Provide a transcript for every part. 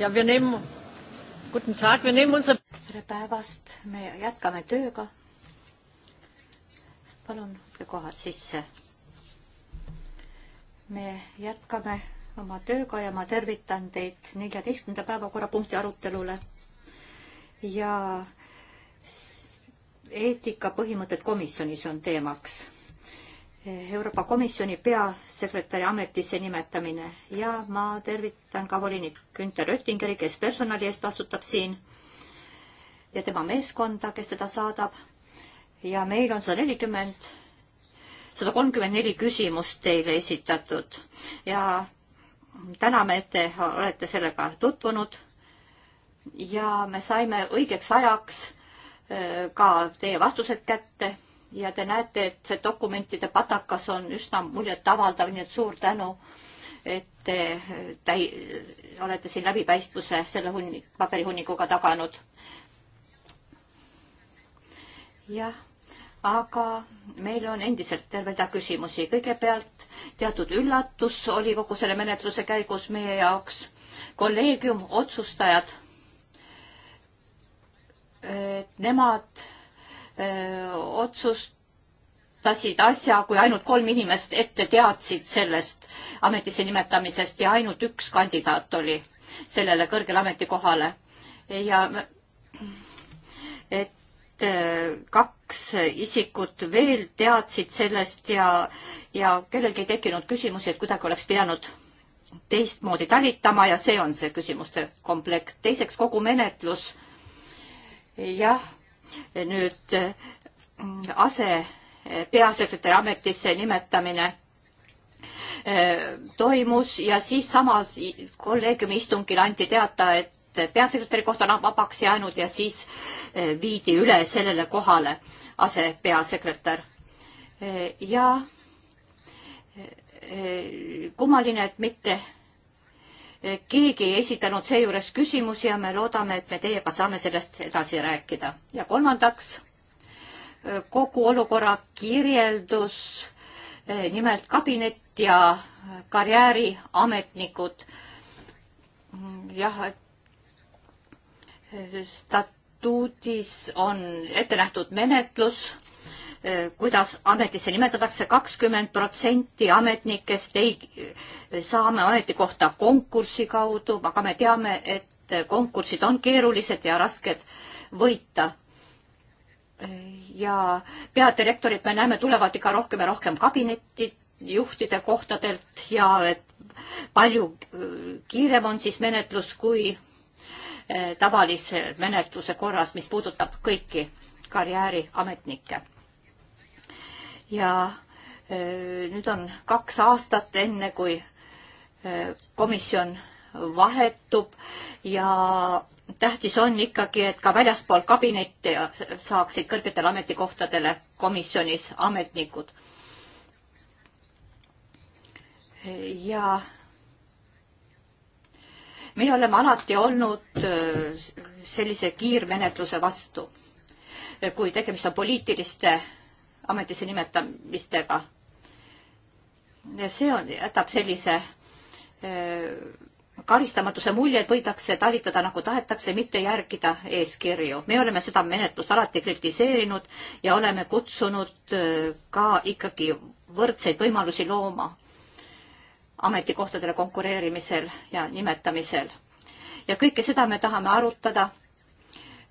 ja me neeme, guten tag, me neeme unsere. tere päevast, me jätkame tööga. palun võtke kohad sisse. me jätkame oma tööga ja ma tervitan teid neljateistkümnenda päevakorrapunkti arutelule. ja eetikapõhimõtted komisjonis on teemaks Euroopa Komisjoni peasekretäri ametisse nimetamine ja ma tervitan ka volinik Günter Oettingeri, kes personali eest vastutab siin ja tema meeskonda, kes seda saadab. ja meil on sada nelikümmend, sada kolmkümmend neli küsimust teile esitatud ja täname, et te olete sellega tutvunud. ja me saime õigeks ajaks äh, ka teie vastused kätte ja te näete, et see dokumentide patakas on üsna muljetavaldav, nii et suur tänu, et te täi-, olete siin läbipaistvuse selle hunni, paberihunikuga taganud. jah, aga meil on endiselt terve rida küsimusi. kõigepealt teatud üllatus oli kogu selle menetluse käigus meie jaoks. kolleegium, otsustajad, et nemad otsustasid asja, kui ainult kolm inimest ette teadsid sellest ametisse nimetamisest ja ainult üks kandidaat oli sellele kõrgele ametikohale. ja et kaks isikut veel teadsid sellest ja, ja kellelgi ei tekkinud küsimusi, et kuidagi oleks pidanud teistmoodi talitama ja see on see küsimuste komplekt. teiseks kogu menetlus. jah nüüd äh, asepeasekretäri äh, ametisse nimetamine äh, toimus ja siis samal kolleegiumi istungil anti teada, et peasekretäri koht on vabaks jäänud ja siis viidi üle sellele kohale asepeasekretär. ja kummaline, et mitte keegi ei esitanud seejuures küsimusi ja me loodame, et me teiega saame sellest edasi rääkida. ja kolmandaks, kogu olukorra kirjeldus, eh, nimelt kabinet ja karjääriametnikud. jah, statuudis on ette nähtud menetlus Äh, kuidas ametisse nimetatakse, kakskümmend protsenti ametnikest ei äh, saame ametikohta konkursi kaudu, aga me teame, et äh, konkursid on keerulised ja rasked võita. ja peadirektorid, me näeme, tulevad ikka rohkem ja rohkem kabinetti juhtide kohtadelt ja et palju kiirem on siis menetlus kui tavalise menetluse korras, mis puudutab kõiki karjääriametnikke ja e, nüüd on kaks aastat, enne kui e, komisjon vahetub ja tähtis on ikkagi, et ka väljaspool kabinetti saaksid kõrgetele ametikohtadele komisjonis ametnikud. ja meie oleme alati olnud e, sellise kiirmenetluse vastu, kui tegemist on poliitiliste ametisse nimetamistega. ja see on, jätab sellise karistamatuse mulje, et võidakse talitada nagu tahetakse, mitte järgida eeskirju. me oleme seda menetlust alati kritiseerinud ja oleme kutsunud ka ikkagi võrdseid võimalusi looma ametikohtadele konkureerimisel ja nimetamisel. ja kõike seda me tahame arutada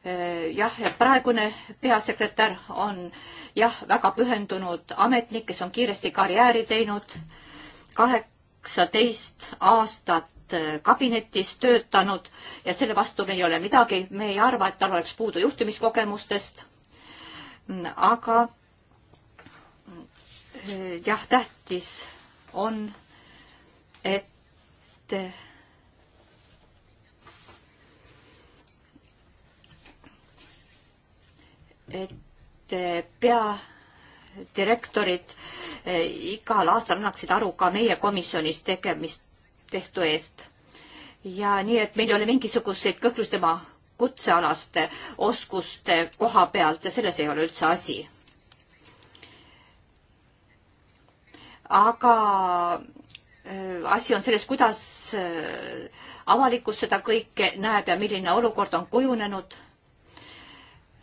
Eh, jah, praegune peasekretär on jah, väga pühendunud ametnik, kes on kiiresti karjääri teinud, kaheksateist aastat eh, kabinetis töötanud ja selle vastu meil ei ole midagi, me ei arva, et tal oleks puudu juhtimiskogemustest. Mm, aga mm, eh, jah, tähtis on, et et eh, peadirektorid eh, igal aastal annaksid aru ka meie komisjonis tegemist, tehtu eest. ja nii, et meil ei ole mingisuguseid kõhklusi tema kutsealaste oskuste koha pealt ja selles ei ole üldse asi. aga eh, asi on selles, kuidas avalikkus seda kõike näeb ja milline olukord on kujunenud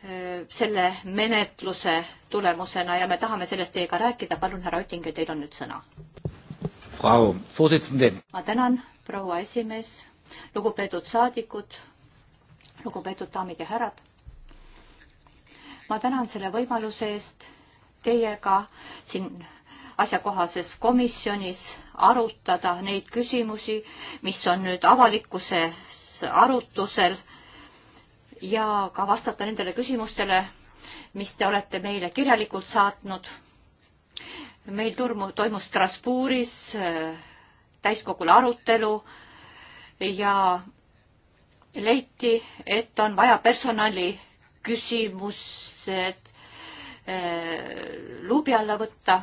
Äh, selle menetluse tulemusena ja me tahame sellest teiega rääkida. palun, härra Oettinger, teil on nüüd sõna. ma tänan, proua esimees, lugupeetud saadikud, lugupeetud daamid ja härrad. ma tänan selle võimaluse eest teiega siin asjakohases komisjonis arutada neid küsimusi, mis on nüüd avalikkuses arutusel ja ka vastata nendele küsimustele, mis te olete meile kirjalikult saatnud. meil turmu, toimus Strasbourgis äh, täiskogule arutelu ja leiti, et on vaja personali küsimused äh, luubi alla võtta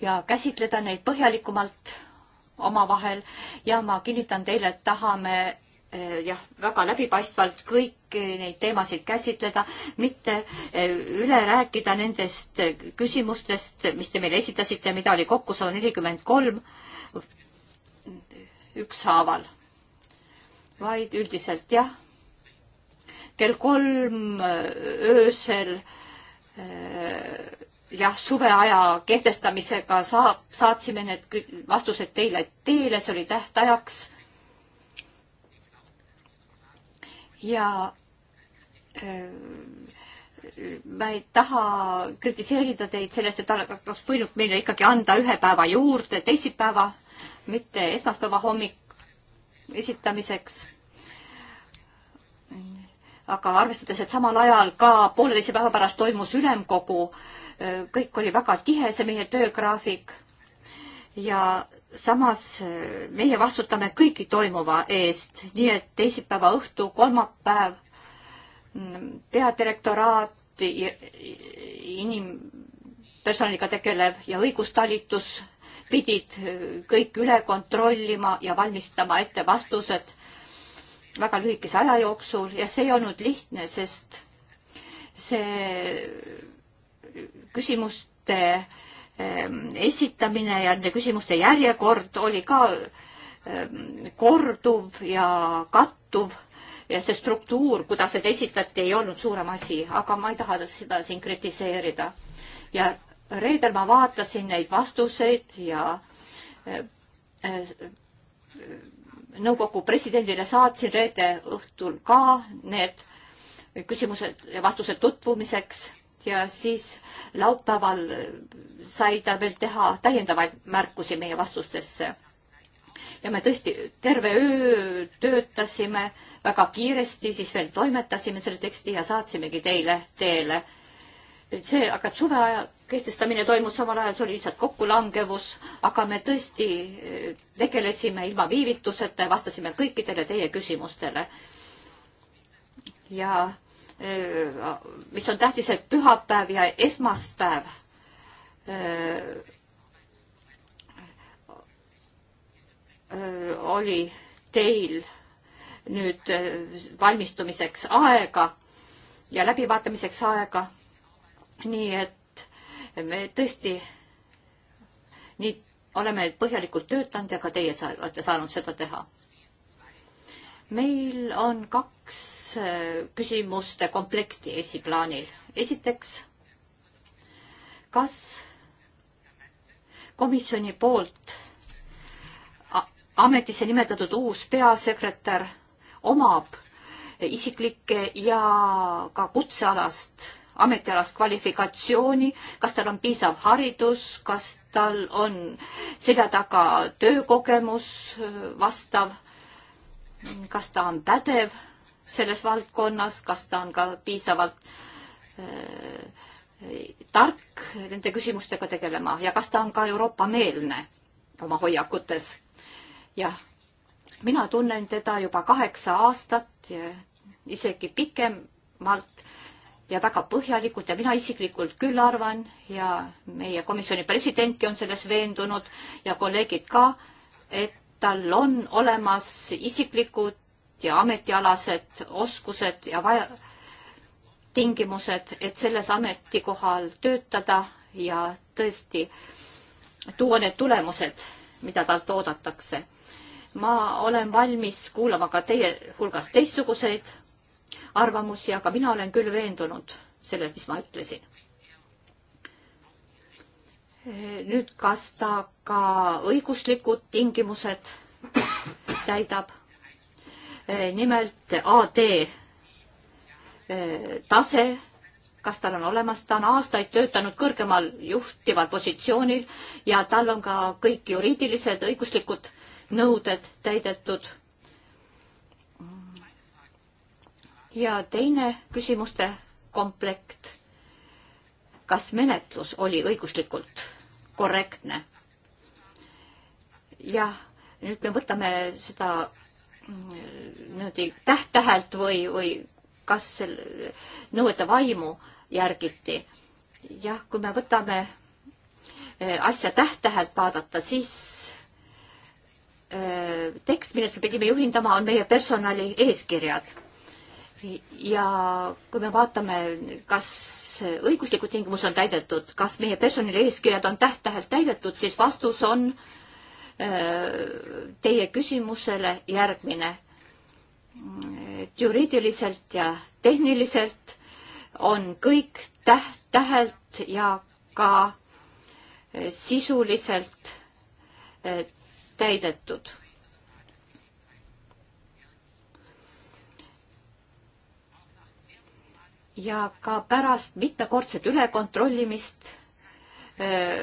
ja käsitleda neid põhjalikumalt omavahel ja ma kinnitan teile, et tahame Eh, jah, väga läbipaistvalt kõiki eh, neid teemasid käsitleda, mitte eh, üle rääkida nendest küsimustest, mis te meile esitasite, mida oli kokku sada nelikümmend kolm ükshaaval, vaid üldiselt jah, kell kolm öösel jah, suveaja kehtestamisega saab, saatsime need vastused teile teele, see oli tähtajaks ja äh, ma ei taha kritiseerida teid sellest, et oleks võinud meile ikkagi anda ühe päeva juurde, teisipäeva, mitte esmaspäeva hommik esitamiseks. aga arvestades, et samal ajal ka pooleteise päeva pärast toimus ülemkogu, äh, kõik oli väga tihe, see meie töögraafik ja samas eh, meie vastutame kõiki toimuva eest, nii et teisipäeva õhtu, kolmapäev mm, peadirektoraat, inimpersonaliga tegelev ja õigustalitus pidid eh, kõik üle kontrollima ja valmistama ette vastused väga lühikese aja jooksul ja see ei olnud lihtne, sest see küsimuste Ähm, esitamine ja nende küsimuste järjekord oli ka ähm, korduv ja kattuv ja see struktuur, kuidas need esitati, ei olnud suurem asi, aga ma ei taha seda siin kritiseerida. ja reedel ma vaatasin neid vastuseid ja äh, äh, nõukogu presidendile saatsin reede õhtul ka need küsimused ja vastused tutvumiseks ja siis laupäeval sai ta veel teha täiendavaid märkusi meie vastustesse. ja me tõesti terve öö töötasime väga kiiresti, siis veel toimetasime selle teksti ja saatsimegi teile teele. see, aga suveaja kehtestamine toimus samal ajal, see oli lihtsalt kokkulangevus, aga me tõesti eh, tegelesime ilma viivituseta ja vastasime kõikidele teie küsimustele. ja Äh, mis on tähtis, et pühapäev ja esmaspäev äh, äh, oli teil nüüd valmistumiseks aega ja läbivaatamiseks aega. nii et me tõesti nii oleme põhjalikult töötanud ja ka teie olete saanud seda teha meil on kaks äh, küsimuste komplekti esiplaanil. esiteks, kas komisjoni poolt ametisse nimetatud uus peasekretär omab isiklikke ja ka kutsealast, ametialast kvalifikatsiooni, kas tal on piisav haridus, kas tal on selja taga töökogemus äh, vastav kas ta on pädev selles valdkonnas, kas ta on ka piisavalt äh, tark nende küsimustega tegelema ja kas ta on ka Euroopa-meelne oma hoiakutes. jah, mina tunnen teda juba kaheksa aastat, isegi pikemalt ja väga põhjalikult ja mina isiklikult küll arvan ja meie komisjoni presidentki on selles veendunud ja kolleegid ka, et tal on olemas isiklikud ja ametialased oskused ja vaja, tingimused, et selles ametikohal töötada ja tõesti tuua need tulemused, mida talt oodatakse. ma olen valmis kuulama ka teie hulgas teistsuguseid arvamusi, aga mina olen küll veendunud selles, mis ma ütlesin nüüd, kas ta ka õiguslikud tingimused täidab? nimelt AD eh, tase, kas tal on olemas, ta on aastaid töötanud kõrgemal juhtival positsioonil ja tal on ka kõik juriidilised, õiguslikud nõuded täidetud. ja teine küsimuste komplekt. kas menetlus oli õiguslikult korrektne. jah, nüüd me võtame seda mm, niimoodi täht-tähelt või, või kas selle nõuete vaimu järgiti. jah, kui me võtame eh, asja täht-tähelt vaadata, siis eh, tekst, millest me pidime juhindama, on meie personali eeskirjad ja kui me vaatame, kas õiguslikud tingimused on täidetud, kas meie personali eeskirjad on täht-tähelt täidetud, siis vastus on äh, teie küsimusele järgmine. juriidiliselt ja tehniliselt on kõik täht-tähelt ja ka äh, sisuliselt äh, täidetud ja ka pärast mitmekordset ülekontrollimist me äh,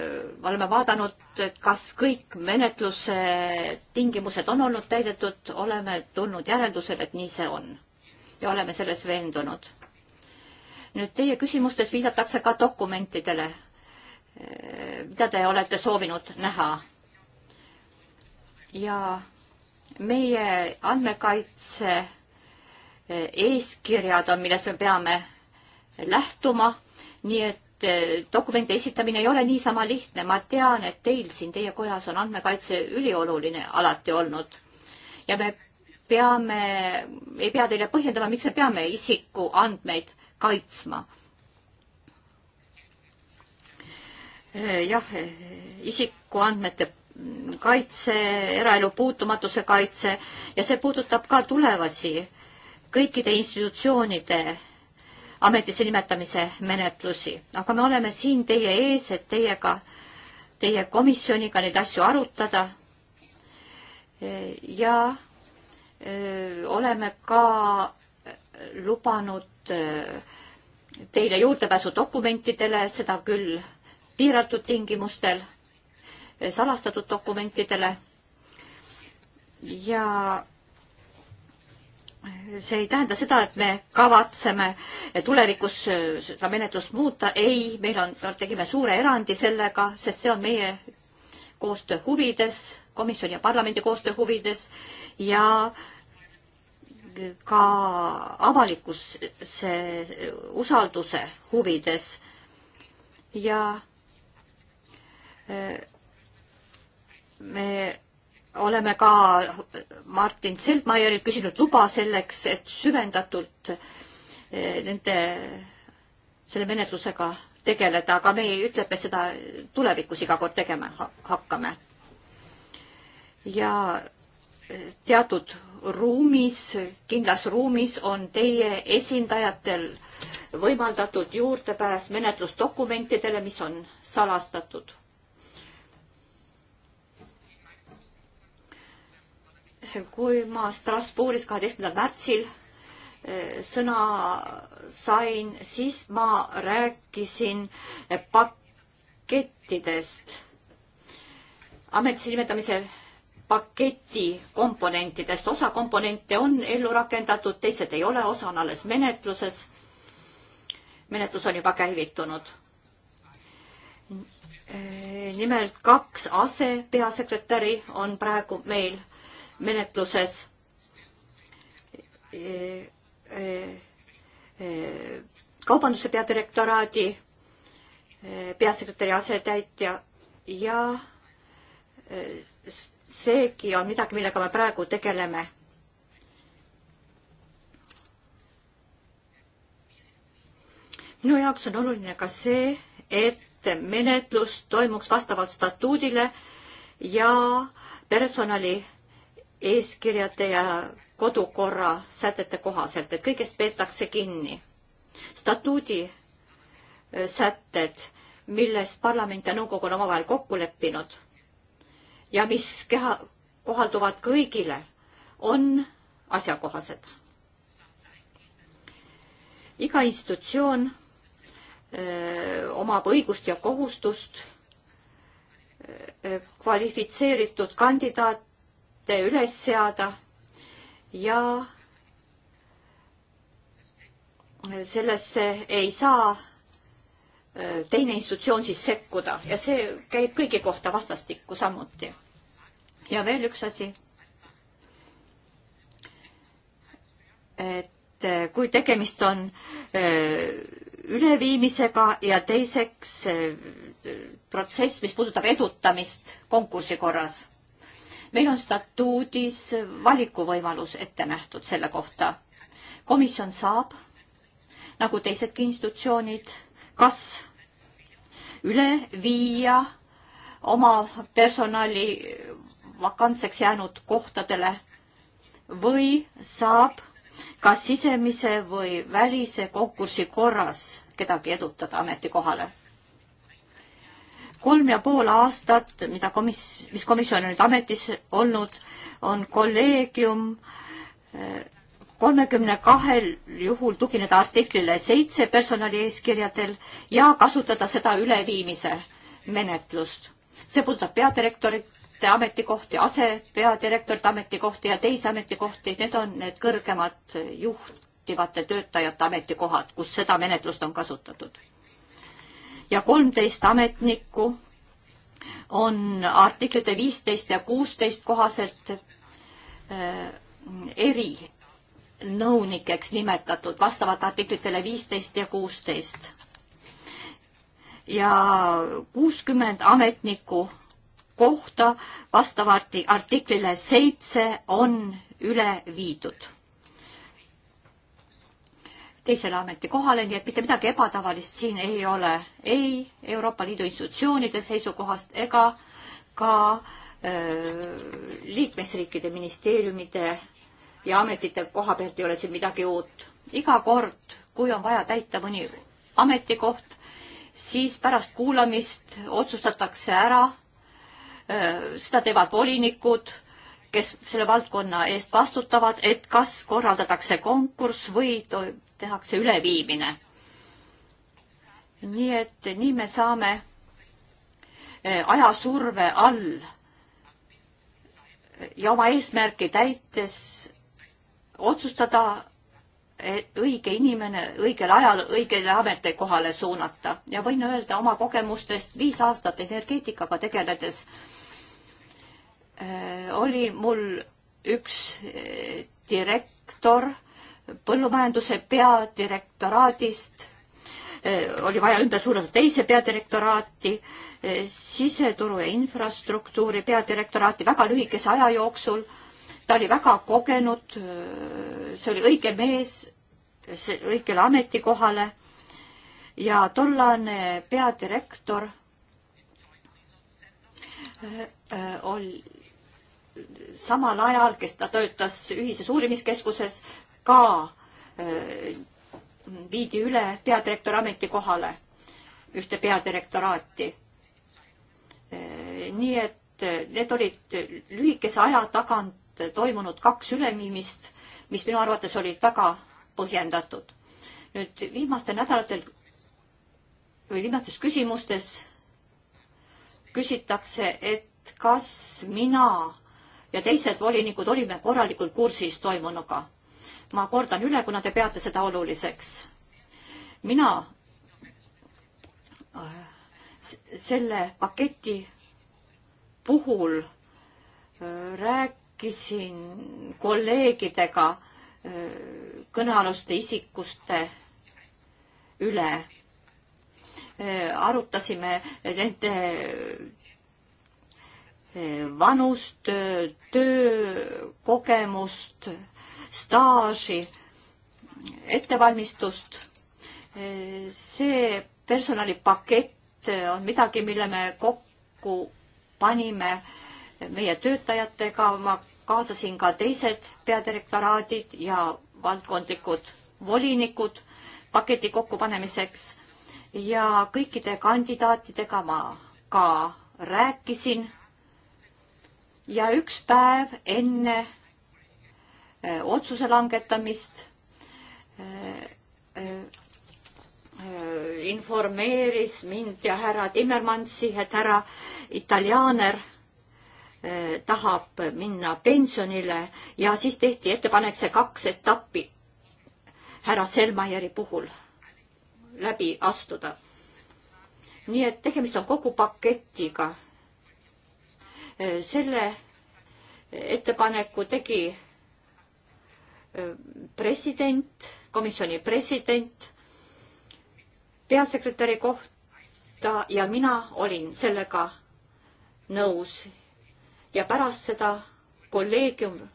oleme vaadanud, kas kõik menetluse tingimused on olnud täidetud, oleme tulnud järeldusele, et nii see on ja oleme selles veendunud. nüüd teie küsimustes viidatakse ka dokumentidele, äh, mida te olete soovinud näha. ja meie andmekaitse äh, eeskirjad on, millest me peame lähtuma, nii et eh, dokumendi esitamine ei ole niisama lihtne. ma tean, et teil siin teie kojas on andmekaitse ülioluline alati olnud ja me peame, ei pea teile põhjendama, miks me peame isikuandmeid kaitsma. Eh, jah, eh, isikuandmete kaitse, eraelu puutumatuse kaitse ja see puudutab ka tulevasi kõikide institutsioonide ametisse nimetamise menetlusi, aga me oleme siin teie ees, et teiega, teie komisjoniga neid asju arutada. ja öö, e, oleme ka lubanud öö, e, teile juurdepääsu dokumentidele, seda küll piiratud tingimustel, e, salastatud dokumentidele. ja see ei tähenda seda, et me kavatseme tulevikus seda menetlust muuta, ei, meil on, tegime suure erandi sellega, sest see on meie koostöö huvides, komisjoni ja parlamendi koostöö huvides ja ka avalikkuse usalduse huvides ja me oleme ka Martin Seltmaierilt küsinud luba selleks, et süvendatult eh, nende, selle menetlusega tegeleda, aga me ei ütle, et me seda tulevikus iga kord tegema hakkame. ja eh, teatud ruumis, kindlas ruumis on teie esindajatel võimaldatud juurdepääs menetlusdokumentidele, mis on salastatud kui ma Strasbourgis kaheteistkümnendal märtsil eh, sõna sain, siis ma rääkisin eh, pakettidest, ametisse nimetamise paketi komponentidest. osa komponente on ellu rakendatud, teised ei ole, osa on alles menetluses. menetlus on juba käivitunud. Eh, nimelt kaks asepeasekretäri on praegu meil menetluses e, e, e, kaubanduse peadirektoraadi peasekretäri asetäitja ja seegi on midagi, millega me praegu tegeleme. minu jaoks on oluline ka see, et menetlus toimuks vastavalt statuudile ja personali eeskirjade ja kodukorra sätete kohaselt, et kõigest peetakse kinni. statuudi äh, sätted, milles parlament ja nõukogu on omavahel kokku leppinud ja mis keha, kohalduvad kõigile, on asjakohased. iga institutsioon öö, äh, omab õigust ja kohustust öö, äh, kvalifitseeritud kandidaat ette üles seada ja sellesse ei saa äh, teine institutsioon siis sekkuda ja see käib kõigi kohta vastastikku samuti. ja veel üks asi. et äh, kui tegemist on äh, üleviimisega ja teiseks protsess, mis puudutab edutamist konkursi korras meil on statuudis valikuvõimalus ette nähtud selle kohta. komisjon saab, nagu teisedki institutsioonid, kas üle viia oma personali vakantseks jäänud kohtadele või saab kas sisemise või välise konkursi korras kedagi edutada ametikohale kolm ja pool aastat, mida komis-, mis komisjon on nüüd ametis olnud, on kolleegium eh, kolmekümne kahel juhul tugineda artiklile seitse personalieeskirjadel ja kasutada seda üleviimise menetlust. see puudutab peadirektorite ametikohti, asepeadirektorite ametikohti ja teisi ametikohti, need on need kõrgemad juhtivate töötajate ametikohad, kus seda menetlust on kasutatud ja kolmteist ametnikku on artiklite viisteist ja kuusteist kohaselt äh, erinõunikeks nimetatud vastavalt artiklitele viisteist ja kuusteist. ja kuuskümmend ametnikku kohta vastava artiklile seitse on üle viidud teisele ametikohale, nii et mitte midagi ebatavalist siin ei ole ei Euroopa Liidu institutsioonide seisukohast ega ka öö, liikmesriikide ministeeriumide ja ametite koha pealt ei ole siin midagi uut. iga kord, kui on vaja täita mõni ametikoht, siis pärast kuulamist otsustatakse ära, seda teevad volinikud kes selle valdkonna eest vastutavad, et kas korraldatakse konkurss või tehakse üleviimine. nii et nii me saame eh, ajasurve all ja oma eesmärki täites otsustada, et eh, õige inimene õigel ajal õigele ametikohale suunata ja võin öelda oma kogemustest viis aastat energeetikaga tegeledes Äh, oli mul üks äh, direktor põllumajanduse peadirektoraadist, äh, oli vaja ümber suunata teise peadirektoraati, siseturu ja infrastruktuuri peadirektoraati väga lühikese aja jooksul. ta oli väga kogenud, see oli õige mees õigele ametikohale ja tollane peadirektor oli samal ajal, kes ta töötas ühises uurimiskeskuses, ka äh, viidi üle peadirektori ametikohale, ühte peadirektoraati. Äh, nii et äh, need olid lühikese aja tagant toimunud kaks üleviimist, mis minu arvates olid väga põhjendatud. nüüd viimastel nädalatel või viimastes küsimustes küsitakse, et kas mina ja teised volinikud olime korralikult kursis toimunuga. ma kordan üle, kuna te peate seda oluliseks. mina äh, selle paketi puhul äh, rääkisin kolleegidega äh, kõnealuste isikuste üle arutasime nende vanust, töökogemust, staaži, ettevalmistust. see personalipakett on midagi, mille me kokku panime meie töötajatega, ma kaasasin ka teised peadirektoraadid ja valdkondlikud volinikud paketi kokkupanemiseks ja kõikide kandidaatidega ma ka rääkisin ja üks päev enne äh, otsuse langetamist äh, äh, informeeris mind ja härra Timmermansi, et härra Italianer tahab minna pensionile ja siis tehti ettepanek see kaks etappi härra Selmajeri puhul läbi astuda. nii et tegemist on kogu paketiga selle ettepaneku tegi äh, president, komisjoni president peasekretäri kohta ja mina olin sellega nõus. ja pärast seda kolleegium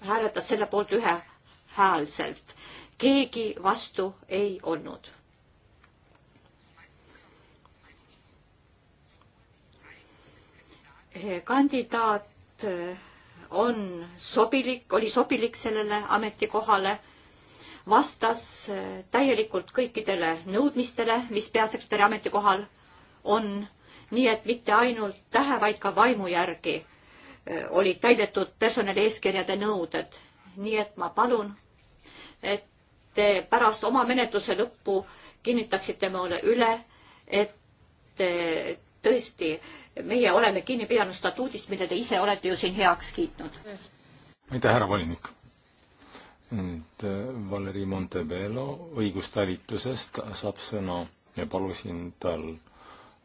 hääletas selle poolt ühehäälselt. keegi vastu ei olnud Eh, kandidaat eh, on sobilik, oli sobilik sellele ametikohale, vastas eh, täielikult kõikidele nõudmistele, mis peasekretäri ametikohal on, nii et mitte ainult tähe, vaid ka vaimu järgi olid täidetud personali eeskirjade nõuded. nii et ma palun, et te pärast oma menetluse lõppu kinnitaksite mulle üle, et tõesti, meie oleme kinni pidanud statuudist, mille te ise olete ju siin heaks kiitnud. aitäh, härra volinik! nüüd äh, Valeri Montebello õigustalitusest saab sõna ja palusin tal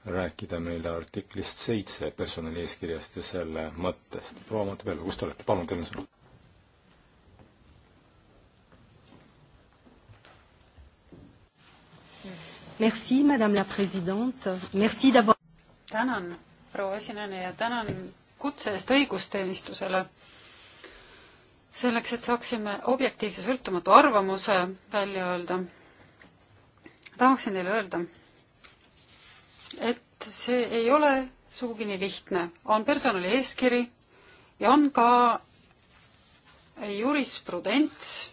rääkida meile artiklist seitse personalieeskirjast ja selle mõttest. proua Montebello, kus te olete, palun teeme sõna. Merci, madame la présidente. Merci d'avoir tänan, proua esinejana ja tänan kutse eest õigusteenistusele. selleks, et saaksime objektiivse sõltumatu arvamuse välja öelda, tahaksin teile öelda, et see ei ole sugugi nii lihtne. on personali eeskiri ja on ka jurisprudents,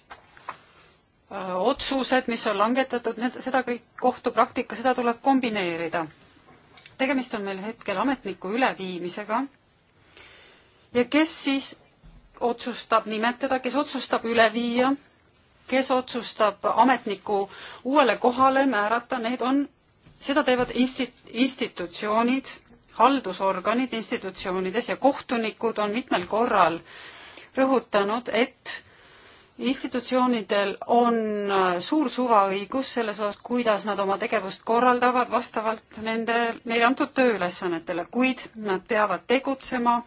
äh, otsused, mis on langetatud, need, seda kõik kohtupraktika, seda tuleb kombineerida tegemist on meil hetkel ametniku üleviimisega. ja kes siis otsustab nimetada, kes otsustab üle viia, kes otsustab ametniku uuele kohale määrata, need on, seda teevad insti-, institutsioonid, haldusorganid institutsioonides ja kohtunikud on mitmel korral rõhutanud, et institutsioonidel on äh, suur suvaõigus selles osas, kuidas nad oma tegevust korraldavad vastavalt nende, neile antud tööülesannetele, kuid nad peavad tegutsema,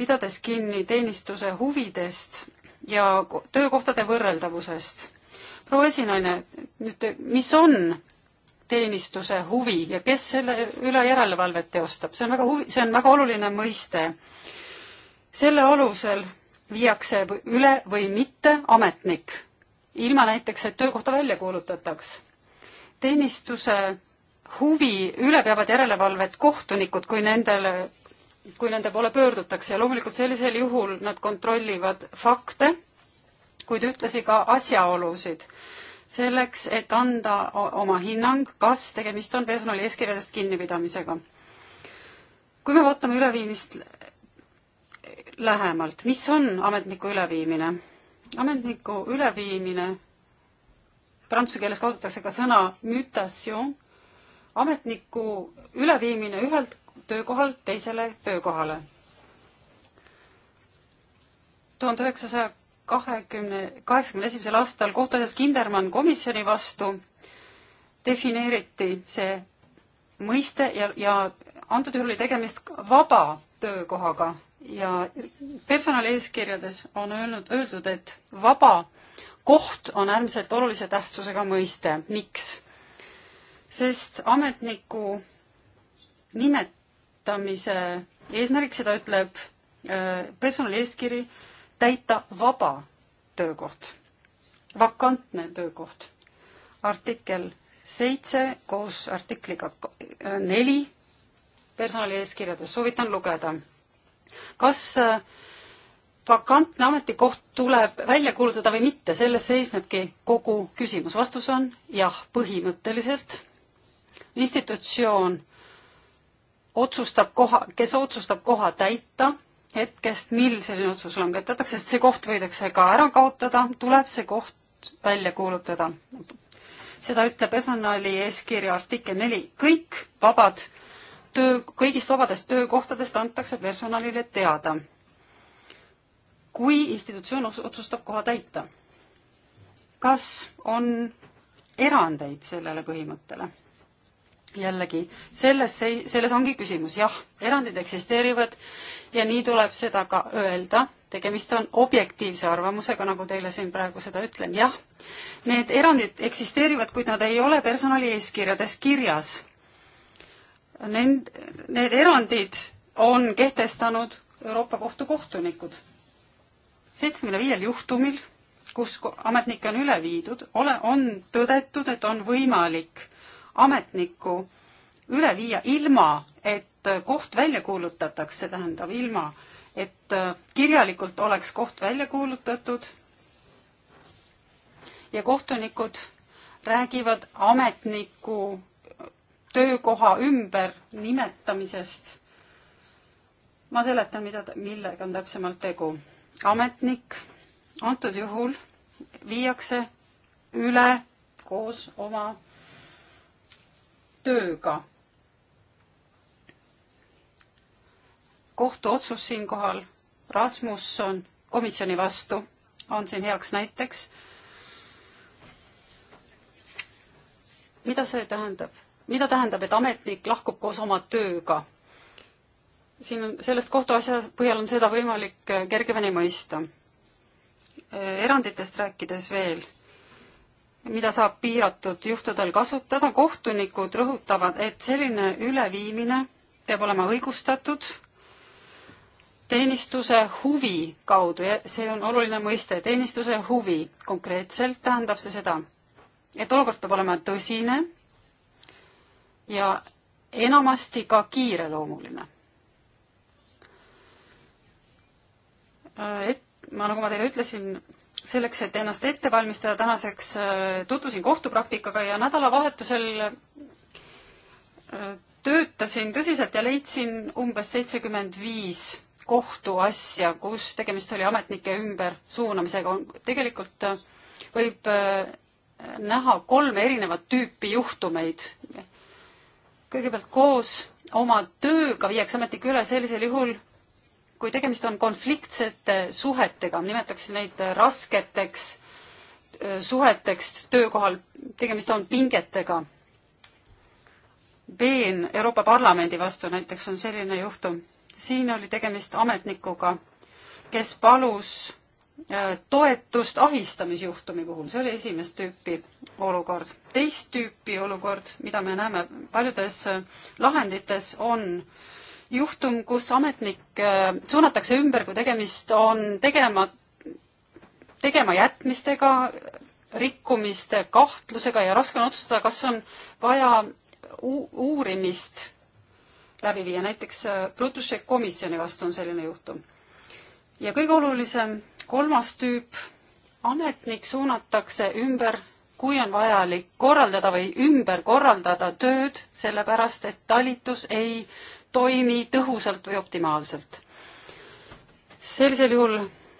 pidades kinni teenistuse huvidest ja töökohtade võrreldavusest. proua esinaine, nüüd mis on teenistuse huvi ja kes selle üle järelevalvet teostab, see on väga huvi, see on väga oluline mõiste. selle alusel viiakse üle või mitte ametnik, ilma näiteks, et töökohta välja kuulutataks. teenistuse huvi üle peavad järelevalvet kohtunikud, kui nendele, kui nende poole pöördutakse ja loomulikult sellisel juhul nad kontrollivad fakte, kuid ühtlasi ka asjaolusid, selleks, et anda oma hinnang, kas tegemist on personali eeskirjadest kinnipidamisega. kui me vaatame üleviimist lähemalt, mis on ametniku üleviimine? ametniku üleviimine, prantsuse keeles kasutatakse ka sõna mutation, ametniku üleviimine ühelt töökohalt teisele töökohale. tuhande üheksasaja kahekümne, kaheksakümne esimesel aastal kohtuasjas Kindermann komisjoni vastu defineeriti see mõiste ja, ja antud juhul oli tegemist vaba töökohaga ja personalieeskirjades on öelnud, öeldud, et vaba koht on äärmiselt olulise tähtsusega mõiste. miks? sest ametniku nimetamise eesmärk, seda ütleb äh, personalieeskiri, täita vaba töökoht, vakantne töökoht. artikkel seitse koos artikliga neli personalieeskirjades, soovitan lugeda kas äh, vakantne ametikoht tuleb välja kuulutada või mitte, selles seisnebki kogu küsimus. vastus on jah, põhimõtteliselt institutsioon otsustab koha, kes otsustab koha täita, hetkest, mil selline otsus langetatakse, sest see koht võidakse ka ära kaotada, tuleb see koht välja kuulutada. seda ütleb personali eeskirja artikkel neli, kõik vabad töö, kõigist vabadest töökohtadest antakse personalile teada, kui institutsioon otsustab koha täita. kas on erandeid sellele põhimõttele? jällegi, selles, selles ongi küsimus, jah, erandid eksisteerivad ja nii tuleb seda ka öelda, tegemist on objektiivse arvamusega, nagu teile siin praegu seda ütlen, jah. Need erandid eksisteerivad, kuid nad ei ole personali eeskirjades kirjas Nend-, need erandid on kehtestanud Euroopa Kohtu kohtunikud. seitsmekümne viiel juhtumil, kus ametnikke on üle viidud, ole, on tõdetud, et on võimalik ametnikku üle viia ilma, et koht välja kuulutatakse, tähendab ilma, et kirjalikult oleks koht välja kuulutatud ja kohtunikud räägivad ametniku töökoha ümbernimetamisest. ma seletan, mida, millega on täpsemalt tegu. ametnik antud juhul viiakse üle koos oma tööga. kohtuotsus siinkohal, Rasmusson komisjoni vastu on siin heaks näiteks. mida see tähendab? mida tähendab, et ametnik lahkub koos oma tööga? siin on, sellest kohtuasja põhjal on seda võimalik äh, kergemini mõista. Äh, eranditest rääkides veel, mida saab piiratud juhtudel kasutada, kohtunikud rõhutavad, et selline üleviimine peab olema õigustatud teenistuse huvi kaudu ja see on oluline mõiste, teenistuse huvi. konkreetselt tähendab see seda, et olukord peab olema tõsine ja enamasti ka kiireloomuline. et ma, nagu ma teile ütlesin, selleks, et ennast ette valmistada, tänaseks äh, tutvusin kohtupraktikaga ja nädalavahetusel äh, töötasin tõsiselt ja leidsin umbes seitsekümmend viis kohtuasja, kus tegemist oli ametnike ümbersuunamisega, on tegelikult äh, võib näha kolme erinevat tüüpi juhtumeid kõigepealt koos oma tööga viiakse ametnik üle sellisel juhul, kui tegemist on konfliktsete suhetega, nimetaks neid rasketeks äh, suheteks töökohal, tegemist on pingetega. Been Euroopa Parlamendi vastu näiteks on selline juhtum. siin oli tegemist ametnikuga, kes palus Äh, toetust ahistamisjuhtumi puhul, see oli esimest tüüpi olukord. teist tüüpi olukord, mida me näeme paljudes äh, lahendites, on juhtum, kus ametnik äh, suunatakse ümber, kui tegemist on tegema, tegemajätmistega, rikkumiste kahtlusega ja raske on otsustada, kas on vaja uurimist läbi viia, näiteks Plutušek komisjoni vastu on selline juhtum. ja kõige olulisem kolmas tüüp, ametnik suunatakse ümber, kui on vajalik korraldada või ümber korraldada tööd, sellepärast et talitus ei toimi tõhusalt või optimaalselt. sellisel juhul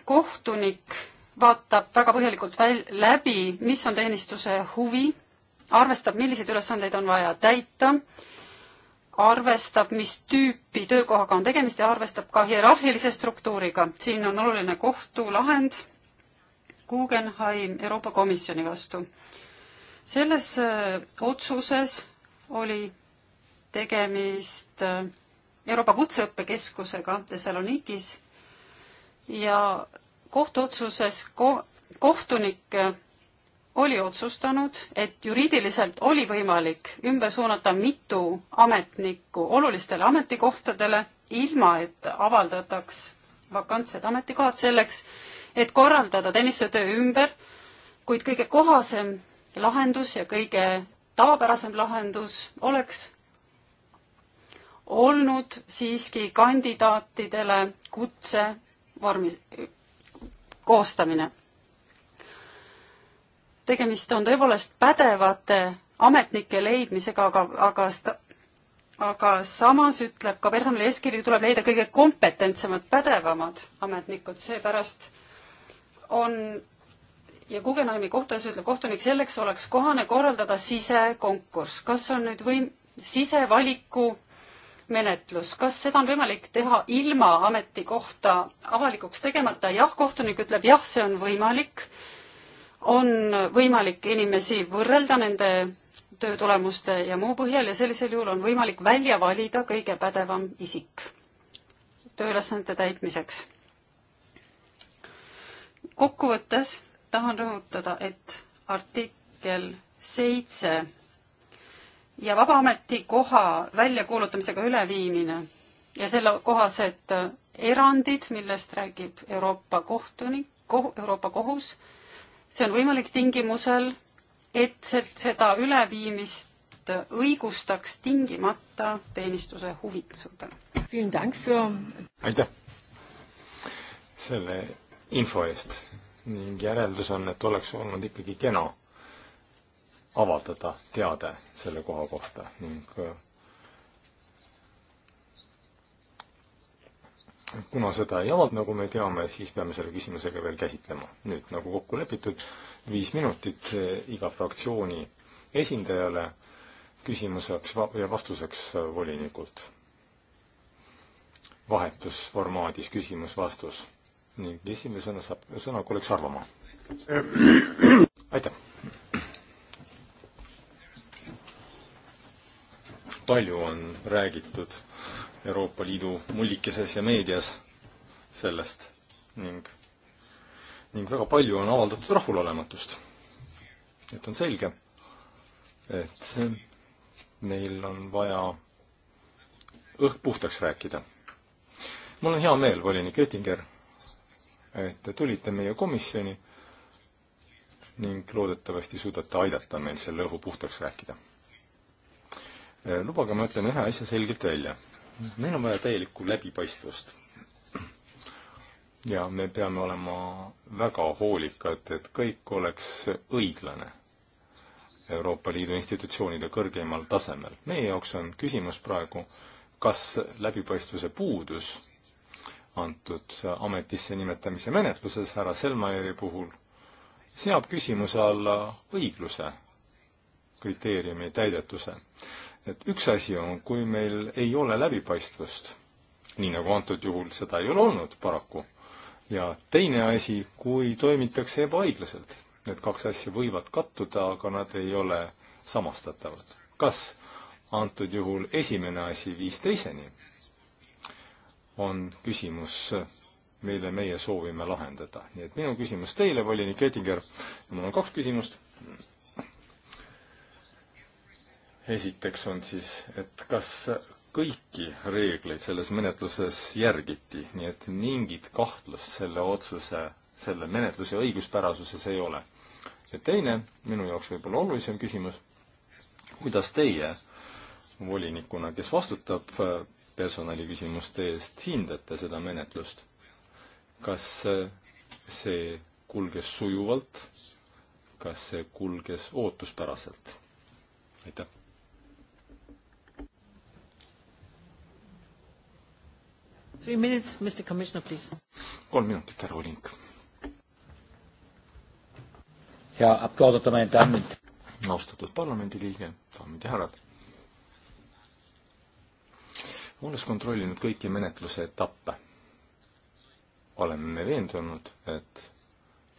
kohtunik vaatab väga põhjalikult väl-, läbi, mis on teenistuse huvi, arvestab, milliseid ülesandeid on vaja täita, arvestab, mis tüüpi töökohaga on tegemist ja arvestab ka hierarhilise struktuuriga. siin on oluline kohtulahend Guggenheim Euroopa Komisjoni vastu. selles äh, otsuses oli tegemist äh, Euroopa Kutseõppekeskusega Thessalonikis ja kohtuotsuses ko kohtunik äh, oli otsustanud, et juriidiliselt oli võimalik ümber suunata mitu ametnikku olulistele ametikohtadele, ilma et avaldataks vakantsed ametikohad selleks, et korraldada teenistustöö ümber, kuid kõige kohasem lahendus ja kõige tavapärasem lahendus oleks olnud siiski kandidaatidele kutse vormis koostamine tegemist on tõepoolest pädevate ametnike leidmisega, aga, aga sta, aga samas ütleb ka personali eeskiri, tuleb leida kõige kompetentsemad, pädevamad ametnikud, seepärast on ja Guggenheimi kohtujas ütleb kohtunik, selleks oleks kohane korraldada sisekonkurss. kas on nüüd võim-, sisevaliku menetlus, kas seda on võimalik teha ilma ametikohta avalikuks tegemata? jah, kohtunik ütleb jah, see on võimalik on võimalik inimesi võrrelda nende töö tulemuste ja muu põhjal ja sellisel juhul on võimalik välja valida kõige pädevam isik tööülesannete täitmiseks. kokkuvõttes tahan rõhutada, et artikkel seitse ja vaba ametikoha väljakuulutamisega üleviimine ja selle kohased erandid, millest räägib Euroopa kohtunik, Euroopa Kohus see on võimalik tingimusel, et seda üleviimist õigustaks tingimata teenistuse huvitusel. aitäh selle info eest ning järeldus on, et oleks olnud ikkagi kena avaldada teade selle koha kohta ning kuna seda ei avalda, nagu me teame, siis peame selle küsimusega veel käsitlema. nüüd, nagu kokku lepitud, viis minutit eh, iga fraktsiooni esindajale küsimuseks ja vastuseks eh, volinikult. vahetusformaadis küsimus-vastus ning esimesena saab sõna kolleeg Sarvamaa. Äh, aitäh! palju on räägitud Euroopa Liidu mullikeses ja meedias sellest ning, ning väga palju on avaldatud rahulolematust. et on selge, et meil on vaja õhk puhtaks rääkida. mul on hea meel, volinik Oettinger, et te tulite meie komisjoni ning loodetavasti suudate aidata meil selle õhu puhtaks rääkida. lubage, ma ütlen ühe asja selgelt välja meil on vaja täielikku läbipaistvust. ja me peame olema väga hoolikad, et kõik oleks õiglane Euroopa Liidu institutsioonide kõrgeimal tasemel. meie jaoks on küsimus praegu, kas läbipaistvuse puudus antud ametisse nimetamise menetluses härra Selmajeri puhul seab küsimuse alla õigluse kriteeriumi täidetuse et üks asi on, kui meil ei ole läbipaistvust, nii nagu antud juhul seda ei ole olnud paraku, ja teine asi, kui toimitakse ebaõiglaselt. Need kaks asja võivad kattuda, aga nad ei ole samastatavad. kas antud juhul esimene asi viis teiseni, on küsimus, mille meie soovime lahendada. nii et minu küsimus teile, volinik Ettinger, mul on kaks küsimust esiteks on siis, et kas kõiki reegleid selles menetluses järgiti, nii et mingit kahtlust selle otsuse, selle menetluse õiguspärasuses ei ole. ja teine, minu jaoks võib-olla olulisem küsimus, kuidas teie volinikuna, kes vastutab äh, personaliküsimuste eest, hindate seda menetlust? kas äh, see kulges sujuvalt, kas see kulges ootuspäraselt? aitäh! kolm minutit, härra Olink. hea aplaudutame enda andmeid. austatud parlamendiliige, daamid ja härrad. olles kontrollinud kõiki menetluse etappe, oleme me veendunud, et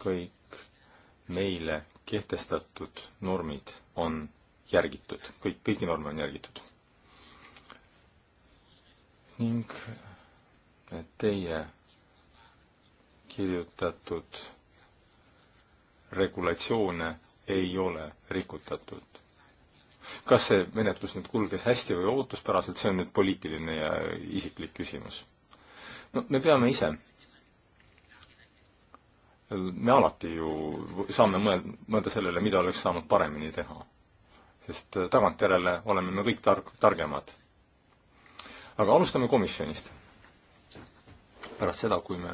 kõik meile kehtestatud normid on järgitud, kõik, kõiki norme on järgitud. ning teie kirjutatud regulatsioone ei ole rikutatud. kas see menetlus nüüd kulges hästi või ootuspäraselt, see on nüüd poliitiline ja isiklik küsimus. no me peame ise me alati ju saame mõelda, mõelda sellele, mida oleks saanud paremini teha. sest tagantjärele oleme me kõik targ, targemad. aga alustame komisjonist pärast seda, kui me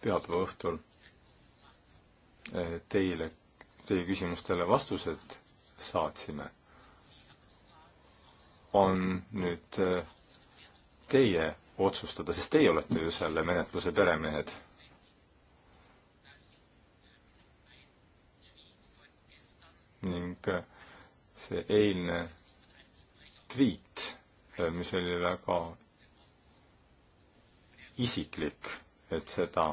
pühapäeva õhtul eh, teile, teie küsimustele vastused saatsime, on nüüd eh, teie otsustada, sest teie olete ju selle menetluse peremehed. ning eh, see eilne tweet, mis oli väga isiklik, et seda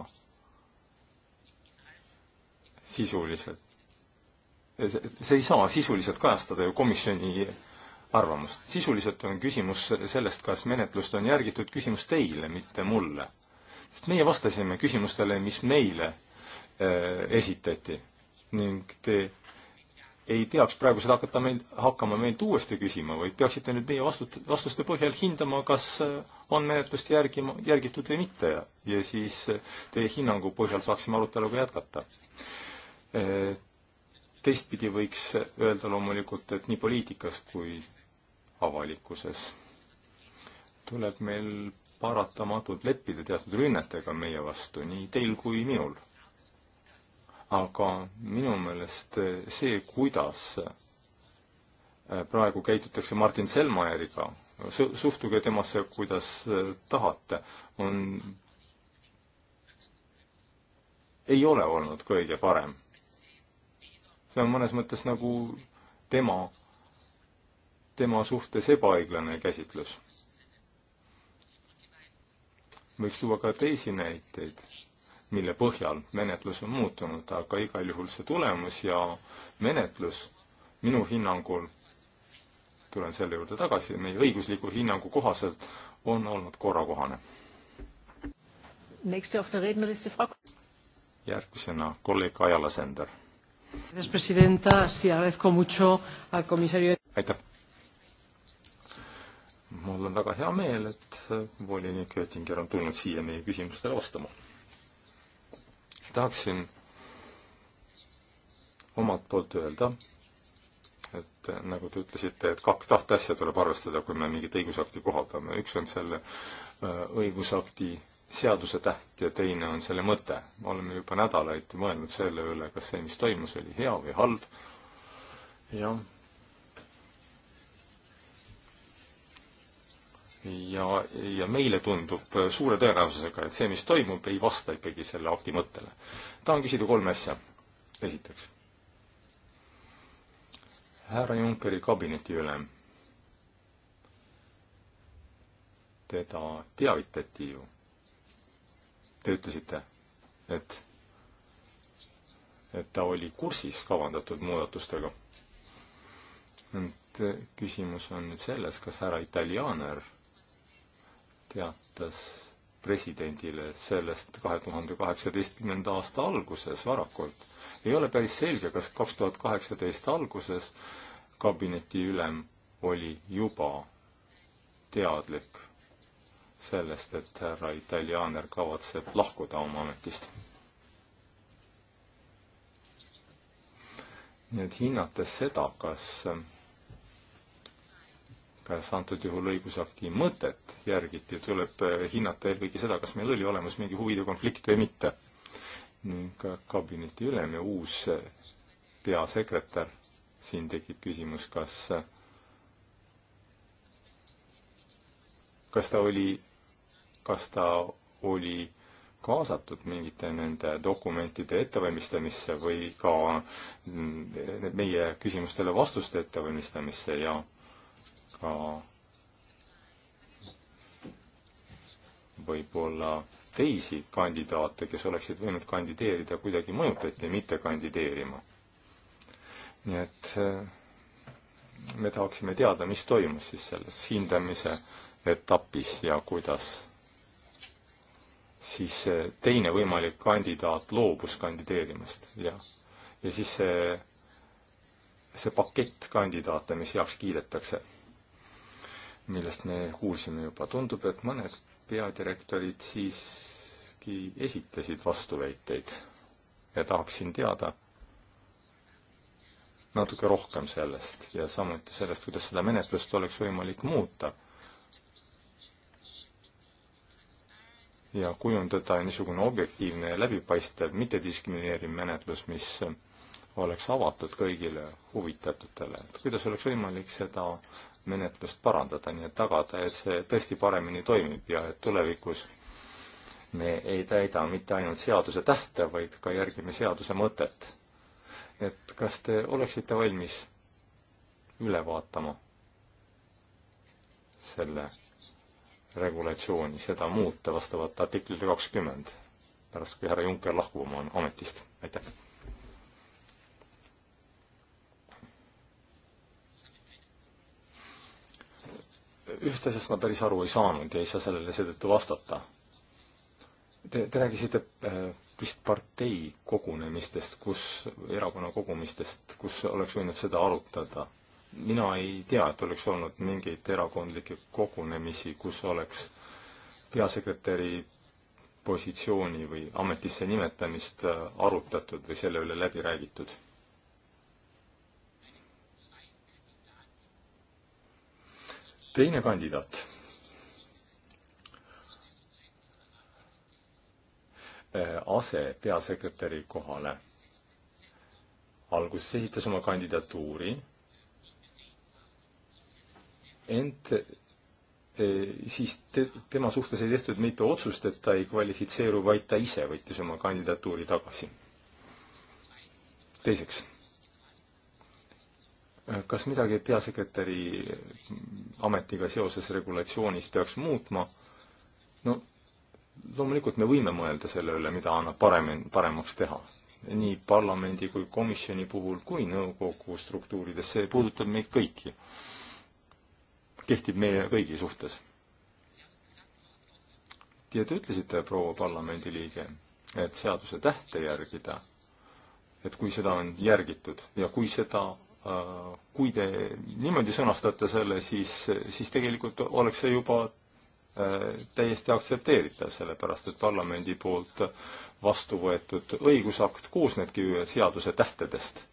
sisuliselt, see ei saa sisuliselt kajastada ju komisjoni arvamust. sisuliselt on küsimus sellest, kas menetlust on järgitud, küsimus teile, mitte mulle. sest meie vastasime küsimustele, mis meile äh, esitati ning te ei peaks praegu seda hakata meil, hakkama meilt uuesti küsima, vaid peaksite nüüd meie vastut-, vastuste põhjal hindama, kas äh, on menetlust järgi, järgitud või mitte ja, ja siis äh, teie hinnangu põhjal saaksime aruteluga jätkata. Äh, teistpidi võiks öelda loomulikult, et nii poliitikas kui avalikkuses tuleb meil paratamatult leppida teatud rünnetega meie vastu, nii teil kui minul aga minu meelest see, kuidas äh, praegu käitutakse Martin Selmajäriga, suhtuge temasse, kuidas äh, tahate, on, ei ole olnud kõige parem. see on mõnes mõttes nagu tema, tema suhtes ebaõiglane käsitlus. võiks tuua ka teisi näiteid mille põhjal menetlus on muutunud, aga igal juhul see tulemus ja menetlus minu hinnangul, tulen selle juurde tagasi, meie õigusliku hinnangu kohaselt on olnud korrakohane. järgmisena kolleeg Ajala Sender. aitäh. mul on väga hea meel, et volinik Oettinger on tulnud siia meie küsimustele vastama tahaksin omalt poolt öelda, et nagu te ütlesite, et kaks tahte asja tuleb arvestada, kui me mingit õigusakti kohaldame, üks on selle äh, õigusakti seaduse täht ja teine on selle mõte. me oleme juba nädalaid mõelnud selle üle, kas see, mis toimus, oli hea või halb. jah ja, ja meile tundub suure tõenäosusega, et see, mis toimub, ei vasta ikkagi selle akti mõttele. tahan küsida kolme asja. esiteks, härra Junckeri kabinetiülem, teda teavitati ju, te ütlesite, et, et ta oli kursis kavandatud muudatustega. et küsimus on nüüd selles, kas härra Italianer teatas presidendile sellest kahe tuhande kaheksateistkümnenda aasta alguses varakult. ei ole päris selge, kas kaks tuhat kaheksateist alguses kabinetiülem oli juba teadlik sellest, et härra Italianer kavatseb lahkuda oma ametist. nii et hinnates seda, kas kas antud juhul õigusakti mõtet järgiti, tuleb äh, hinnata eelkõige seda, kas meil oli olemas mingi huvide konflikt või mitte. ning äh, kabineti ülem ja uus äh, peasekretär, siin tekib küsimus, kas, kas ta oli, kas ta oli kaasatud mingite nende dokumentide ettevalmistamisse või ka mm, meie küsimustele vastuste ettevalmistamisse ja ka võib-olla teisi kandidaate, kes oleksid võinud kandideerida, kuidagi mõjutati mitte kandideerima. nii et äh, me tahaksime teada, mis toimus siis selles hindamise etapis ja kuidas siis teine võimalik kandidaat loobus kandideerimast ja, ja siis see, see pakett kandidaate, mis heaks kiidetakse millest me kuulsime juba, tundub, et mõned peadirektorid siiski esitasid vastuväiteid ja tahaksin teada natuke rohkem sellest ja samuti sellest, kuidas seda menetlust oleks võimalik muuta. ja kujundada niisugune objektiivne ja läbipaistev mittediskrimineeriv menetlus, mis oleks avatud kõigile huvitatutele, et kuidas oleks võimalik seda menetlust parandada, nii et tagada, et see tõesti paremini toimib ja et tulevikus me ei täida mitte ainult seaduse tähte, vaid ka järgime seaduse mõtet. et kas te oleksite valmis üle vaatama selle regulatsiooni, seda muuta vastavalt artiklile kakskümmend, pärast kui härra Juncker lahkub oma ametist, aitäh! ühte asjast ma päris aru ei saanud ja ei saa sellele seetõttu vastata. Te, te rääkisite äh, vist partei kogunemistest, kus, erakonna kogumistest, kus oleks võinud seda arutada. mina ei tea, et oleks olnud mingeid erakondlikke kogunemisi, kus oleks peasekretäri positsiooni või ametisse nimetamist äh, arutatud või selle üle läbi räägitud teine kandidaat äh, asepeasekretäri kohale. alguses esitas oma kandidatuuri, ent äh, siis te, tema suhtes ei tehtud mitte otsust, et ta ei kvalifitseeru, vaid ta ise võttis oma kandidatuuri tagasi. teiseks kas midagi peasekretäri ametiga seoses regulatsioonis peaks muutma? no loomulikult me võime mõelda selle üle, mida annab paremini, paremaks teha. nii parlamendi kui komisjoni puhul kui nõukogu struktuurides, see puudutab meid kõiki. kehtib meie kõigi suhtes. ja te ütlesite, proua parlamendiliige, et seaduse tähte järgida, et kui seda on järgitud ja kui seda Äh, kui te niimoodi sõnastate selle, siis, siis tegelikult oleks see juba äh, täiesti aktsepteeritav, sellepärast et parlamendi poolt vastu võetud õigusakt koosnebki ju seaduse tähtedest.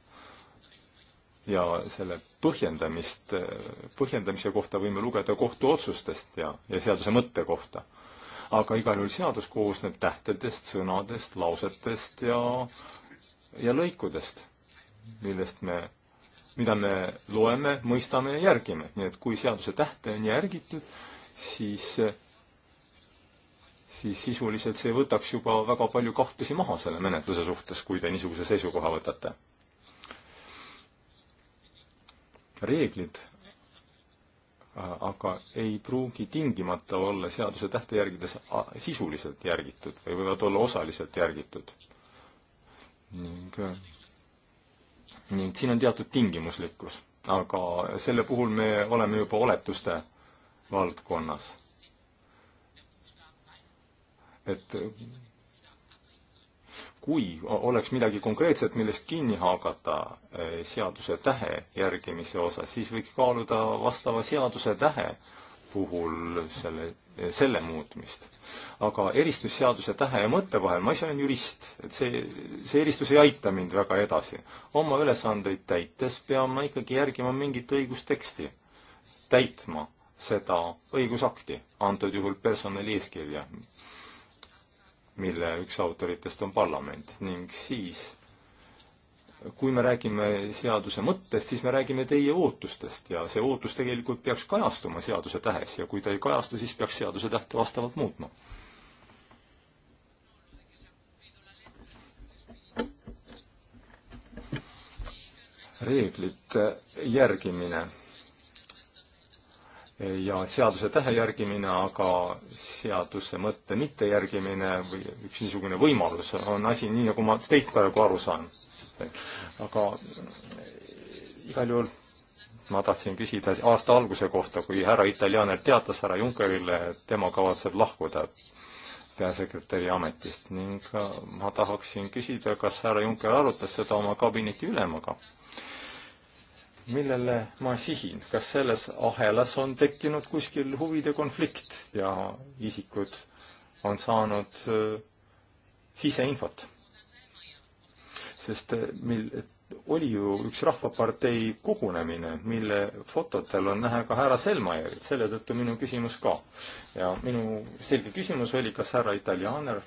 ja selle põhjendamist, põhjendamise kohta võime lugeda kohtuotsustest ja, ja seaduse mõtte kohta. aga igal juhul seadus koosneb tähtedest, sõnadest, lausetest ja, ja lõikudest, millest me mida me loeme, mõistame ja järgime. nii et kui seaduse tähte on järgitud, siis, siis sisuliselt see võtaks juba väga palju kahtlusi maha selle menetluse suhtes, kui te niisuguse seisukoha võtate. reeglid aga ei pruugi tingimata olla seaduse tähte järgides sisuliselt järgitud või võivad olla osaliselt järgitud. ning ning siin on teatud tingimuslikkus. aga selle puhul me oleme juba oletuste valdkonnas. et kui oleks midagi konkreetset, millest kinni haagata eh, seaduse tähe järgimise osas, siis võiks kaaluda vastava seaduse tähe puhul selle selle muutmist. aga eristusseaduse tähe ja mõtte vahel, ma ise olen jurist, et see, see eristus ei aita mind väga edasi. oma ülesandeid täites pean ma ikkagi järgima mingit õigusteksti, täitma seda õigusakti, antud juhul personalieeskirja, mille üks autoritest on parlament ning siis kui me räägime seaduse mõttest, siis me räägime teie ootustest ja see ootus tegelikult peaks kajastuma seaduse tähes ja kui ta ei kajastu, siis peaks seaduse tähte vastavalt muutma. reeglite järgimine ja seaduse tähe järgimine, aga seaduse mõtte mittejärgimine või üks niisugune võimalus on asi, nii nagu ma teist praegu aru saan aga igal juhul ma tahtsin küsida aasta alguse kohta, kui härra Italianer teatas härra Junckerile, et tema kavatseb lahkuda peasekretäri ametist ning äh, ma tahaksin küsida, kas härra Juncker arutas seda oma kabineti ülemaga? millele ma sihin, kas selles ahelas on tekkinud kuskil huvide konflikt ja isikud on saanud äh, siseinfot? sest eh, meil oli ju üks rahvapartei kogunemine, mille fototel on näha ka härra Selmajärv, selle tõttu minu küsimus ka. ja minu selge küsimus oli, kas härra Italianer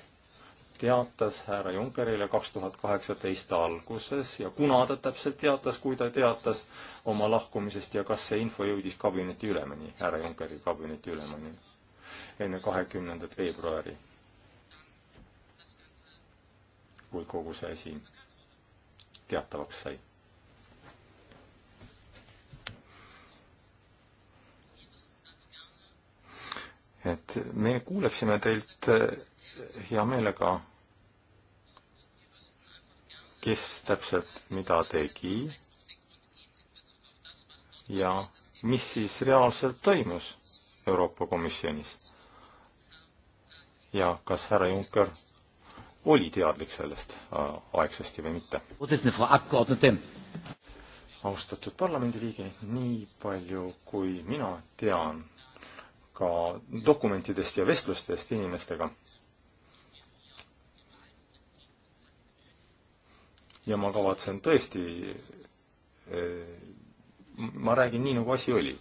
teatas härra Junckerile kaks tuhat kaheksateist alguses ja kuna ta täpselt teatas, kui ta teatas oma lahkumisest ja kas see info jõudis kabineti ülemani, härra Junckeri kabineti ülemani enne kahekümnendat veebruari. kui kogu see asi teatavaks sai. et me kuuleksime teilt eh, hea meelega, kes täpselt mida tegi ja mis siis reaalselt toimus Euroopa Komisjonis ja kas härra Juncker oli teadlik sellest äh, aegsasti või mitte. austatud parlamendiliige, nii palju kui mina tean ka dokumentidest ja vestlustest inimestega, ja ma kavatsen tõesti, äh, ma räägin nii, nagu asi oli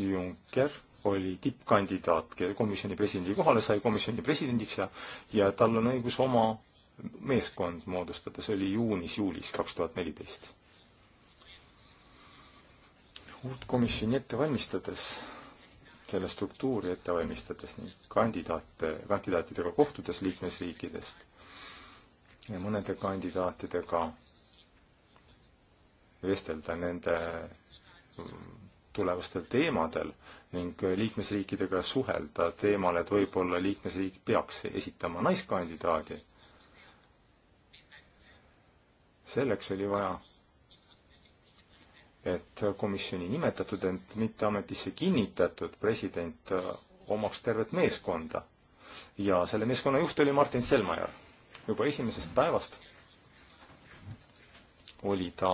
Juncker oli tippkandidaat, komisjoni presidendi kohale sai komisjoni presidendiks ja, ja tal on õigus oma meeskond moodustada, see oli juunis-juulis kaks tuhat neliteist. uut komisjoni ette valmistades, selle struktuuri ette valmistades ning kandidaate, kandidaatidega kohtudes liikmesriikidest ja mõnede kandidaatidega vestelda nende tulevastel teemadel ning äh, liikmesriikidega suhelda teemal, et võib-olla liikmesriik peaks esitama naiskandidaadi. selleks oli vaja, et komisjoni nimetatud, ent mitte ametisse kinnitatud president äh, omaks tervet meeskonda. ja selle meeskonna juht oli Martin Selmajärv. juba esimesest päevast oli ta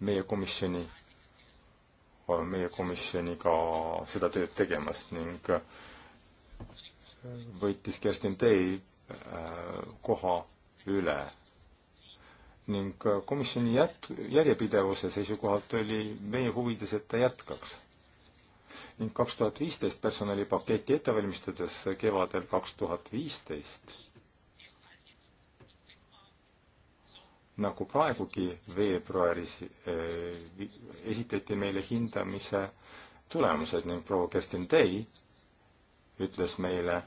meie komisjoni meie komisjoniga seda tööd tegemas ning äh, võitis Kerstin Tei äh, koha üle. ning äh, komisjoni jät-, järjepidevuse seisukohalt oli meie huvides, et ta jätkaks. ning kaks tuhat viisteist personalipaketi ette valmistades kevadel kaks tuhat viisteist nagu praegugi veebruaris eh, esitati meile hindamise tulemused ning proua Kerstin Tei ütles meile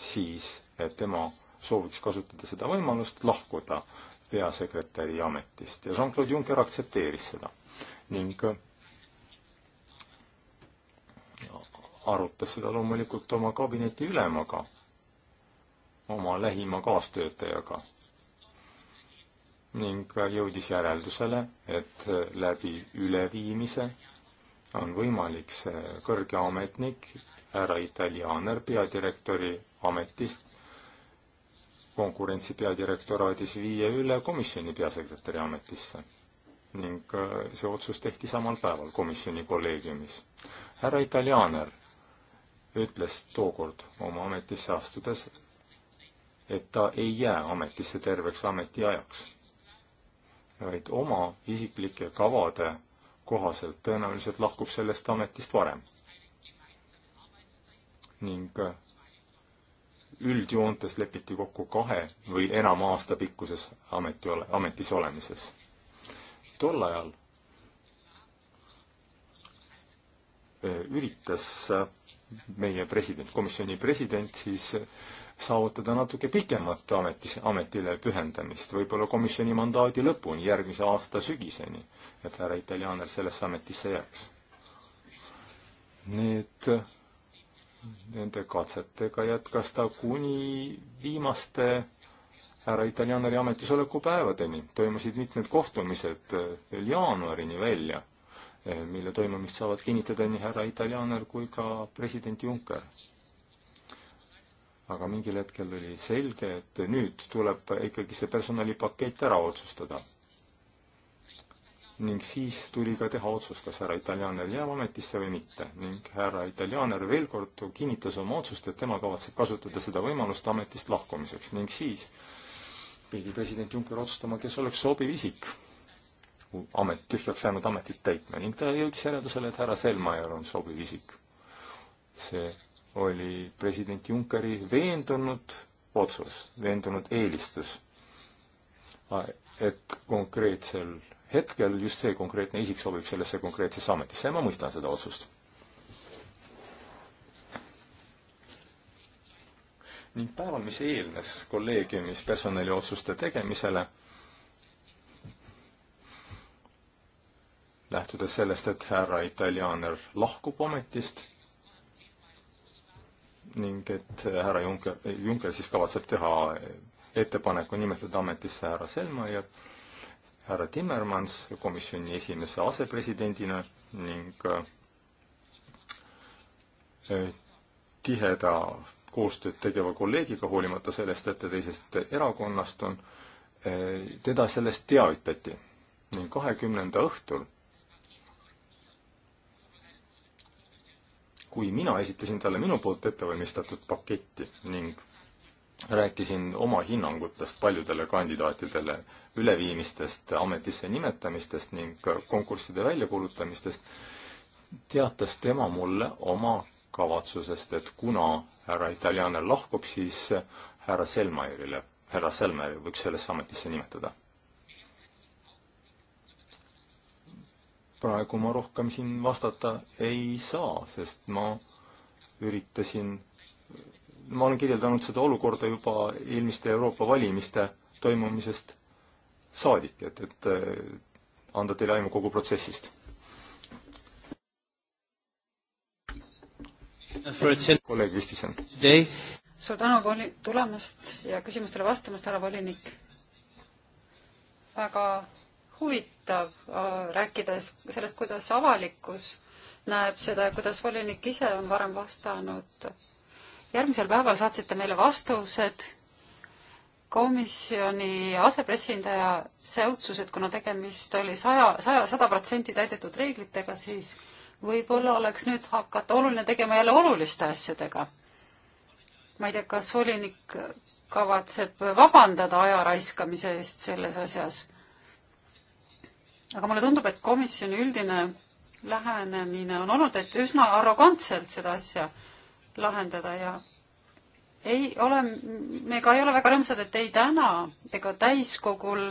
siis, et tema sooviks kasutada seda võimalust lahkuda peasekretäri ametist ja Jean-Claude Juncker aktsepteeris seda ning arutas seda loomulikult oma kabineti ülemaga, oma lähima kaastöötajaga ning jõudis järeldusele, et läbi üleviimise on võimalik see kõrge ametnik, härra Italianer peadirektori ametist konkurentsi peadirektoraadis viia üle komisjoni peasekretäri ametisse. ning äh, see otsus tehti samal päeval komisjoni kolleegiumis. härra Italianer ütles tookord oma ametisse astudes, et ta ei jää ametisse terveks ametiajaks vaid oma isiklike kavade kohaselt tõenäoliselt lahkub sellest ametist varem. ning äh, üldjoontes lepiti kokku kahe või enama aasta pikkuses ameti ole, ametis olemises. tol ajal äh, üritas äh, meie president, komisjoni president siis saavutada natuke pikemat ametis, ametile pühendamist, võib-olla komisjoni mandaadi lõpuni, järgmise aasta sügiseni, et härra Italianer sellesse ametisse jääks. Need, nende katsetega jätkas ta kuni viimaste härra Italianeri ametisoleku päevadeni, toimusid mitmed kohtumised veel jaanuarini välja, mille toimumist saavad kinnitada nii härra Italianer kui ka president Juncker aga mingil hetkel oli selge, et nüüd tuleb ikkagi see personalipakett ära otsustada. ning siis tuli ka teha otsus, kas härra Italianer jääb ametisse või mitte ning härra Italianer veel kord kinnitas oma otsust, et tema kavatseb kasutada seda võimalust ametist lahkumiseks ning siis pidi president Juncker otsustama, kes oleks sobiv isik amet, tühjaks jäänud ametit täitma ning ta jõudis järeldusele, et härra Selmaier on sobiv isik. see oli president Junckeri veendunud otsus, veendunud eelistus, ah, et konkreetsel hetkel just see konkreetne isik sobib sellesse konkreetsesse ametisse ja ma mõistan seda otsust. ning päeval, mis eelnes kolleegiumis personaliotsuste tegemisele, lähtudes sellest, et härra Italianer lahkub ametist ning et härra Juncker, Juncker siis kavatseb teha ettepaneku nimetada ametisse härra Selmaier, härra Timmermans komisjoni esimese asepresidendina ning äh, tiheda koostööd tegeva kolleegiga, hoolimata sellest, et ta teisest erakonnast on, äh, teda sellest teavitati ning kahekümnenda õhtul kui mina esitlesin talle minu poolt ettevalmistatud paketti ning rääkisin oma hinnangutest paljudele kandidaatidele, üleviimistest, ametisse nimetamistest ning konkursside väljakuulutamistest, teatas tema mulle oma kavatsusest, et kuna härra Italiane lahkub, siis härra Selmairile, härra Selmeri võiks sellesse ametisse nimetada. praegu ma rohkem siin vastata ei saa, sest ma üritasin, ma olen kirjeldanud seda olukorda juba eelmiste Euroopa valimiste toimumisest saadik, et, et äh, anda teile aimu kogu protsessist. kolleeg Vistisen. suur tänu tulemast ja küsimustele vastamast, härra volinik. väga huvitav äh, rääkides sellest, kuidas avalikkus näeb seda ja kuidas volinik ise on varem vastanud. järgmisel päeval saatsite meile vastused. komisjoni asepressindaja säutsus, et kuna tegemist oli saja, saja, sada protsenti täidetud reeglitega, siis võib-olla oleks nüüd hakata oluline tegema jälle oluliste asjadega. ma ei tea, kas volinik kavatseb vabandada aja raiskamise eest selles asjas aga mulle tundub, et komisjoni üldine lähenemine on olnud, et üsna arrogantselt seda asja lahendada ja ei ole, me ka ei ole väga rõõmsad, et ei täna ega täiskogul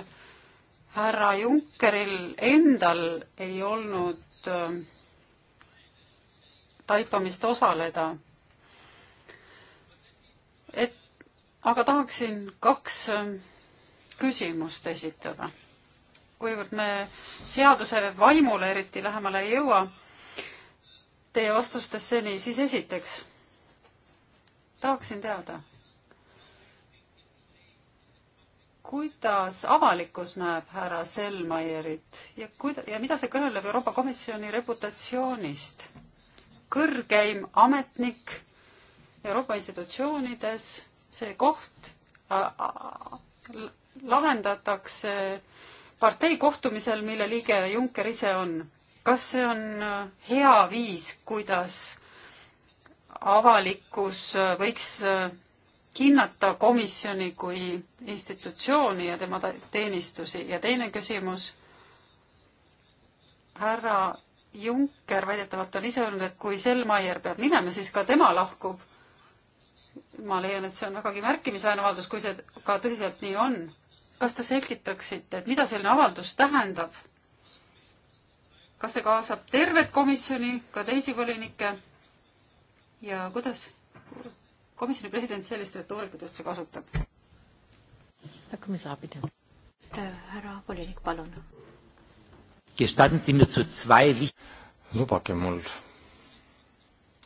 härra Junckeril endal ei olnud äh, taipamist osaleda. et aga tahaksin kaks äh, küsimust esitada kuivõrd me seaduse vaimule eriti lähemale ei jõua teie vastustest seni, siis esiteks tahaksin teada, kuidas avalikkus näeb härra Selmaierit ja kuida- ja mida see kõneleb Euroopa Komisjoni reputatsioonist? kõrgeim ametnik Euroopa institutsioonides, see koht lahendatakse partei kohtumisel, mille liige Juncker ise on. kas see on äh, hea viis, kuidas avalikkus äh, võiks äh, hinnata komisjoni kui institutsiooni ja tema teenistusi ja teine küsimus, härra Juncker väidetavalt on ise öelnud, et kui Selmaier peab minema, siis ka tema lahkub. ma leian, et see on vägagi märkimisväärne avaldus, kui see ka tõsiselt nii on kas te selgitaksite, et mida selline avaldus tähendab? kas see kaasab tervet komisjoni, ka teisi volinikke? ja kuidas komisjoni president sellist retoorikat üldse kasutab? hakkame saabida. Äh, härra volinik, palun. lubage mul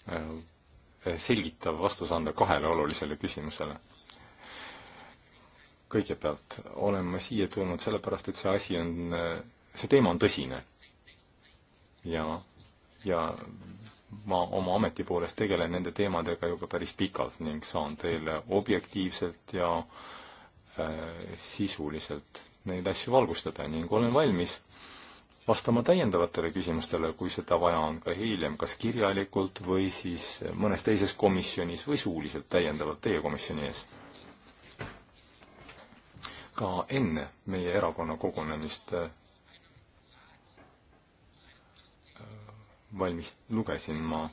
äh, selgitav vastus anda kahele olulisele küsimusele kõigepealt olen ma siia tulnud sellepärast, et see asi on, see teema on tõsine. ja, ja ma oma ameti poolest tegelen nende teemadega juba päris pikalt ning saan teile objektiivselt ja äh, sisuliselt neid asju valgustada ning olen valmis vastama täiendavatele küsimustele, kui seda vaja on, ka hiljem, kas kirjalikult või siis mõnes teises komisjonis või suuliselt täiendavalt teie komisjoni ees ka enne meie erakonna kogunemist äh, valmis, lugesin ma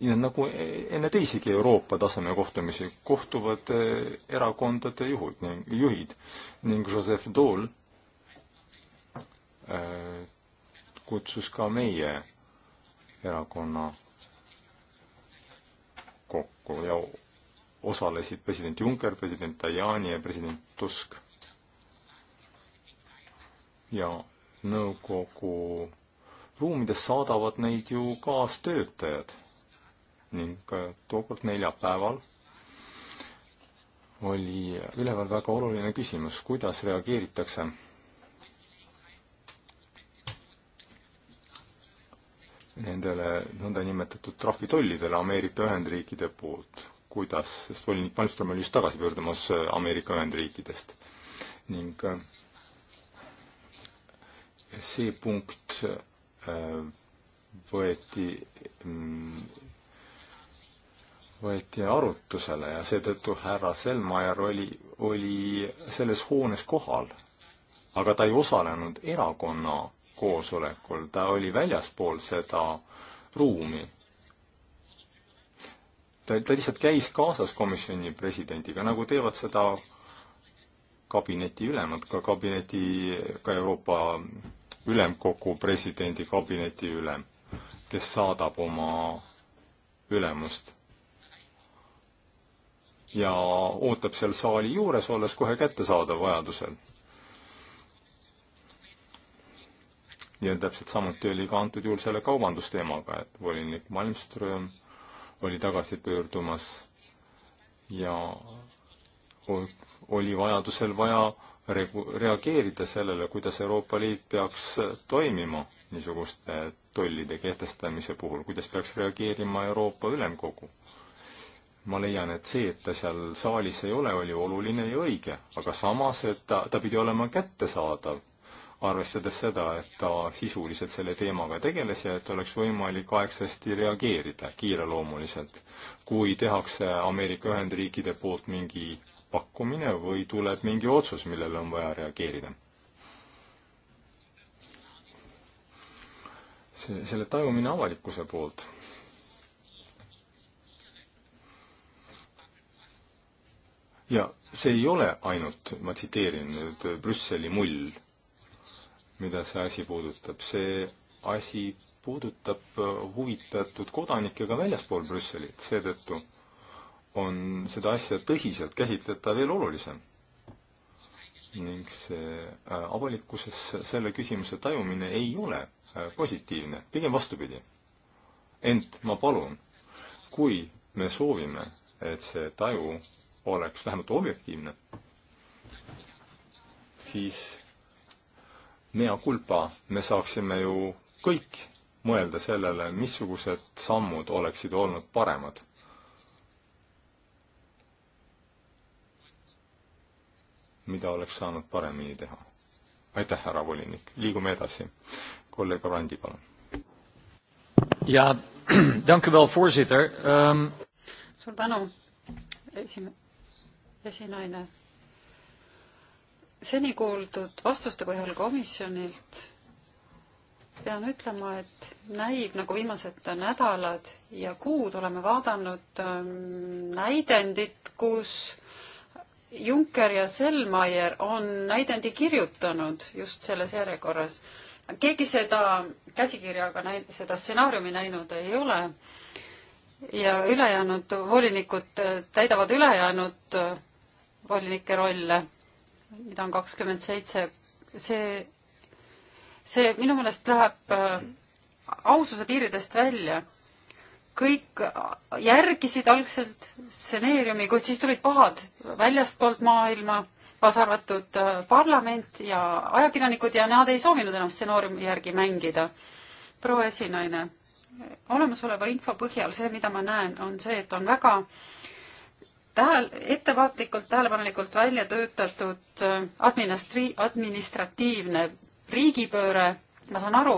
ja nagu e-, enne teisigi Euroopa taseme kohtumisi kohtuvad äh, erakondade juhud, juhid ning Joseph Dool äh, kutsus ka meie erakonna kokku ja osalesid president Juncker, president Tajani ja president Tusk. ja nõukogu ruumides saadavad neid ju kaastöötajad ning äh, tookord neljapäeval oli üleval väga oluline küsimus, kuidas reageeritakse nendele nõndanimetatud trahvitollidele Ameerika Ühendriikide poolt kuidas, sest volinik Malmström oli just tagasi pöördumas äh, Ameerika Ühendriikidest ning äh, see punkt äh, võeti, mm, võeti arutusele ja seetõttu härra Selmajär oli, oli selles hoones kohal, aga ta ei osalenud erakonna koosolekul, ta oli väljaspool seda ruumi ta, ta lihtsalt käis kaasas komisjoni presidendiga, nagu teevad seda kabinetiülemad, ka kabineti, ka Euroopa Ülemkogu presidendi kabinetiülem, kes saadab oma ülemust ja ootab seal saali juures, olles kohe kättesaadav vajadusel. ja täpselt samuti oli ka antud juhul selle kaubandusteemaga, et volinik Malmström oli tagasi pöördumas ja oli vajadusel vaja regu-, reageerida sellele, kuidas Euroopa Liit peaks toimima niisuguste tollide kehtestamise puhul, kuidas peaks reageerima Euroopa Ülemkogu. ma leian, et see, et ta seal saalis ei ole, oli oluline ja õige, aga samas, et ta, ta pidi olema kättesaadav arvestades seda, et ta sisuliselt selle teemaga tegeles ja et oleks võimalik aegsasti reageerida kiireloomuliselt, kui tehakse Ameerika Ühendriikide poolt mingi pakkumine või tuleb mingi otsus, millele on vaja reageerida. see, selle tajumine avalikkuse poolt ja see ei ole ainult, ma tsiteerin nüüd, Brüsseli mull mida see asi puudutab. see asi puudutab huvitatud kodanikke ka väljaspool Brüsselit, seetõttu on seda asja tõsiselt käsitleda veel olulisem. ning see äh, avalikkuses selle küsimuse tajumine ei ole äh, positiivne, pigem vastupidi. ent ma palun, kui me soovime, et see taju oleks vähemalt objektiivne, siis mea culpa, me saaksime ju kõik mõelda sellele, missugused sammud oleksid olnud paremad. mida oleks saanud paremini teha. aitäh, härra volinik, liigume edasi. kolleeg Randi, palun. ja, tänku veel, voorzitter um.... suur tänu, esine-, esinaine seni kuuldud vastuste põhjal komisjonilt pean ütlema, et näib nagu viimased nädalad ja kuud oleme vaadanud ähm, näidendit, kus Juncker ja Selmayr on näidendi kirjutanud just selles järjekorras. keegi seda käsikirjaga näi-, seda stsenaariumi näinud ei ole ja ülejäänud volinikud äh, täidavad ülejäänud äh, volinike rolle mida on kakskümmend seitse, see, see minu meelest läheb äh, aususe piiridest välja. kõik järgisid algselt stseneeriumi, kuid siis tulid pahad väljastpoolt maailma, kaasa arvatud äh, parlament ja ajakirjanikud ja nad ei soovinud enam stsenaariumi järgi mängida. proua esinaine, olemasoleva info põhjal see, mida ma näen, on see, et on väga äh, tähel-, ettevaatlikult, tähelepanelikult välja töötatud äh, administri-, administratiivne riigipööre, ma saan aru,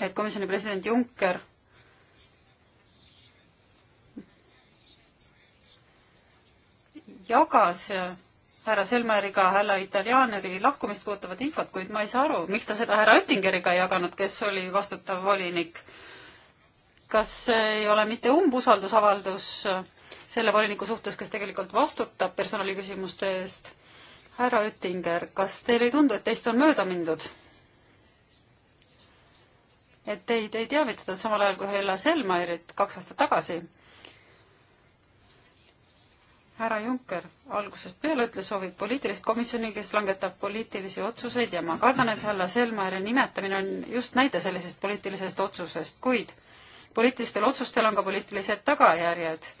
et komisjoni president Juncker jagas äh, härra Selmeriga härra Italianeri lahkumist puudutavat infot, kuid ma ei saa aru, miks ta seda härra Oettingeriga ei jaganud, kes oli vastutav volinik. kas äh, ei ole mitte umbusaldusavaldus selle voliniku suhtes, kes tegelikult vastutab personaliküsimuste eest. härra Oettinger, kas teile ei tundu, et teist on mööda mindud? et teid ei teavitatud samal ajal kui Hella Selmairit kaks aastat tagasi. härra Juncker algusest peale ütles, soovib poliitilist komisjoni, kes langetab poliitilisi otsuseid ja ma kardan, et Hella Selmairi nimetamine on just näide sellisest poliitilisest otsusest, kuid poliitilistel otsustel on ka poliitilised tagajärjed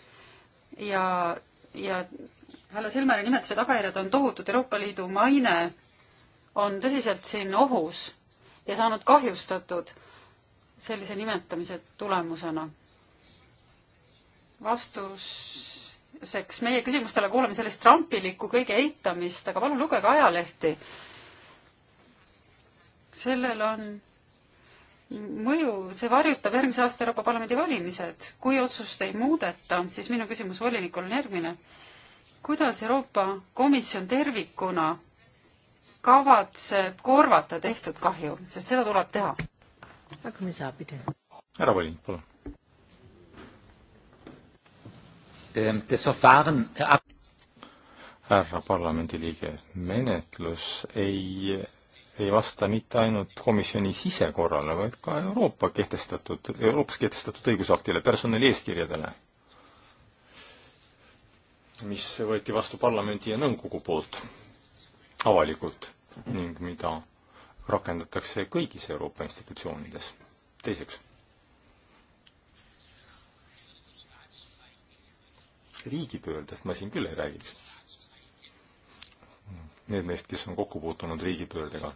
ja, ja härra Silmeri nimetuse tagajärjed on tohutud, Euroopa Liidu maine on tõsiselt siin ohus ja saanud kahjustatud sellise nimetamise tulemusena. vastuseks meie küsimustele kuuleme sellist trampilikku kõige eitamist, aga palun lugege ajalehti. sellel on mõju, see varjutab järgmise aasta Euroopa Parlamendi valimised. kui otsust ei muudeta, siis minu küsimus volinikule on järgmine. kuidas Euroopa Komisjon tervikuna kavatseb korvata tehtud kahju, sest seda tuleb teha? hakkame saabida. härra volinik, palun. Ähm, äh, härra parlamendiliige, menetlus ei ei vasta mitte ainult komisjoni sisekorrale, vaid ka Euroopa kehtestatud, Euroopas kehtestatud õigusaktile, personalieeskirjadele, mis võeti vastu parlamendi ja nõukogu poolt avalikult ning mida rakendatakse kõigis Euroopa institutsioonides. teiseks, riigipöördest ma siin küll ei räägiks need meist, kes on kokku puutunud riigipöördega,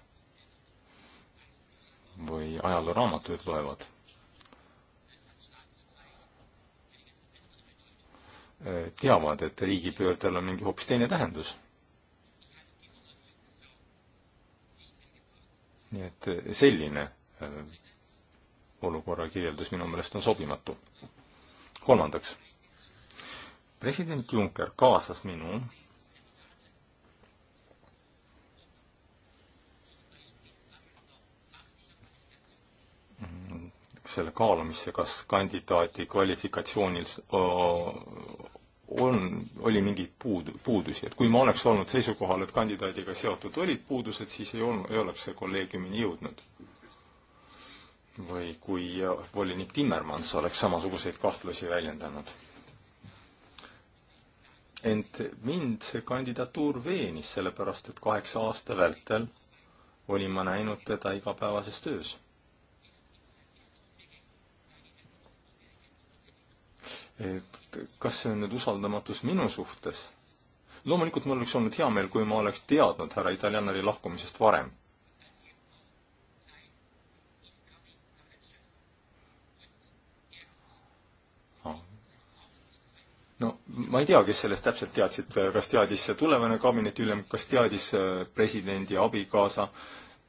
või ajalooraamatuid loevad. teavad, et riigipöördel on mingi hoopis teine tähendus. nii et selline äh, olukorra kirjeldus minu meelest on sobimatu. kolmandaks, president Juncker kaasas minu selle kaalumisse, kas kandidaati kvalifikatsioonil on, oli mingeid puudu, puudusi, et kui ma oleks olnud seisukohal, et kandidaadiga seotud olid puudused, siis ei olnud, ei oleks see kolleegiumini jõudnud. või kui volinik Timmermans oleks samasuguseid kahtlusi väljendanud. ent mind see kandidatuur veenis, sellepärast et kaheksa aasta vältel olin ma näinud teda igapäevases töös et kas see on nüüd usaldamatus minu suhtes? loomulikult mul oleks olnud hea meel, kui ma oleks teadnud härra Italianari lahkumisest varem. Ah. no ma ei tea, kes sellest täpselt teadsid, kas teadis tulevane kabinetiülem, kas teadis äh, presidendi abikaasa,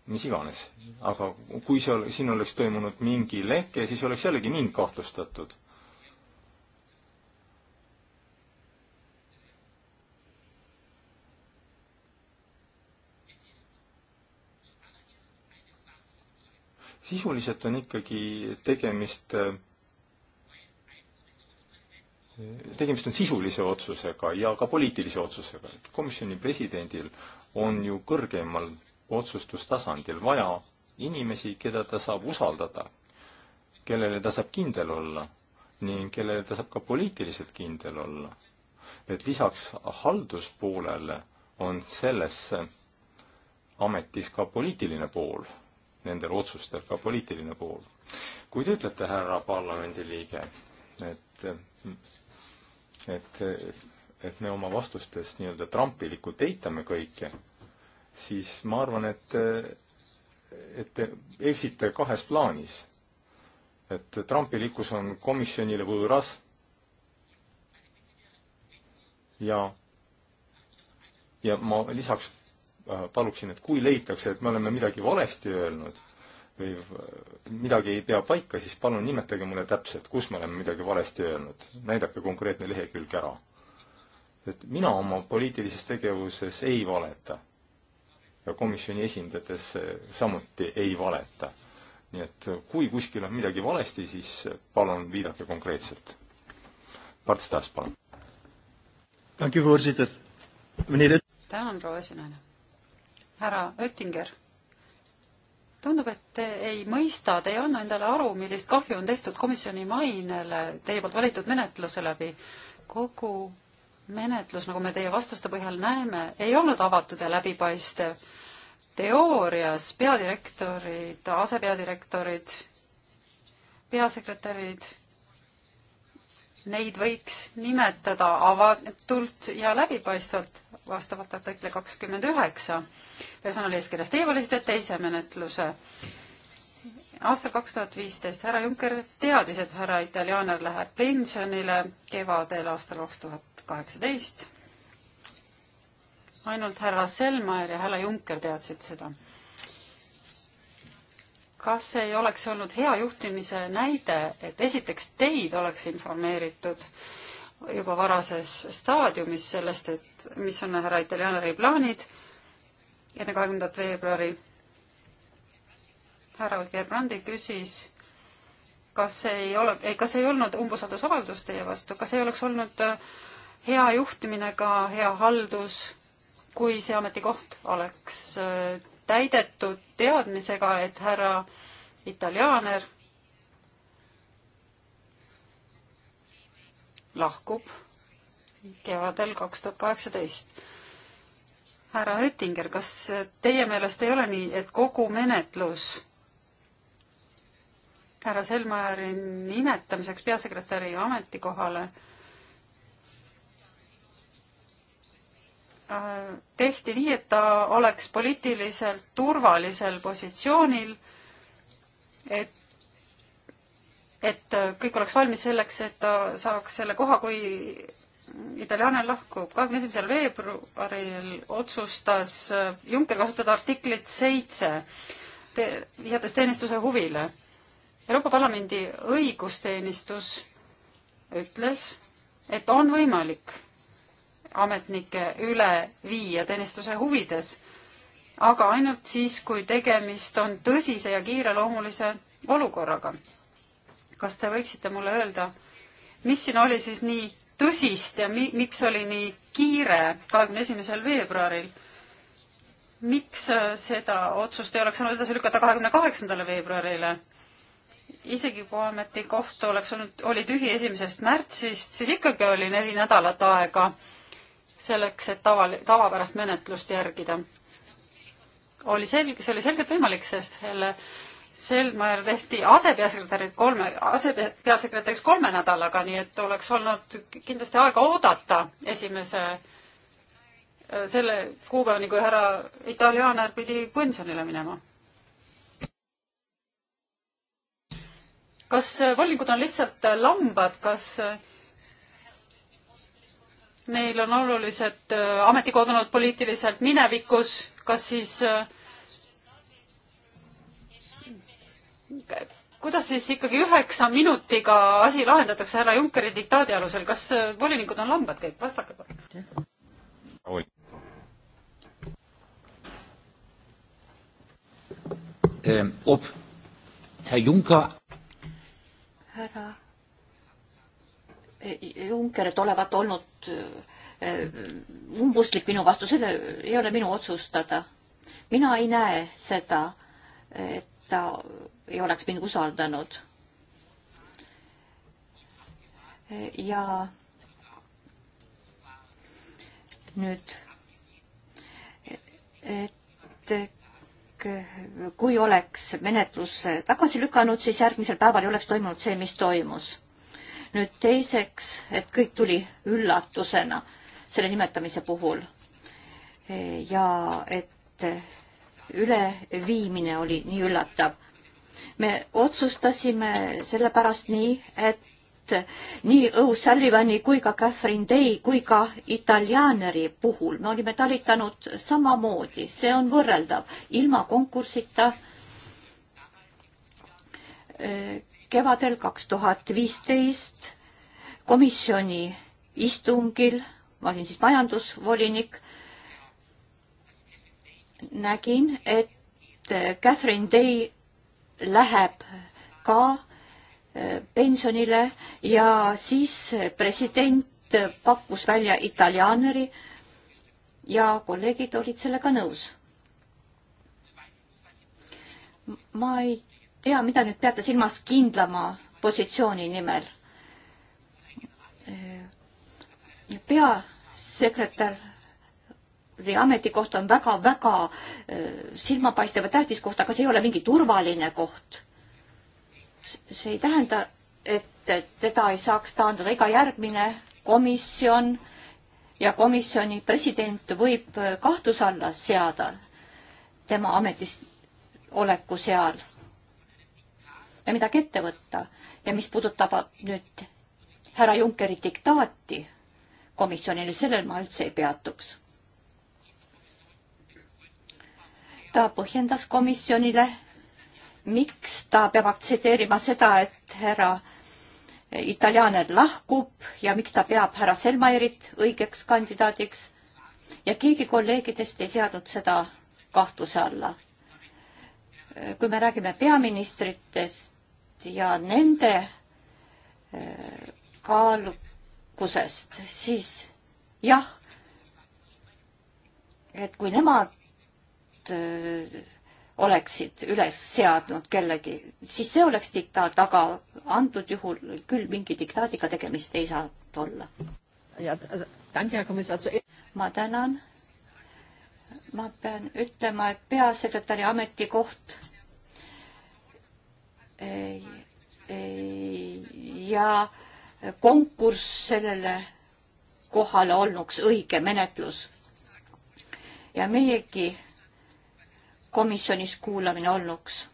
mis iganes. aga kui seal, siin oleks toimunud mingi leke, siis oleks jällegi mind kahtlustatud sisuliselt on ikkagi tegemist, tegemist on sisulise otsusega ja ka poliitilise otsusega. komisjoni presidendil on ju kõrgemal otsustustasandil vaja inimesi, keda ta saab usaldada, kellele ta saab kindel olla ning kellele ta saab ka poliitiliselt kindel olla. et lisaks halduspoolele on selles ametis ka poliitiline pool nendel otsustel ka poliitiline pool. kui te ütlete, härra parlamendiliige, et, et, et me oma vastustes nii-öelda trampilikult eitame kõike, siis ma arvan, et, et te eksite kahes plaanis. et trampilikkus on komisjonile võõras ja, ja ma lisaks Äh, paluksin, et kui leitakse, et me oleme midagi valesti öelnud või midagi ei pea paika, siis palun nimetage mulle täpselt, kus me oleme midagi valesti öelnud. näidake konkreetne lehekülg ära. et mina oma poliitilises tegevuses ei valeta. ja komisjoni esindades samuti ei valeta. nii et kui kuskil on midagi valesti, siis palun viidake konkreetselt. Mart Stas, palun. tänan, proua esinaine härra Oettinger, tundub, et te ei mõista, te ei anna endale aru, millist kahju on tehtud komisjoni mainele teie poolt valitud menetluse läbi. kogu menetlus, nagu me teie vastuste põhjal näeme, ei olnud avatud ja läbipaistev. teoorias peadirektorid, asepeadirektorid, peasekretärid neid võiks nimetada avatult ja läbipaistvalt vastavalt artikli kakskümmend üheksa personalieeskirjast eevalistate teise menetluse. aastal kaks tuhat viisteist härra Juncker teadis, et härra Italianer läheb pensionile kevadel aastal kaks tuhat kaheksateist. ainult härra Selmaer ja härra Juncker teadsid seda kas ei oleks olnud hea juhtimise näide, et esiteks teid oleks informeeritud juba varases staadiumis sellest, et mis on härra Italianari plaanid enne kahekümnendat veebruari. härra Gerbrandi küsis, kas ei ole, kas ei olnud umbusaldusavaldus teie vastu, kas ei oleks olnud äh, hea juhtimine ka hea haldus, kui see ametikoht oleks äh, täidetud teadmisega, et härra Italianer lahkub kevadel kaks tuhat kaheksateist. härra Oettinger, kas teie meelest ei ole nii, et kogu menetlus härra Selmajärvi nimetamiseks peasekretäri ametikohale äh, tehti nii, et ta oleks poliitiliselt turvalisel positsioonil, et, et kõik oleks valmis selleks, et ta saaks selle koha, kui italiaanlane lahkub. kahekümne esimesel veebruaril otsustas Juncker kasutada artiklit seitse, vihjates teenistuse huvile. Euroopa Parlamendi õigusteenistus ütles, et on võimalik ametnikke üle viia teenistuse huvides, aga ainult siis, kui tegemist on tõsise ja kiireloomulise olukorraga. kas te võiksite mulle öelda, mis siin oli siis nii tõsist ja mi-, miks oli nii kiire kahekümne esimesel veebruaril? miks äh, seda otsust ei oleks saanud edasi lükata kahekümne kaheksandale veebruarile? isegi kui ametikoht oleks olnud, oli tühi esimesest märtsist, siis ikkagi oli neli nädalat aega selleks, et tava, tavapärast menetlust järgida. oli selge, see oli selgelt võimalik, sest selle Seldmaier tehti asepeasekretärid kolme, asepeasekretäriks kolme nädalaga, nii et oleks olnud kindlasti aega oodata esimese selle kuupäevani, kui härra Italianer pidi pensionile minema kas volinikud on lihtsalt lambad, kas neil on olulised äh, ametikohad olnud poliitiliselt minevikus, kas siis, äh, kuidas siis ikkagi üheksa minutiga asi lahendatakse härra Junckeri diktaadi alusel, kas äh, volinikud on lambad kõik, vastake palun. Ähm, ob Herr Juncker härra Junckerit olevat olnud äh, umbustlik minu vastu, selle ei ole minu otsustada. mina ei näe seda, et ta ei oleks mind usaldanud. ja nüüd, et kui oleks menetlus tagasi lükanud, siis järgmisel päeval ei oleks toimunud see, mis toimus nüüd teiseks, et kõik tuli üllatusena selle nimetamise puhul e, ja et üleviimine oli nii üllatav. me otsustasime sellepärast nii, et nii O'Sullivani kui ka Catherine Day kui ka Italianeri puhul me olime talitanud samamoodi, see on võrreldav ilma konkursita e, kevadel kaks tuhat viisteist komisjoni istungil, ma olin siis majandusvolinik, nägin, et Catherine Day läheb ka äh, pensionile ja siis president pakkus välja Italianeri ja kolleegid olid sellega nõus. ma ei tea, mida nüüd peate silmas kindlama positsiooni nimel. peasekretäri ametikoht on väga-väga e, silmapaistev ja tähtis koht, aga see ei ole mingi turvaline koht. see ei tähenda, et teda ei saaks taandada iga järgmine komisjon ja komisjoni president võib kahtluse alla seada tema ametis oleku seal ja midagi ette võtta. ja mis puudutab nüüd härra Junckeri diktaati komisjonile, sellel ma üldse ei peatuks. ta põhjendas komisjonile, miks ta peab aktsepteerima seda, et härra Italianer lahkub ja miks ta peab härra Selmairit õigeks kandidaadiks ja keegi kolleegidest ei seadnud seda kahtluse alla. kui me räägime peaministritest, ja nende eh, kaalukusest, siis jah, et kui nemad eh, oleksid üles seadnud kellegi, siis see oleks diktaat, aga antud juhul küll mingi diktaadiga tegemist ei saa olla. ma tänan. ma pean ütlema, et peasekretäri ametikoht ja konkurss sellele kohale olnuks õige menetlus. ja meiegi komisjonis kuulamine olnuks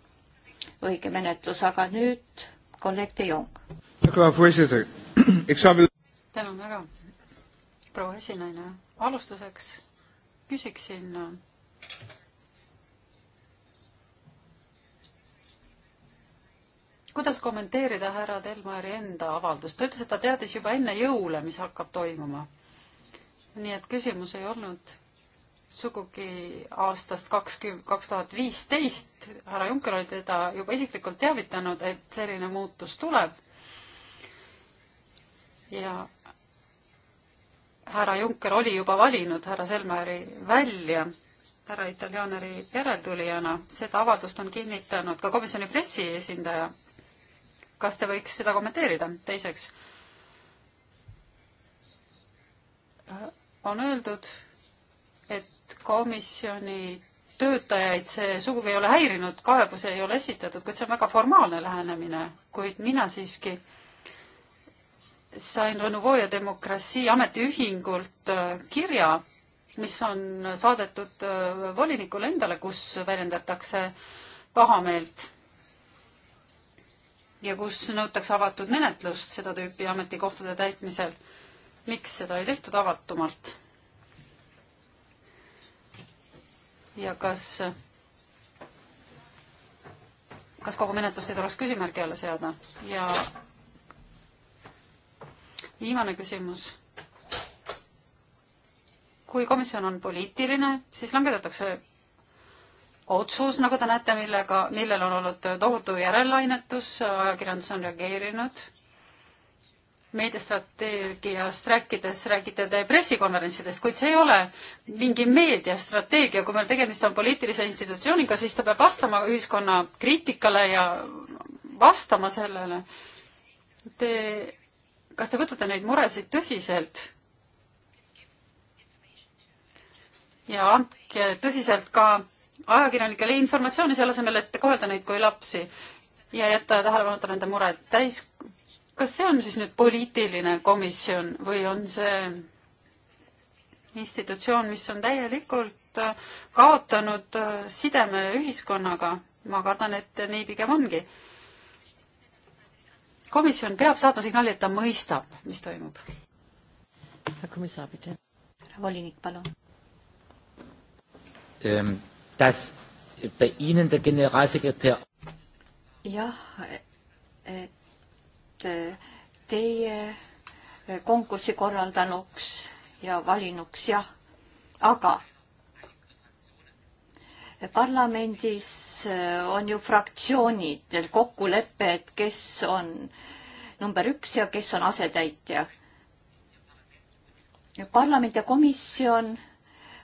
õige menetlus, aga nüüd kolleeg De Jong. tänan väga, proua esinaine. alustuseks küsiksin kuidas kommenteerida härra Delmari enda avaldust? ta ütles, et ta teadis juba enne jõule, mis hakkab toimuma. nii et küsimus ei olnud sugugi aastast kakskümmend, kaks tuhat viisteist. härra Juncker oli teda juba isiklikult teavitanud, et selline muutus tuleb. ja härra Juncker oli juba valinud härra Selmeri välja härra Italianeri järeltulijana. seda avaldust on kinnitanud ka komisjoni pressiesindaja kas te võiks seda kommenteerida? teiseks, on öeldud, et komisjoni töötajaid see sugugi ei ole häirinud, kaebusi ei ole esitatud, kuid see on väga formaalne lähenemine, kuid mina siiski sain Renouveau ja Demokratia ametiühingult äh, kirja, mis on saadetud äh, volinikule endale, kus väljendatakse pahameelt ja kus nõutakse avatud menetlust seda tüüpi ametikohtade täitmisel. miks seda ei tehtud avatumalt? ja kas, kas kogu menetlust ei tuleks küsimärgi alla seada ja viimane küsimus. kui komisjon on poliitiline, siis langetatakse otsus, nagu te näete, millega, millel on olnud tohutu järellainetus, ajakirjandus on reageerinud. meediastrateegiast rääkides räägite te pressikonverentsidest, kuid see ei ole mingi meediastrateegia, kui meil tegemist on poliitilise institutsiooniga, siis ta peab vastama ühiskonna kriitikale ja vastama sellele. Te, kas te võtate neid muresid tõsiselt? ja andke tõsiselt ka ajakirjanikele informatsiooni selle asemel, et kohelda neid kui lapsi ja jätta tähelepanuta nende mured täis. kas see on siis nüüd poliitiline komisjon või on see institutsioon, mis on täielikult kaotanud sideme ühiskonnaga? ma kardan, et nii pigem ongi. komisjon peab saatma signaali, et ta mõistab, mis toimub. härra volinik, palun ähm dass bei Ihnen der Generalsekretär. jah, et teie konkursi korraldanuks ja valinuks jah, aga parlamendis on ju fraktsioonidel kokkulepe, et kes on number üks ja kes on asetäitja. parlament ja komisjon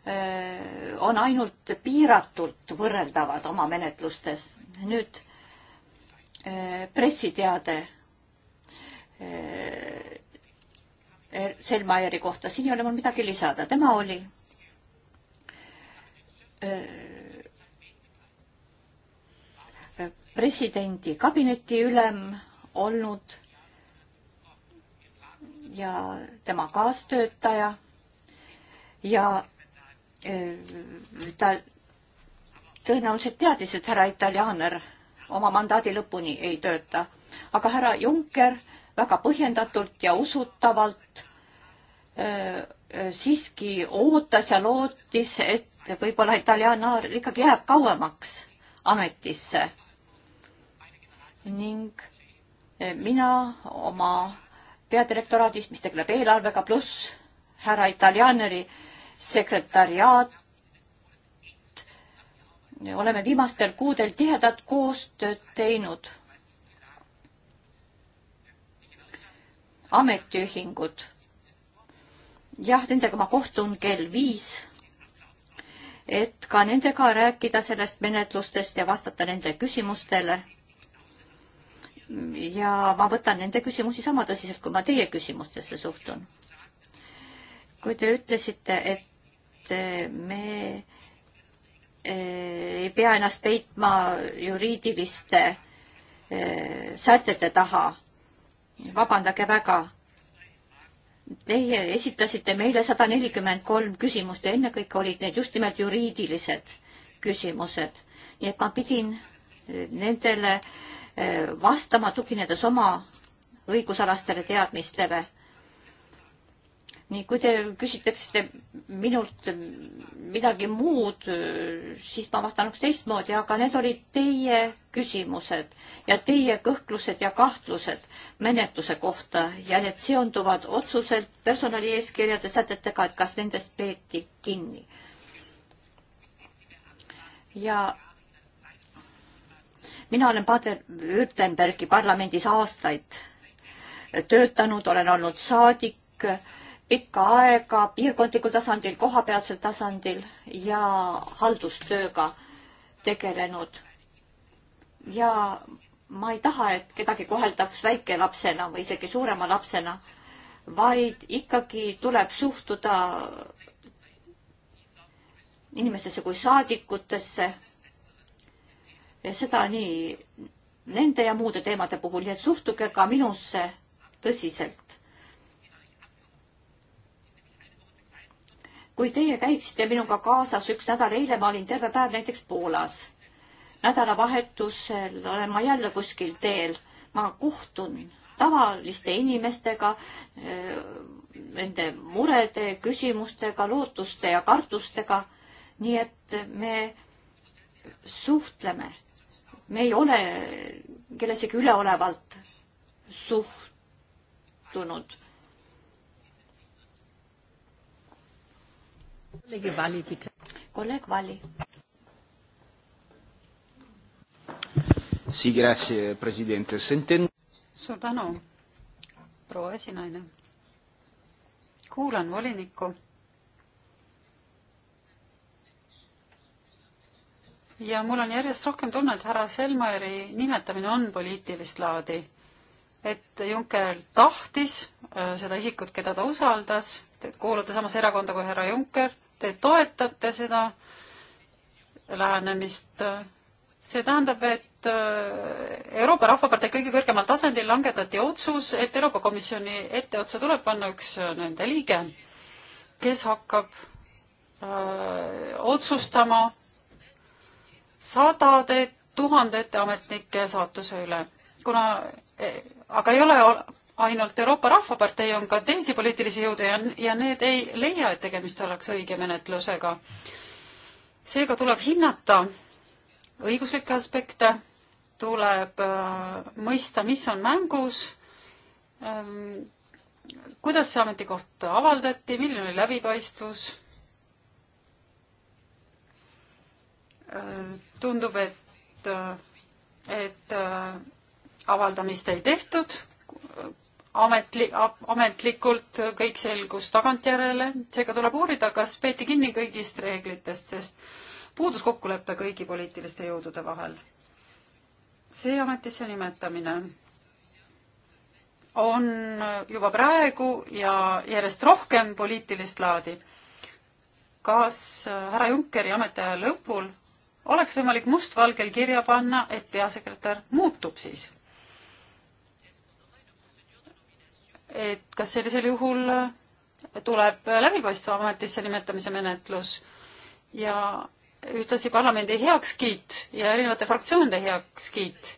Äh, on ainult piiratult võrreldavad oma menetlustes. nüüd äh, pressiteade äh, er-, Selmaieri kohta, siin ei ole mul midagi lisada, tema oli presidendi kabinetiülem olnud ja tema kaastöötaja ja Äh, ta tõenäoliselt teadis, et härra Italianer oma mandaadi lõpuni ei tööta, aga härra Juncker väga põhjendatult ja usutavalt öö, äh, äh, siiski ootas ja lootis, et võib-olla Italianar ikkagi jääb kauemaks ametisse. ning mina oma peadirektoraadist, mis tegeleb eelarvega, pluss härra Italianeri äh, sekretariaat. oleme viimastel kuudel tihedat koostööd teinud. ametiühingud. jah, nendega ma kohtun kell viis, et ka nendega rääkida sellest menetlustest ja vastata nende küsimustele ja ma võtan nende küsimusi sama tõsiselt, kui ma teie küsimustesse suhtun. kui te ütlesite, et Eh, me eh, ei pea ennast peitma juriidiliste eh, sätete taha. vabandage väga. Teie esitasite meile sada nelikümmend kolm küsimust ja ennekõike olid need just nimelt juriidilised küsimused. nii et ma pidin nendele vastama, tuginedes oma õigusalastele teadmistele nii kui te küsitakse minult midagi muud, siis ma vastanuks teistmoodi, aga need olid teie küsimused ja teie kõhklused ja kahtlused menetluse kohta ja need seonduvad otsuselt personalieeskirjade sätetega, et kas nendest peeti kinni. ja mina olen Baden-Württembergi parlamendis aastaid töötanud, olen olnud saadik pikka aega piirkondlikul tasandil, kohapealsel tasandil ja haldustööga tegelenud. ja ma ei taha, et kedagi koheldaks väikelapsena või isegi suurema lapsena, vaid ikkagi tuleb suhtuda inimestesse kui saadikutesse. ja seda nii nende ja muude teemade puhul, nii et suhtuge ka minusse tõsiselt kui teie käiksite minuga kaasas üks nädal, eile ma olin terve päev näiteks Poolas. nädalavahetusel olen ma jälle kuskil teel, ma kohtun tavaliste inimestega, eh, nende murede, küsimustega, lootuste ja kartustega. nii et me suhtleme, me ei ole kellelegi üleolevalt suhtunud kolleeg Valli. suur tänu, proua esinaine. kuulan volinikku. ja mul on järjest rohkem tunne, et härra Selmeri nimetamine on poliitilist laadi. et Juncker tahtis äh, seda isikut, keda ta usaldas, kuuluda samasse erakonda kui härra Juncker te toetate seda lähenemist. see tähendab, et äh, Euroopa Rahvapartei kõige kõrgemal tasandil langetati otsus, et Euroopa Komisjoni etteotsa tuleb panna üks äh, nende liige, kes hakkab öö, äh, otsustama sadade tuhandete ametnike saatuse üle, kuna e, aga ei ole ainult Euroopa Rahvapartei, on ka teisi poliitilisi jõude ja, ja need ei leia, et tegemist oleks õige menetlusega. seega tuleb hinnata õiguslikke aspekte, tuleb äh, mõista, mis on mängus ähm,, kuidas see ametikoht avaldati, milline oli läbipaistvus äh,. tundub, et, äh, et äh, avaldamist ei tehtud ametli-, ametlikult kõik selgus tagantjärele, seega tuleb uurida, kas peeti kinni kõigist reeglitest, sest puudus kokkulepe kõigi poliitiliste jõudude vahel. see ametisse nimetamine on juba praegu ja järjest rohkem poliitilist laadi. kas härra Junckeri ametiaja lõpul oleks võimalik mustvalgel kirja panna, et peasekretär muutub siis? et kas sellisel juhul tuleb läbipaistva ametisse nimetamise menetlus ja ühtlasi parlamendi heakskiit ja erinevate fraktsioonide heakskiit.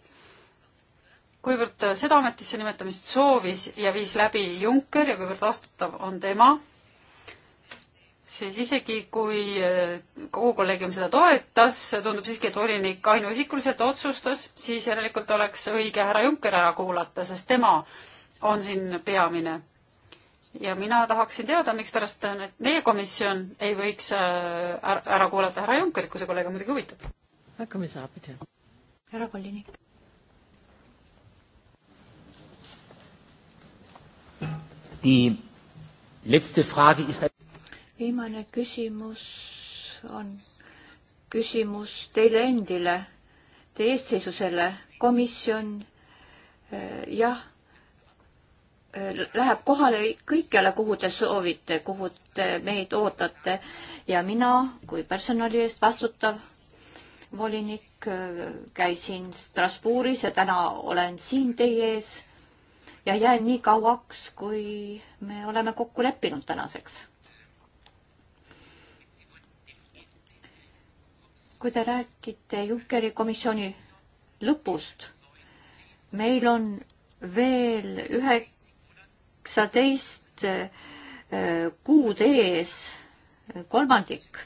kuivõrd seda ametisse nimetamist soovis ja viis läbi Juncker ja kuivõrd vastutav on tema, siis isegi kui kogu kolleegium seda toetas, tundub siiski, et volinik ainuisikuliselt otsustas, siis järelikult oleks õige härra Juncker ära kuulata, sest tema on siin peamine. ja mina tahaksin teada, mikspärast meie komisjon ei võiks äh, ära, ära kuulata härra Junckerit, kui see kolleeg muidugi huvitab. hakkame saab, härra Kollinik. Die letzte Frage ist viimane küsimus on küsimus teile endile, teie eestseisusele, komisjon äh, jah, läheb kohale kõikjale, kuhu te soovite, kuhu te meid ootate ja mina kui personali eest vastutav volinik äh, käisin Strasbourgis ja täna olen siin teie ees ja jään nii kauaks, kui me oleme kokku leppinud tänaseks kui te räägite Junckeri komisjoni lõpust, meil on veel ühe kaheksateist eh, kuud ees kolmandik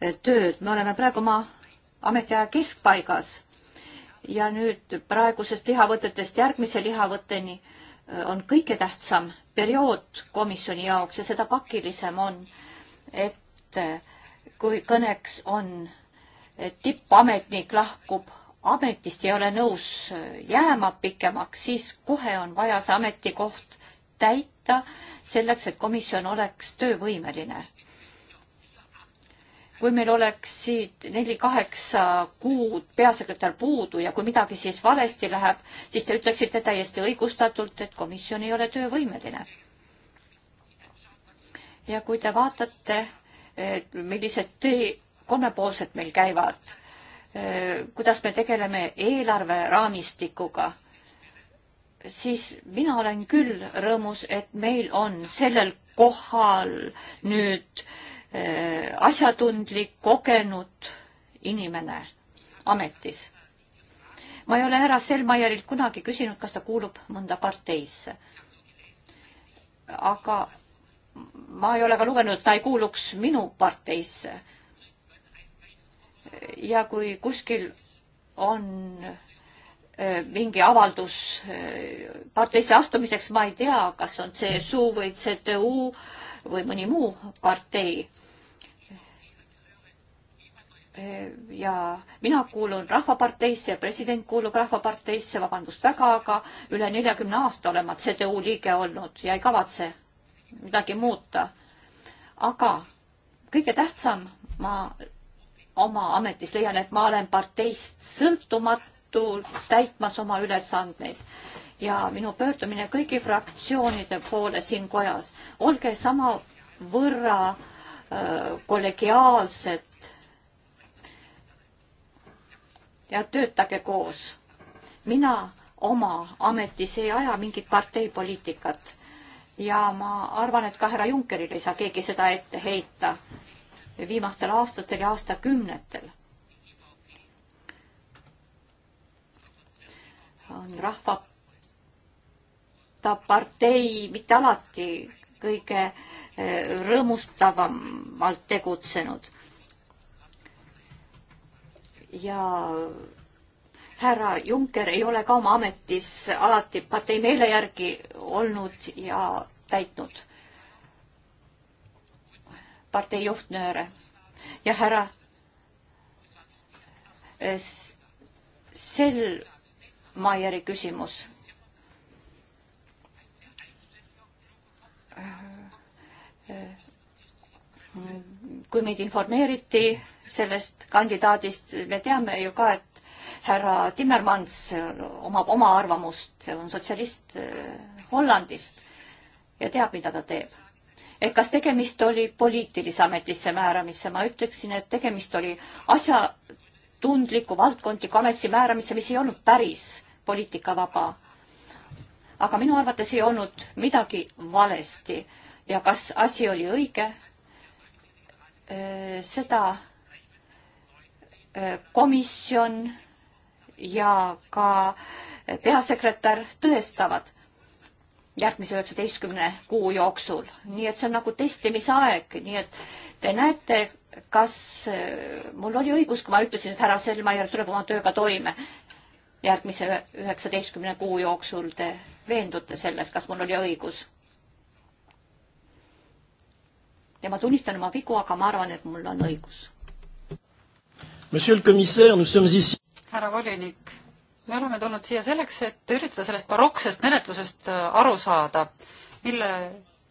eh, tööd, me oleme praegu oma ametiaja keskpaigas ja nüüd praegusest lihavõtetest järgmise lihavõtteni eh, on kõige tähtsam periood komisjoni jaoks ja seda pakilisem on, et kui kõneks on, et tippametnik lahkub ametist, ei ole nõus jääma pikemaks, siis kohe on vaja see ametikoht täita selleks, et komisjon oleks töövõimeline. kui meil oleksid neli-kaheksa kuud peasekretär puudu ja kui midagi siis valesti läheb, siis te ütleksite täiesti õigustatult, et komisjon ei ole töövõimeline. ja kui te vaatate, millised tee, kolmepoolsed meil käivad, eh, kuidas me tegeleme eelarveraamistikuga siis mina olen küll rõõmus, et meil on sellel kohal nüüd äh, asjatundlik, kogenud inimene ametis. ma ei ole härra Selmajärilt kunagi küsinud, kas ta kuulub mõnda parteisse. aga ma ei ole ka lugenud, et ta ei kuuluks minu parteisse. ja kui kuskil on Äh, mingi avaldus äh, parteisse astumiseks, ma ei tea, kas on CSU või CDU või mõni muu partei. Äh, ja mina kuulun Rahvaparteisse ja president kuulub Rahvaparteisse, vabandust väga, aga üle neljakümne aasta olen ma CDU liige olnud ja ei kavatse midagi muuta. aga kõige tähtsam, ma oma ametis leian, et ma olen parteist sõltumatu tõttu täitmas oma ülesandeid. ja minu pöördumine kõigi fraktsioonide poole siin kojas, olge samavõrra äh, kollegiaalsed ja töötage koos. mina oma ametis ei aja mingit parteipoliitikat ja ma arvan, et ka härra Junckerile ei saa keegi seda ette heita viimastel aastatel ja aastakümnetel rahvata partei mitte alati kõige eh, rõõmustavamalt tegutsenud. ja härra Juncker ei ole ka oma ametis alati partei meele järgi olnud ja täitnud partei juhtnööre. ja härra eh, sel Maieri küsimus. kui meid informeeriti sellest kandidaadist, me teame ju ka, et härra Timmermans omab oma arvamust, on sotsialist eh, Hollandist ja teab, mida ta teeb. et kas tegemist oli poliitilise ametisse määramisse, ma ütleksin, et tegemist oli asjatundliku valdkondliku ametisse määramisse, mis ei olnud päris poliitikavaba. aga minu arvates ei olnud midagi valesti ja kas asi oli õige, äh, seda äh, komisjon ja ka peasekretär tõestavad järgmise üheksateistkümne kuu jooksul. nii et see on nagu testimise aeg, nii et te näete, kas äh, mul oli õigus, kui ma ütlesin, et härra Selmaier tuleb oma tööga toime järgmise üheksateistkümne kuu jooksul te veendute selles, kas mul oli õigus? ja ma tunnistan oma vigu, aga ma arvan, et mul on õigus. härra volinik, me oleme tulnud siia selleks, et üritada sellest barokksest menetlusest äh, aru saada, mille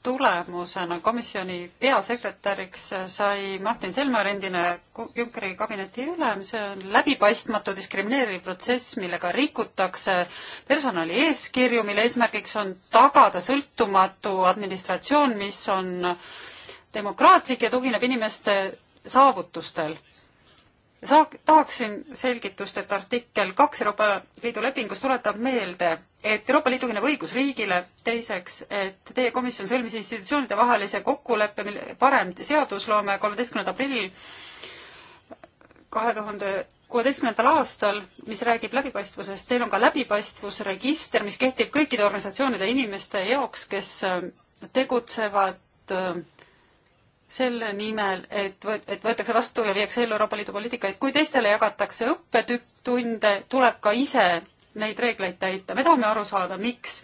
tulemusena komisjoni peasekretäriks sai Martin Selmer, endine Junckeri kabineti ülem, see on läbipaistmatu diskrimineeriv protsess, millega rikutakse personali eeskirju, mille eesmärgiks on tagada sõltumatu administratsioon, mis on demokraatlik ja tugineb inimeste saavutustel saak-, tahaksin selgitust, et artikkel kaks Euroopa Liidu lepingus tuletab meelde, et Euroopa Liidu kõneb õigusriigile, teiseks, et teie komisjon sõlmis institutsioonide vahelise kokkuleppe, mille parem seadusloome kolmeteistkümnendal aprillil kahe tuhande kuueteistkümnendal aastal, mis räägib läbipaistvusest, teil on ka läbipaistvusregister, mis kehtib kõikide organisatsioonide ja inimeste jaoks, kes tegutsevad äh, selle nimel, et võet-, et võetakse vastu ja viiakse ellu Euroopa Liidu poliitikaid, kui teistele jagatakse õppetunde, tuleb ka ise neid reegleid täita. me tahame aru saada, miks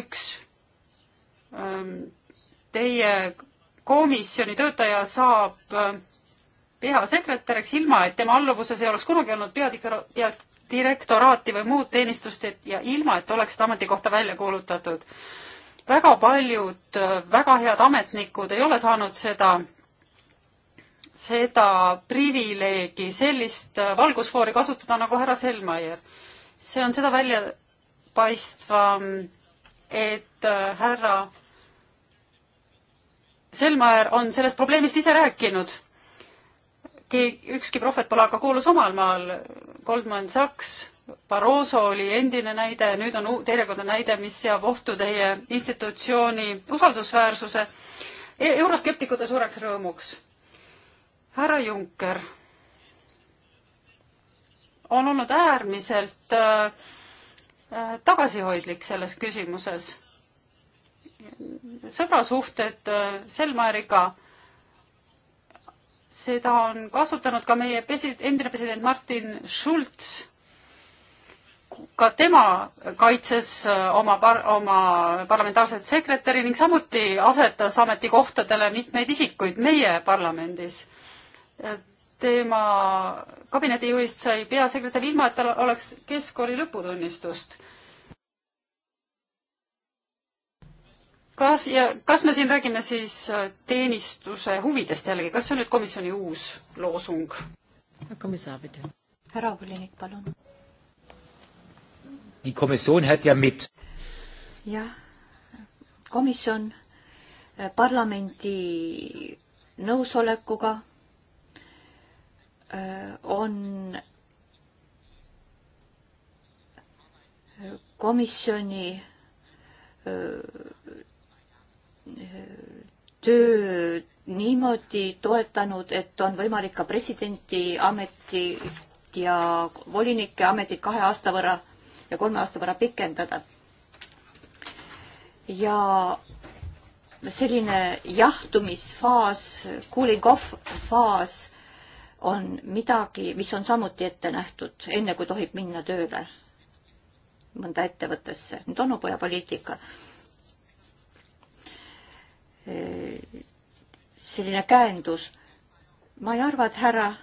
üks ähm, teie komisjoni töötaja saab ähm, peasekretäriks, ilma et tema alluvuses ei oleks kunagi olnud peadirektoraati või muud teenistust ja ilma, et oleks seda ametikohta välja kuulutatud väga paljud äh, väga head ametnikud ei ole saanud seda, seda privileegi, sellist äh, valgusfoori kasutada nagu härra Selmaier. see on seda väljapaistvam, et äh, härra Selmaer on sellest probleemist ise rääkinud. keegi, ükski prohvet pole aga kuulus omal maal. Goldman Sachs Barroso oli endine näide, nüüd on teinekord näide, mis seab ohtu teie institutsiooni usaldusväärsuse e. euroskeptikute suureks rõõmuks. härra Juncker on olnud äärmiselt äh, äh tagasihoidlik selles küsimuses. sõbrasuhted äh, Selmaeriga seda on kasutanud ka meie presi-, endine president Martin Schulz ka tema kaitses äh, oma par-, oma parlamentaarset sekretäri ning samuti asetas ametikohtadele mitmeid isikuid meie parlamendis. tema kabinetijuhist sai peasekretär ilma, et tal oleks keskkooli lõputunnistust. kas ja kas me siin räägime siis äh, teenistuse huvidest jällegi, kas see on nüüd komisjoni uus loosung? härra volinik, palun Die Kommission hat ja mit. jah, komisjon äh, parlamendi nõusolekuga äh, on äh, komisjoni töö niimoodi toetanud, et on võimalik ka presidendi ametit ja volinike ametit kahe aasta võrra ja kolme aasta võrra pikendada. ja selline jahtumisfaas, cooling off faas on midagi, mis on samuti ette nähtud, enne kui tohib minna tööle mõnda ettevõttesse. nüüd onupojapoliitika. selline käendus. ma ei arva, et härra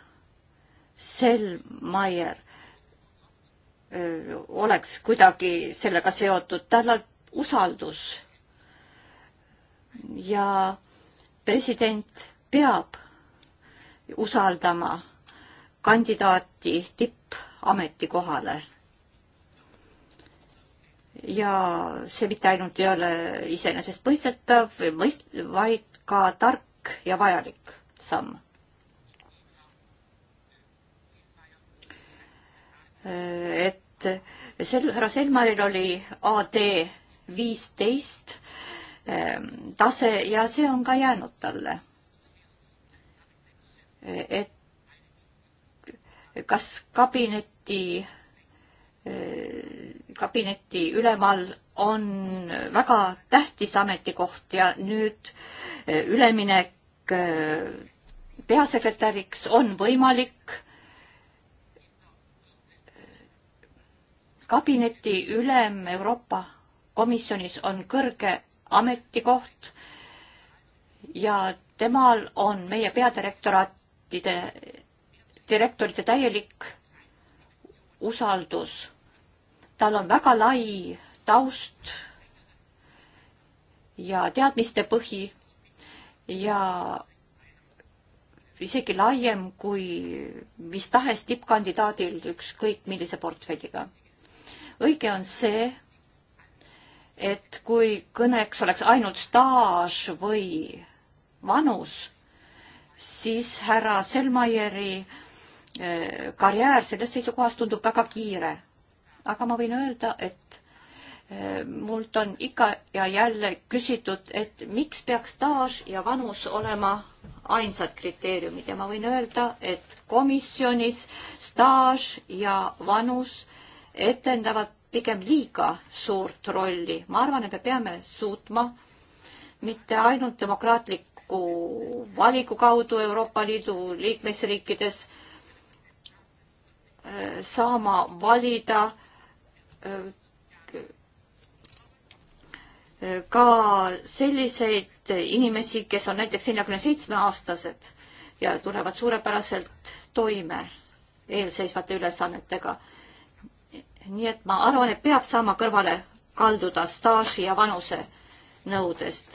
Selmaier oleks kuidagi sellega seotud, tal on usaldus. ja president peab usaldama kandidaati tippametikohale. ja see mitte ainult ei ole iseenesestmõistetav või mõist-, vaid ka tark ja vajalik samm et sel-, härra Selmaril oli AD viisteist ähm, tase ja see on ka jäänud talle. et kas kabineti, äh, kabineti ülemal on väga tähtis ametikoht ja nüüd äh, üleminek äh, peasekretäriks on võimalik kabineti ülem Euroopa Komisjonis on kõrge ametikoht ja temal on meie peadirektoraatide, direktorite täielik usaldus. tal on väga lai taust ja teadmiste põhi ja isegi laiem kui mis tahes tippkandidaadil ükskõik millise portfelliga õige on see, et kui kõneks oleks ainult staaž või vanus, siis härra Selmaieri eh, karjäär sellest seisukohast tundub väga kiire. aga ma võin öelda, et eh, mult on ikka ja jälle küsitud, et miks peaks staaž ja vanus olema ainsad kriteeriumid ja ma võin öelda, et komisjonis staaž ja vanus etendavad pigem liiga suurt rolli. ma arvan, et me peame suutma mitte ainult demokraatliku valiku kaudu Euroopa Liidu liikmesriikides äh, saama valida äh, ka selliseid inimesi, kes on näiteks neljakümne seitsme aastased ja tulevad suurepäraselt toime eelseisvate ülesannetega nii et ma arvan, et peab saama kõrvale kalduda staaži ja vanuse nõudest.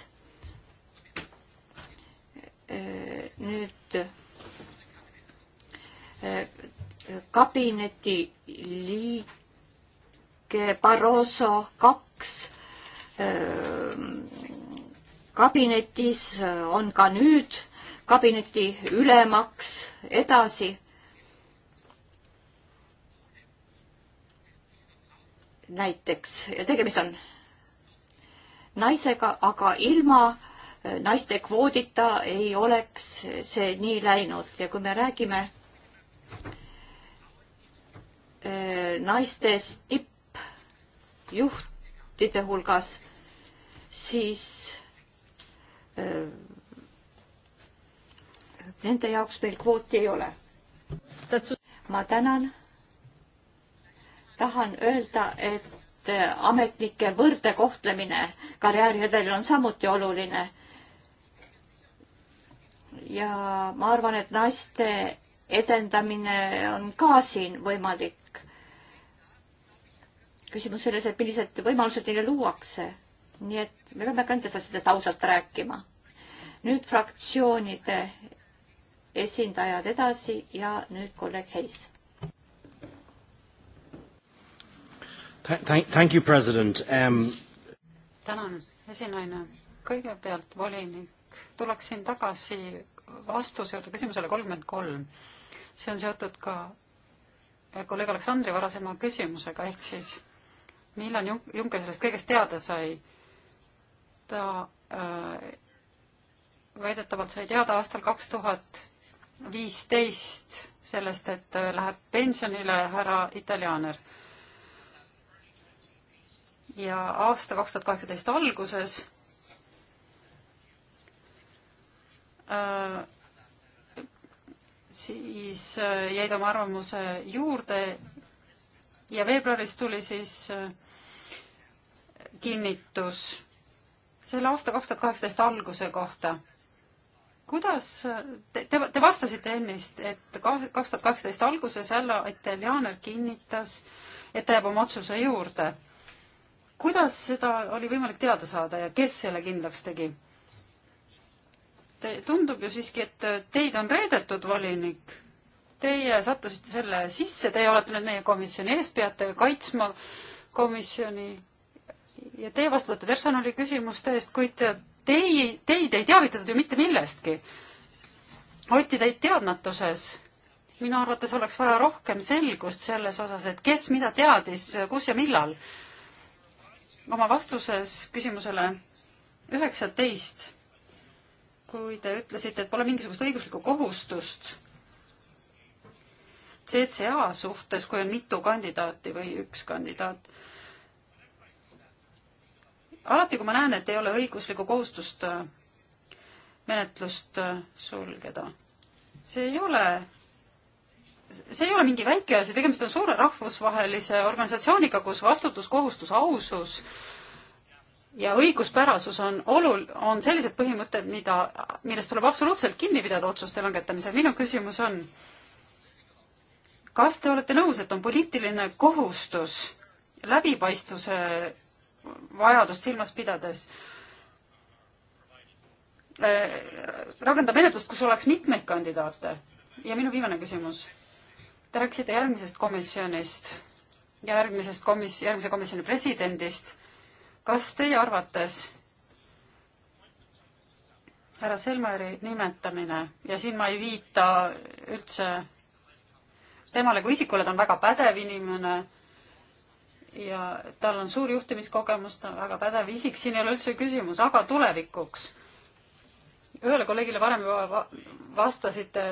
nüüd kabineti liige Barroso kaks kabinetis on ka nüüd kabineti ülemaks edasi näiteks ja tegemist on naisega, aga ilma äh, naiste kvoodita ei oleks see nii läinud ja kui me räägime äh, naistest tippjuhtide hulgas, siis äh, nende jaoks meil kvooti ei ole. ma tänan tahan öelda, et äh, ametnike võrdne kohtlemine karjääriredelil on samuti oluline. ja ma arvan, et naiste edendamine on ka siin võimalik. küsimus selles, et millised võimalused neile luuakse. nii et me peame ka nendest asjadest ausalt rääkima. nüüd fraktsioonide esindajad edasi ja nüüd kolleeg Heis Thank, thank you, president um.... tänan, esinaine. kõigepealt volinik, tuleksin tagasi vastuse juurde küsimusele kolmkümmend kolm. see on seotud ka kolleeg Aleksandri varasema küsimusega, ehk siis millal Junk-, Juncker sellest kõigest teada sai? ta äh, väidetavalt sai teada aastal kaks tuhat viisteist sellest, et äh, läheb pensionile härra Italianer ja aasta kaks tuhat kaheksateist alguses äh, siis äh, jäid oma arvamuse juurde ja veebruaris tuli siis äh, kinnitus selle aasta kaks tuhat kaheksateist alguse kohta. kuidas te, te, te vastasite ennist, et kaks tuhat kaheksateist alguses Alla Italianer kinnitas, et ta jääb oma otsuse juurde kuidas seda oli võimalik teada saada ja kes selle kindlaks tegi? tundub ju siiski, et teid on reedetud, volinik. Teie sattusite selle sisse, teie olete nüüd meie komisjoni ees, peate kaitsma komisjoni ja teie vastutate personali küsimuste eest, kuid teie, teid ei teavitatud ju mitte millestki. hoiti teid teadmatuses. minu arvates oleks vaja rohkem selgust selles osas, et kes mida teadis, kus ja millal oma vastuses küsimusele üheksateist, kui te ütlesite, et pole mingisugust õiguslikku kohustust CCA suhtes, kui on mitu kandidaati või üks kandidaat. alati, kui ma näen, et ei ole õiguslikku kohustust menetlust sulgeda, see ei ole see ei ole mingi väike asi, tegemist on suure rahvusvahelise organisatsiooniga, kus vastutus, kohustus, ausus ja õiguspärasus on olul-, on sellised põhimõtted, mida, millest tuleb absoluutselt kinni pidada otsuste langetamisel. minu küsimus on, kas te olete nõus, et on poliitiline kohustus läbipaistvuse vajadust silmas pidades äh, rakendab menetlust, kus oleks mitmeid kandidaate? ja minu viimane küsimus Te rääkisite järgmisest komisjonist, järgmisest komis-, järgmise komisjoni presidendist. kas teie arvates härra Selmeri nimetamine ja siin ma ei viita üldse temale kui isikule, ta on väga pädev inimene ja tal on suur juhtimiskogemus, ta on väga pädev isik, siin ei ole üldse küsimus, aga tulevikuks. ühele kolleegile varem juba vastasite,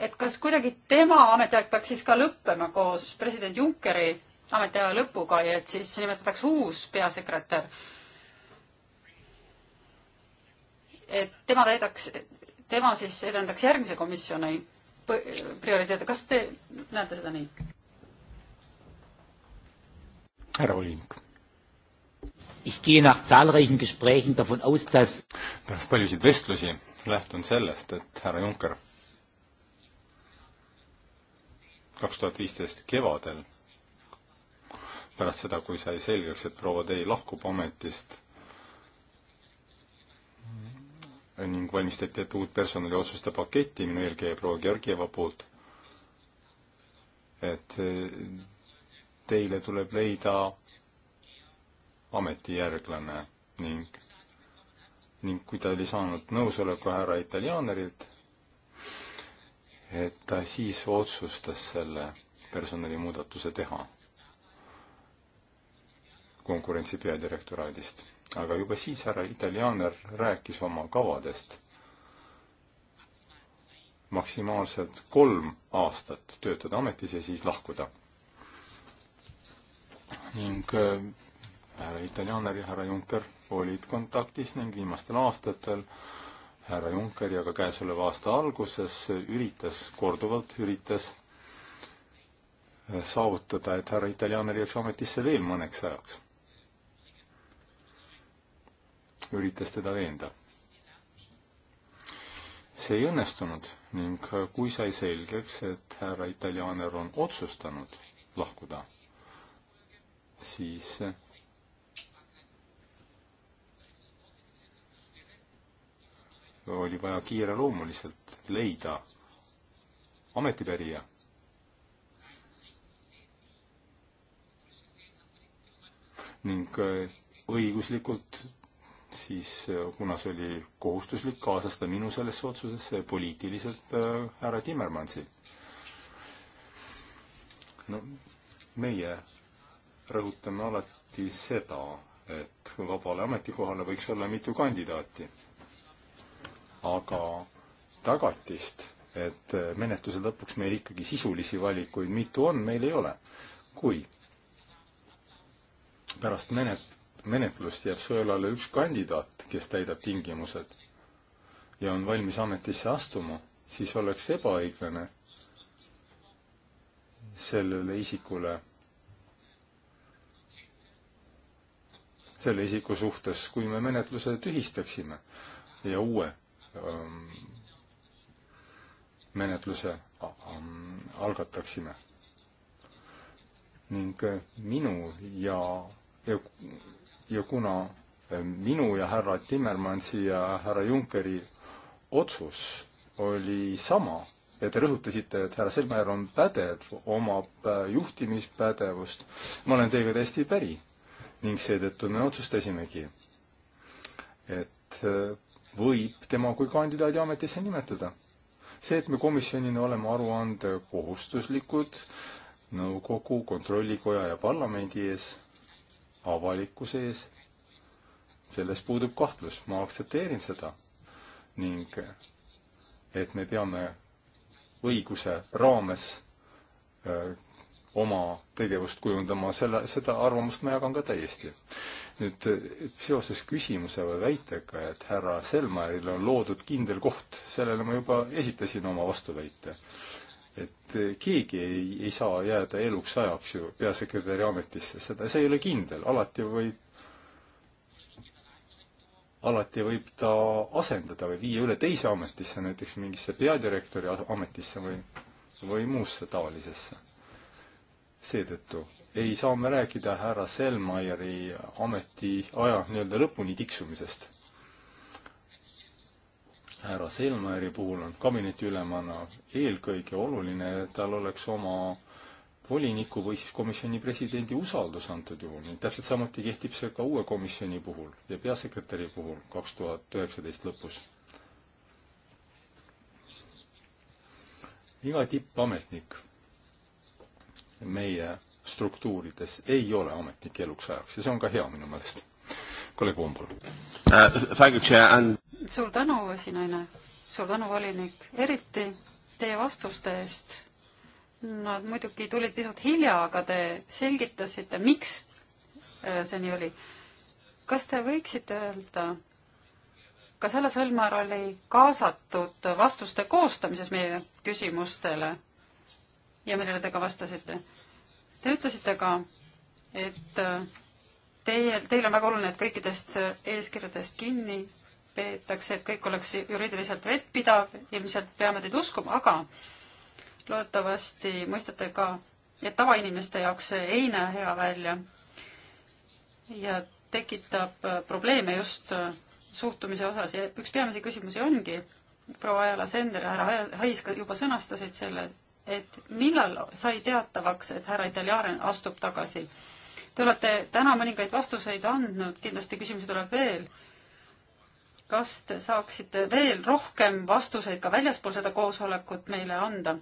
et kas kuidagi tema ametiaeg peaks siis ka lõppema koos president Junckeri ametiaja lõpuga ja et siis nimetatakse uus peasekretär. et tema täidaks, tema siis edendaks järgmise komisjoni prioriteete, kas te näete seda nii? härra Olink. pärast paljusid vestlusi lähtun sellest, et härra Juncker kaks tuhat viisteist kevadel, pärast seda, kui sai selgeks, et proua Tei lahkub ametist ning valmistati ette uut personaliotsuste paketti minu eelkäija proua Georgieva poolt, et eh, teile tuleb leida ametijärglane ning, ning kui ta oli saanud nõusoleku härra Italianerilt, et ta siis otsustas selle personalimuudatuse teha konkurentsi peadirektoraadist. aga juba siis härra Italianer rääkis oma kavadest maksimaalselt kolm aastat töötada ametis ja siis lahkuda. ning härra äh, Italianer ja härra Juncker olid kontaktis ning viimastel aastatel härra Juncker ja ka käesoleva aasta alguses üritas, korduvalt üritas saavutada, et härra Italianer jääks ametisse veel mõneks ajaks. üritas teda veenda. see ei õnnestunud ning kui sai selgeks, et härra Italianer on otsustanud lahkuda, siis oli vaja kiireloomuliselt leida ametipärija. ning äh, õiguslikult siis, äh, kuna see oli kohustuslik, kaasas ta minu sellesse otsusesse ja poliitiliselt äh, härra Timmermansi. no meie rõhutame alati seda, et vabale ametikohale võiks olla mitu kandidaati aga tagatist, et menetluse lõpuks meil ikkagi sisulisi valikuid mitu on, meil ei ole. kui pärast menet-, menetlust jääb sõelale üks kandidaat, kes täidab tingimused ja on valmis ametisse astuma, siis oleks ebaõiglane sellele isikule, selle isiku suhtes, kui me menetluse tühistaksime ja uue Ähm, menetluse ähm, algataksime. ning äh, minu ja, ja, ja kuna äh, minu ja härra Timmermansi ja härra Junckeri otsus oli sama ja te rõhutasite, et härra Selmer on pädev, omab äh, juhtimispädevust, ma olen teiega täiesti päri ning seetõttu me otsustasimegi, et võib tema kui kandidaadi ametisse nimetada. see, et me komisjonina oleme aruande kohustuslikud nõukogu, kontrollikoja ja parlamendi ees, avalikkuse ees, selles puudub kahtlus, ma aktsepteerin seda ning et me peame õiguse raames äh, oma tegevust kujundama, selle, seda arvamust ma jagan ka täiesti. nüüd seoses küsimuse või väitega, et härra Selmarile on loodud kindel koht, sellele ma juba esitasin oma vastuväite. et keegi ei, ei saa jääda eluks ajaks ju peasekretäri ametisse, seda, see ei ole kindel, alati võib alati võib ta asendada või viia üle teise ametisse, näiteks mingisse peadirektori ametisse või, või muusse taolisesse seetõttu ei saa me rääkida härra Selmaieri ametiaja nii-öelda lõpuni tiksumisest. härra Selmaieri puhul on kabinetiülemana eelkõige oluline, et tal oleks oma voliniku või siis komisjoni presidendi usaldus antud juhul, nii täpselt samuti kehtib see ka uue komisjoni puhul ja peasekretäri puhul kaks tuhat üheksateist lõpus. iga tippametnik meie struktuurides ei ole ametnik eluks ajaks ja see on ka hea minu meelest. kolleeg Vombol uh,. suur tänu, esinaine. suur tänu, volinik, eriti teie vastuste eest. Nad muidugi tulid pisut hilja, aga te selgitasite, miks äh, see nii oli. kas te võiksite öelda, ka selle Sõlmar oli kaasatud vastuste koostamises meie küsimustele ja millele te ka vastasite. Te ütlesite ka, et äh, teie, teil on väga oluline, et kõikidest äh, eeskirjadest kinni peetakse, et kõik oleks juriidiliselt vettpidav, ilmselt peame teid uskuma, aga loodetavasti mõistate ka, et tavainimeste jaoks see ei näe hea välja ja tekitab äh, probleeme just suhtumise osas ja üks peamisi küsimusi ongi, proua Ajala Sender ja härra Hais ka juba sõnastasid selle, et millal sai teatavaks, et härra Italiaren astub tagasi? Te olete täna mõningaid vastuseid andnud, kindlasti küsimusi tuleb veel. kas te saaksite veel rohkem vastuseid ka väljaspool seda koosolekut meile anda?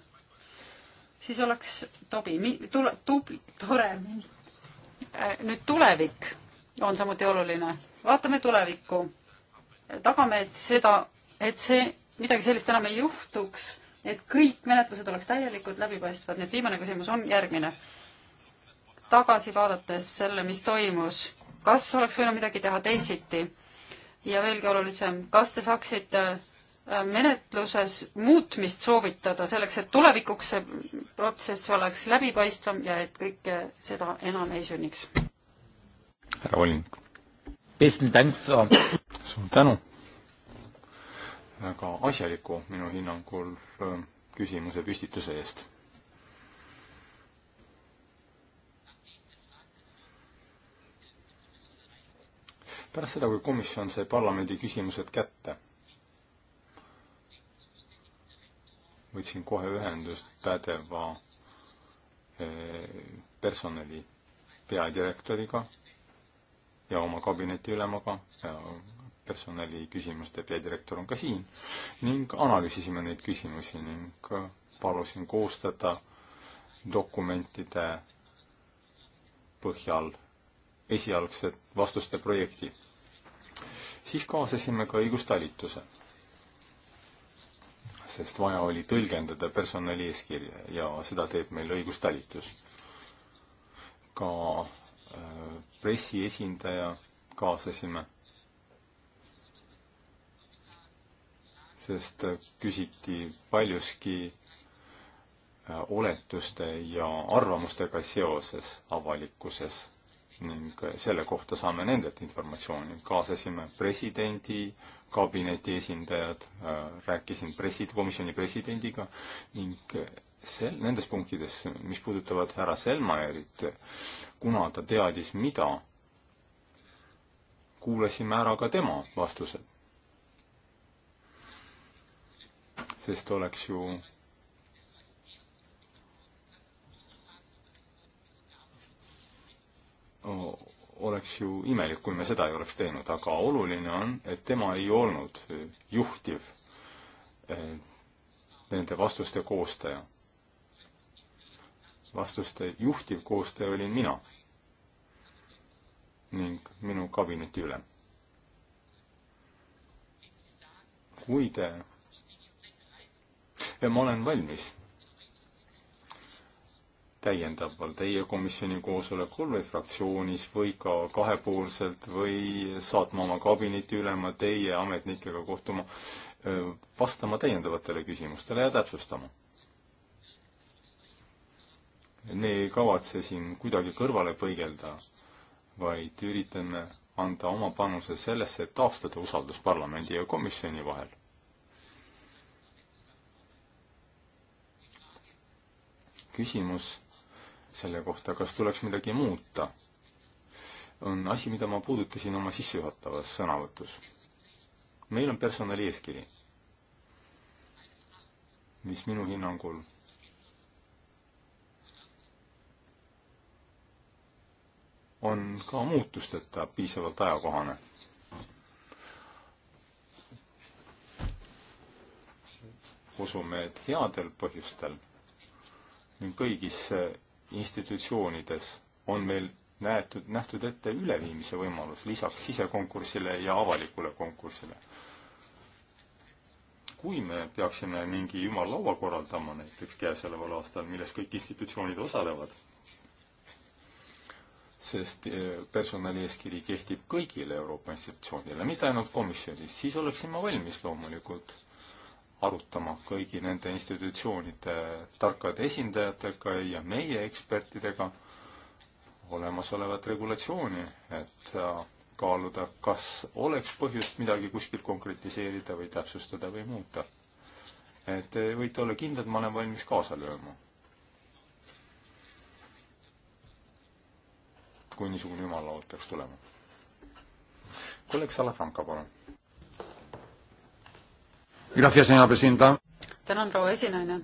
siis oleks tobi, tule, tubli, tore. Äh, nüüd tulevik on samuti oluline. vaatame tulevikku. tagame, et seda, et see, midagi sellist enam ei juhtuks et kõik menetlused oleks täielikud, läbipaistvad, nii et viimane küsimus on järgmine. tagasi vaadates selle, mis toimus, kas oleks võinud midagi teha teisiti? ja veelgi olulisem, kas te saaksite äh, menetluses muutmist soovitada selleks, et tulevikuks see protsess oleks läbipaistvam ja et kõike seda enam ei sünniks? härra volinik. suur tänu väga asjaliku minu hinnangul äh, küsimuse püstituse eest. pärast seda, kui komisjon sai parlamendi küsimused kätte, võtsin kohe ühendust pädeva äh, personali peadirektoriga ja oma kabineti ülemaga ja personaliküsimuste peadirektor on ka siin, ning analüüsisime neid küsimusi ning palusin koostada dokumentide põhjal esialgset vastuste projekti. siis kaasasime ka õigustalituse, sest vaja oli tõlgendada personali eeskirja ja seda teeb meil õigustalitus. ka äh, pressi esindaja kaasasime sest äh, küsiti paljuski äh, oletuste ja arvamustega seoses avalikkuses ning selle kohta saame nendelt informatsiooni. kaasasime presidendi, kabineti esindajad, äh, rääkisin presi-, komisjoni presidendiga ning sel-, nendes punktides, mis puudutavad härra Selmaerit, kuna ta teadis, mida, kuulasime ära ka tema vastused sest oleks ju oleks ju imelik, kui me seda ei oleks teinud, aga oluline on, et tema ei olnud juhtiv eh, nende vastuste koostaja. vastuste juhtiv koostaja olin mina ning minu kabineti ülem. kui te ja ma olen valmis täiendaval teie komisjoni koosolekul või fraktsioonis või ka kahepoolselt või saatma oma kabineti ülema teie ametnikega kohtuma, vastama täiendavatele küsimustele ja täpsustama. me ei kavatse siin kuidagi kõrvale põigelda, vaid üritame anda oma panuse sellesse, et taastada usaldus parlamendi ja komisjoni vahel küsimus selle kohta, kas tuleks midagi muuta, on asi, mida ma puudutasin oma sissejuhatavas sõnavõtus. meil on personali eeskiri, mis minu hinnangul on ka muutusteta piisavalt ajakohane. usume, et headel põhjustel ning kõigis äh, institutsioonides on meil näetud, nähtud ette üleviimise võimalus lisaks sisekonkursile ja avalikule konkursile. kui me peaksime mingi ümarlaua korraldama näiteks käesoleval aastal, milles kõik institutsioonid osalevad, sest äh, personalieeskiri kehtib kõigile Euroopa institutsioonidele, mitte ainult komisjonis, siis oleksin ma valmis loomulikult arutama kõigi nende institutsioonide tarkade esindajatega ja meie ekspertidega olemasolevat regulatsiooni, et äh, kaaluda, kas oleks põhjust midagi kuskil konkretiseerida või täpsustada või muuta. et te võite olla kindlad, ma olen valmis kaasa lööma. kui niisugune ümarlaud peaks tulema. kolleeg Salafranca, palun tänan, proua esinaine.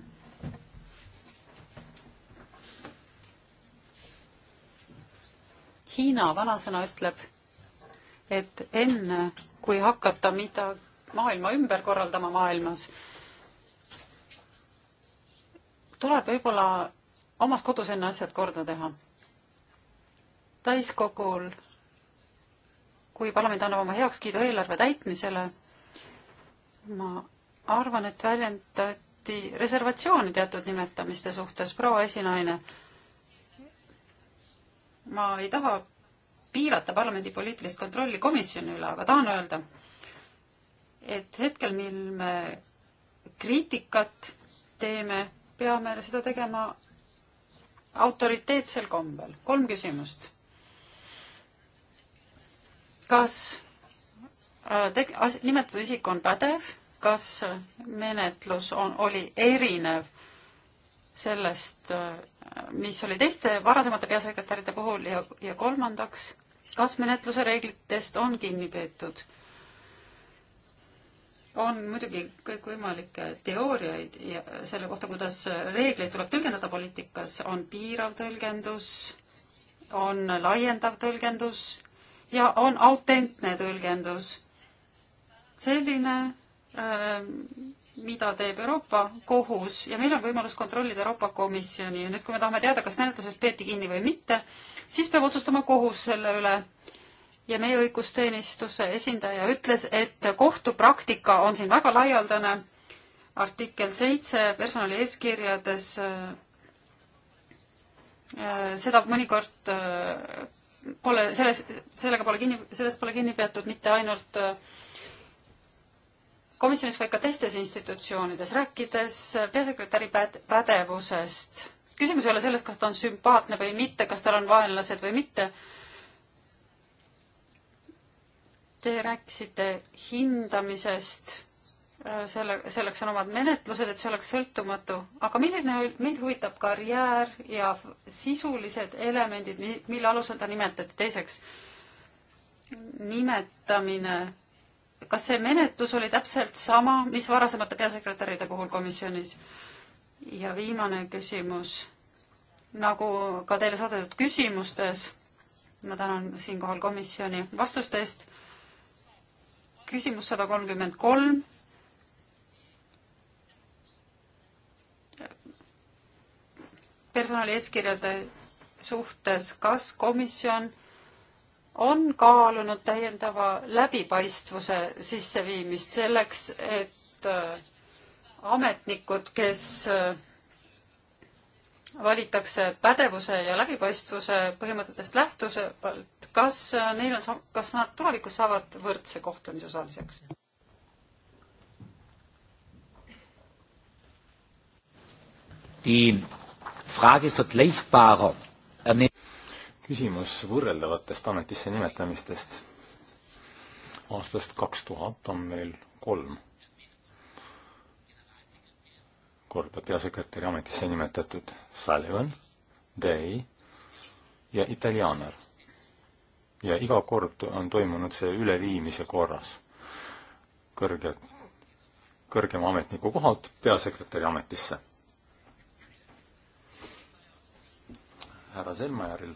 Hiina vanasõna ütleb, et enne kui hakata mida maailma ümber korraldama maailmas, tuleb võib-olla omas kodus enne asjad korda teha. täiskogul, kui parlament annab oma heakskiidu eelarve täitmisele, ma arvan, et väljendati reservatsiooni teatud nimetamiste suhtes, proua esinaine. ma ei taha piirata parlamendi poliitilist kontrolli komisjoni üle, aga tahan öelda, et hetkel, mil me kriitikat teeme, peame seda tegema autoriteetsel kombel. kolm küsimust. kas äh, teg-, nimetatud isik on pädev kas menetlus on, oli erinev sellest, mis oli teiste varasemate peasekretäride puhul ja, ja kolmandaks, kas menetluse reeglitest on kinni peetud? on muidugi kõikvõimalikke teooriaid ja selle kohta, kuidas reegleid tuleb tõlgendada poliitikas, on piirav tõlgendus, on laiendav tõlgendus ja on autentne tõlgendus. selline Äh, mida teeb Euroopa Kohus ja meil on võimalus kontrollida Euroopa Komisjoni ja nüüd, kui me tahame teada, kas menetlusest peeti kinni või mitte, siis peab otsustama kohus selle üle. ja meie õigusteenistuse esindaja ütles, et kohtupraktika on siin väga laialdane. artikkel seitse personali eeskirjades äh, äh, seda mõnikord pole selles, sellega pole kinni, sellest pole kinni peetud mitte ainult äh, komisjonis vaid ka teistes institutsioonides, rääkides peasekretäri pädevusest. küsimus ei ole selles, kas ta on sümpaatne või mitte, kas tal on vaenlased või mitte. Te rääkisite hindamisest, selle, selleks on omad menetlused, et see oleks sõltumatu, aga milline, meid huvitab karjäär ja sisulised elemendid, mille alusel ta nimetati. teiseks, nimetamine kas see menetlus oli täpselt sama, mis varasemate peasekretäride puhul komisjonis? ja viimane küsimus, nagu ka teile saadetud küsimustes, ma tänan siinkohal komisjoni vastuste eest, küsimus sada kolmkümmend kolm, personali eeskirjade suhtes, kas komisjon on kaalunud täiendava läbipaistvuse sisseviimist selleks, et äh, ametnikud, kes äh, valitakse pädevuse ja läbipaistvuse põhimõtetest lähtuvalt, kas äh, neil on, kas nad tulevikus saavad võrdse kohtlemise osaliseks? Die Frage vergleichbarer Erne- küsimus võrreldavatest ametisse nimetamistest. aastast kaks tuhat on meil kolm korda peasekretäri ametisse nimetatud Sullivan, Day ja Italianer. ja iga kord on toimunud see üleviimise korras kõrge, kõrgema ametniku kohalt peasekretäri ametisse. härra Selmajäril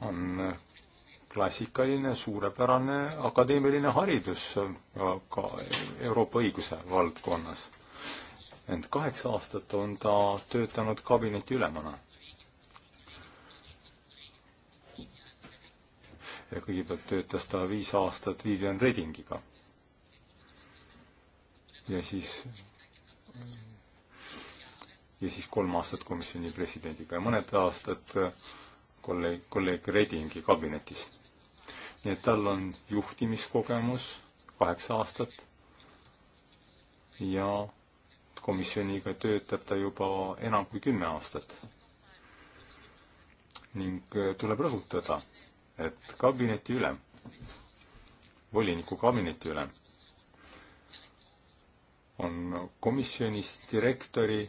on äh, klassikaline, suurepärane akadeemiline haridus äh, ka Euroopa õiguse valdkonnas. ent kaheksa aastat on ta töötanud kabinetiülemana ja kõigepealt töötas ta viis aastat Vivian Redingiga. ja siis, ja siis kolm aastat komisjoni presidendiga ja mõned aastad äh, kolleeg, kolleeg Redingi kabinetis. nii et tal on juhtimiskogemus kaheksa aastat ja komisjoniga töötab ta juba enam kui kümme aastat. ning äh, tuleb rõhutada, et kabineti ülem, voliniku kabineti ülem on komisjonis direktori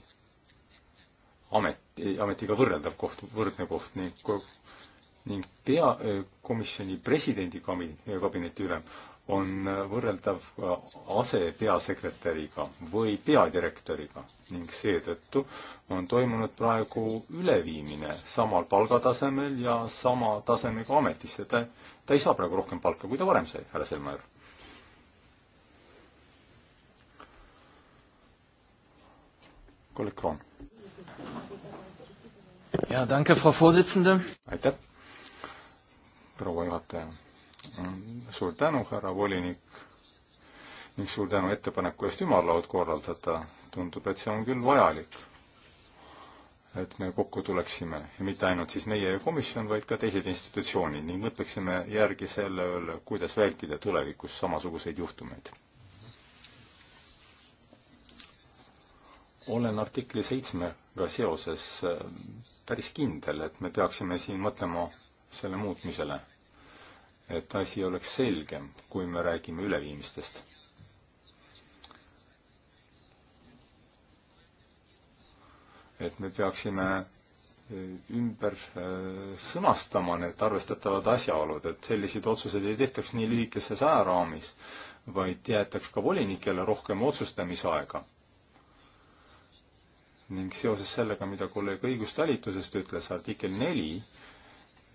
amet ametiga võrreldav koht, võrdne koht ning, ning pea, komisjoni presidendi kabineti ülem on võrreldav asepeasekretäriga või peadirektoriga ning seetõttu on toimunud praegu üleviimine samal palgatasemel ja sama tasemega ametisse. ta, ta ei saa praegu rohkem palka, kui ta varem sai, härra Selmer. kolleeg Kroon ja danke, Frau Vorsitzende. aitäh, proua juhataja. suur tänu, härra volinik ning suur tänu ettepaneku eest ümarlaud korraldada. tundub, et see on küll vajalik, et me kokku tuleksime ja mitte ainult siis meie komisjon, vaid ka teised institutsioonid ning mõtleksime järgi selle üle, kuidas vältida tulevikus samasuguseid juhtumeid olen artikli seitsmega seoses äh, päris kindel, et me peaksime siin mõtlema selle muutmisele. et asi oleks selgem, kui me räägime üleviimistest. et me peaksime äh, ümber äh, sõnastama need arvestatavad asjaolud, et selliseid otsuseid ei tehtaks nii lühikeses ajaraamis, vaid jäetaks ka volinikele rohkem otsustamisaega ning seoses sellega, mida kolleeg õigustalitusest ütles, artikkel neli,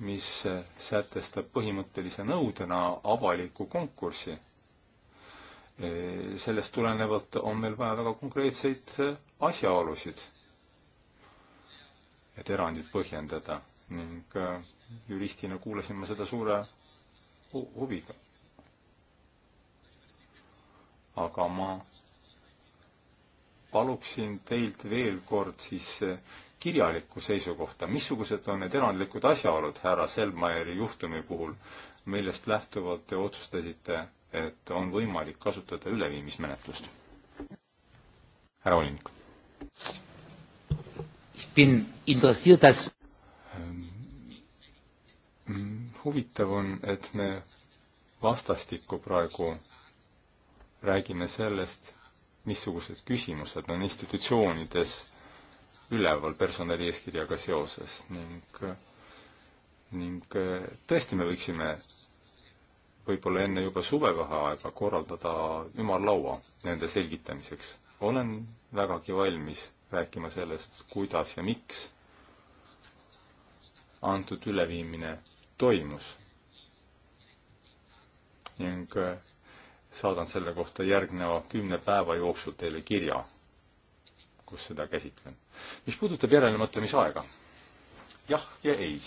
mis sätestab põhimõttelise nõudena avaliku konkursi, e, sellest tulenevalt on meil vaja väga konkreetseid asjaolusid, et erandit põhjendada ning e, juristina kuulasin ma seda suure huviga. aga ma paluksin teilt veel kord siis eh, kirjalikku seisukohta, missugused on need erandlikud asjaolud härra Selmaieri juhtumi puhul, millest lähtuvalt te otsustasite, et on võimalik kasutada üleviimismenetlust? härra volinik. Ähm, mm, huvitav on, et me vastastikku praegu räägime sellest, missugused küsimused on institutsioonides üleval personalieeskirjaga seoses ning, ning äh, tõesti, me võiksime võib-olla enne juba suvevaheaega korraldada ümarlaua nende selgitamiseks. olen vägagi valmis rääkima sellest, kuidas ja miks antud üleviimine toimus. ning äh, saadan selle kohta järgneva kümne päeva jooksul teile kirja, kus seda käsitlen. mis puudutab järelemõtlemisaega, jah ja ei.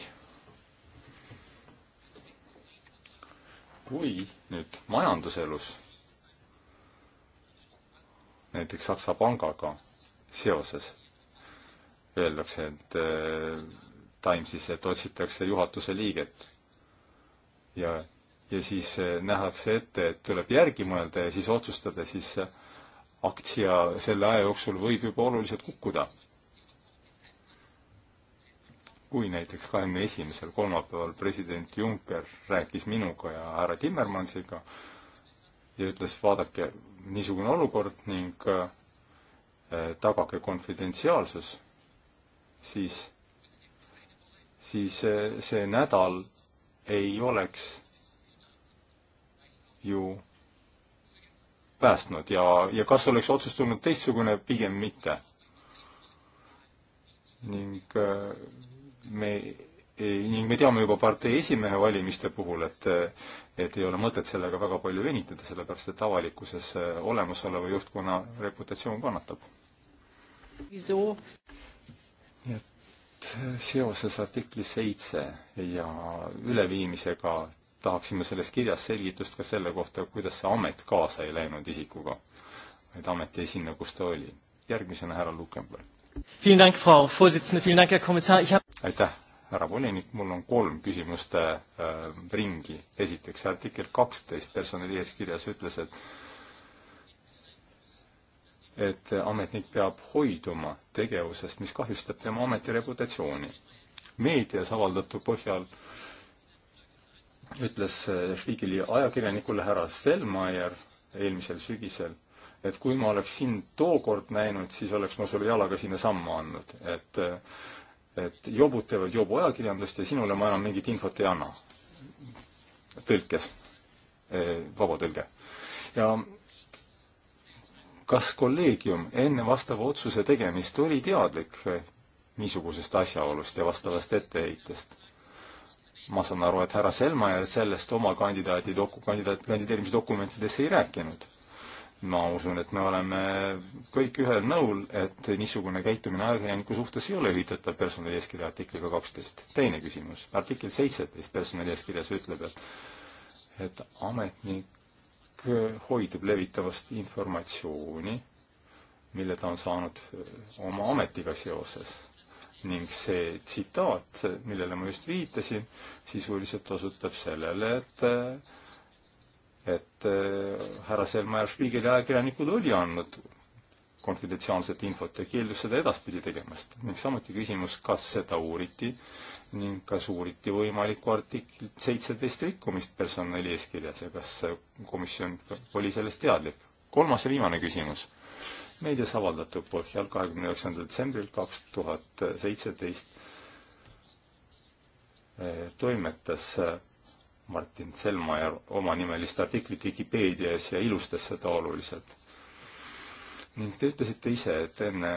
kui nüüd majanduselus näiteks Saksa pangaga seoses öeldakse, et eh, Timesis, et otsitakse juhatuse liiget ja ja siis eh, nähakse ette, et tuleb järgi mõelda ja siis otsustada, siis eh, aktsia selle aja jooksul võib juba oluliselt kukkuda. kui näiteks kahekümne esimesel kolmapäeval president Juncker rääkis minuga ja härra Timmermansiga ja ütles, vaadake, niisugune olukord ning eh, tagage konfidentsiaalsus, siis, siis see nädal ei oleks ju päästnud ja, ja kas oleks otsus tulnud teistsugune, pigem mitte. ning äh, me, ning me teame juba partei esimehe valimiste puhul, et et ei ole mõtet sellega väga palju venitada, sellepärast et avalikkuses äh, olemasoleva juhtkonna reputatsioon kannatab. nii et äh, seoses artikli seitse ja üleviimisega tahaksime selles kirjas selgitust ka selle kohta, kuidas see amet kaasa ei läinud isikuga, vaid amet jäi sinna, kus ta oli. järgmisena härra Lukenberg. aitäh, härra volinik, mul on kolm küsimuste äh, ringi. esiteks, artikkel kaksteist personalieeskirjas ütles, et et ametnik peab hoiduma tegevusest, mis kahjustab tema ameti reputatsiooni. meedias avaldatu põhjal äh, ütles äh, Spiegeli ajakirjanikule härra Selmaier eelmisel sügisel, et kui ma oleks sind tookord näinud, siis oleks ma sulle jalaga sinna samma andnud, et äh, et jobud teevad jobu ajakirjandust ja sinule ma enam mingit infot ei anna. tõlkes, äh, vabatõlge. ja kas kolleegium enne vastava otsuse tegemist oli teadlik niisugusest asjaolust ja vastavast etteheitest? ma saan aru, et härra Selmajärv sellest oma kandidaadi doku-, kandidaat, kandideerimisdokumentides ei rääkinud. ma usun, et me oleme kõik ühel nõul, et niisugune käitumine ajakirjaniku suhtes ei ole ühitatav personalieeskirja artikliga kaksteist. teine küsimus, artikkel seitseteist personalieeskirjas ütleb, et et ametnik hoidub levitavast informatsiooni, mille ta on saanud oma ametiga seoses ning see tsitaat, millele ma just viitasin, sisuliselt osutab sellele, et et äh, härra Selmajer Spiegeli ajakirjanikud oli andnud konfidentsiaalset infot ja keeldus seda edaspidi tegemast. ning samuti küsimus, kas seda uuriti ning kas uuriti võimalikku artiklit seitseteist rikkumist personali eeskirjas ja kas komisjon oli sellest teadlik? kolmas ja viimane küsimus meedias avaldatu põhjal kahekümne üheksandal detsembril kaks tuhat seitseteist eh, toimetas eh, Martin Selmajärv omanimelist artiklit Vikipeedias ja ilustas seda oluliselt. ning te ütlesite ise, et enne,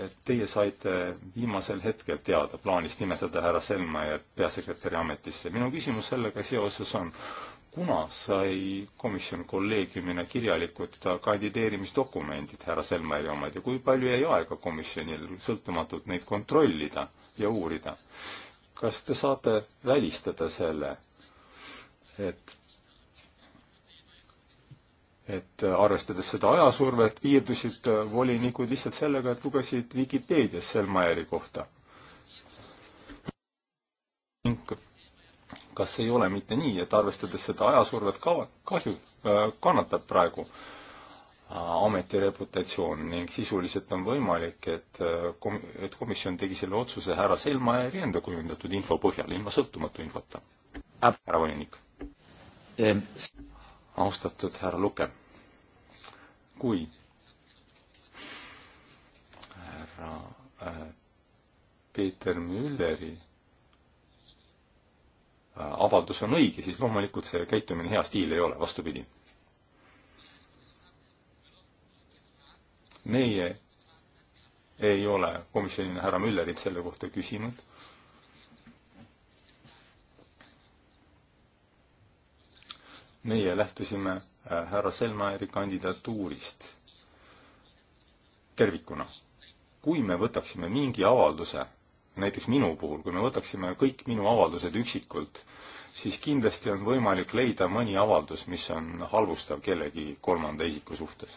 et teie saite viimasel hetkel teada plaanist nimetada härra Selmajärv peasekretäri ametisse. minu küsimus sellega seoses on, kuna sai komisjon kolleegiumina kirjalikud kandideerimisdokumendid, härra Selmeri omad, ja kui palju jäi aega komisjonil sõltumatult neid kontrollida ja uurida? kas te saate välistada selle, et, et arvestades seda ajasurvet, piirdusid volinikud lihtsalt sellega, et lugesid Vikipeedias Selmeri kohta? ning kas ei ole mitte nii, et arvestades seda ajasurvet kava, kahju, äh, kannatab praegu äh, ameti reputatsioon ning sisuliselt on võimalik, et äh, kom-, et komisjon tegi selle otsuse härra Selmajärgi enda kujundatud info põhjal, ilma sõltumatu infota. härra volinik. Ähm, austatud härra Luke, kui härra äh, Peeter Mülleri Äh, avaldus on õige, siis loomulikult see käitumine hea stiil ei ole, vastupidi. meie ei ole komisjonina härra Müllerit selle kohta küsinud meie lähtusime äh, härra Selmaeri kandidatuurist tervikuna. kui me võtaksime mingi avalduse näiteks minu puhul, kui me võtaksime kõik minu avaldused üksikult, siis kindlasti on võimalik leida mõni avaldus, mis on halvustav kellegi kolmanda isiku suhtes.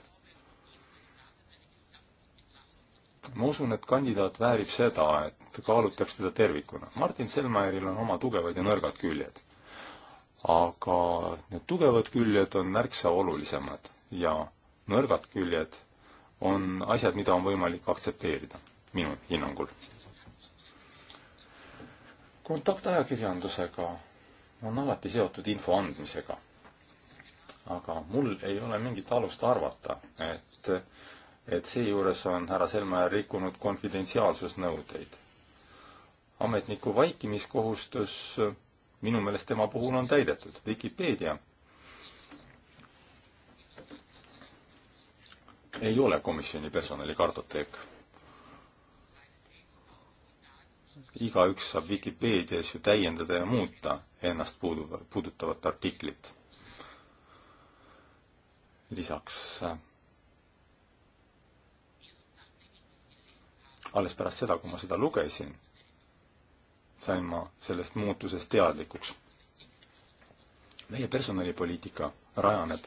ma usun, et kandidaat väärib seda, et kaalutaks teda tervikuna. Martin Selmaeril on oma tugevad ja nõrgad küljed. aga need tugevad küljed on märksa olulisemad ja nõrgad küljed on asjad, mida on võimalik aktsepteerida, minu hinnangul kontaktajakirjandusega on alati seotud info andmisega. aga mul ei ole mingit alust arvata, et, et seejuures on härra Selmer rikkunud konfidentsiaalsusnõudeid. ametniku vaikimiskohustus minu meelest tema puhul on täidetud. Vikipeedia ei ole komisjoni personali kartoteek igaüks saab Vikipeedias ju täiendada ja muuta ennast puuduva, puudutavat artiklit. lisaks äh, alles pärast seda, kui ma seda lugesin, sain ma sellest muutusest teadlikuks. meie personalipoliitika rajaneb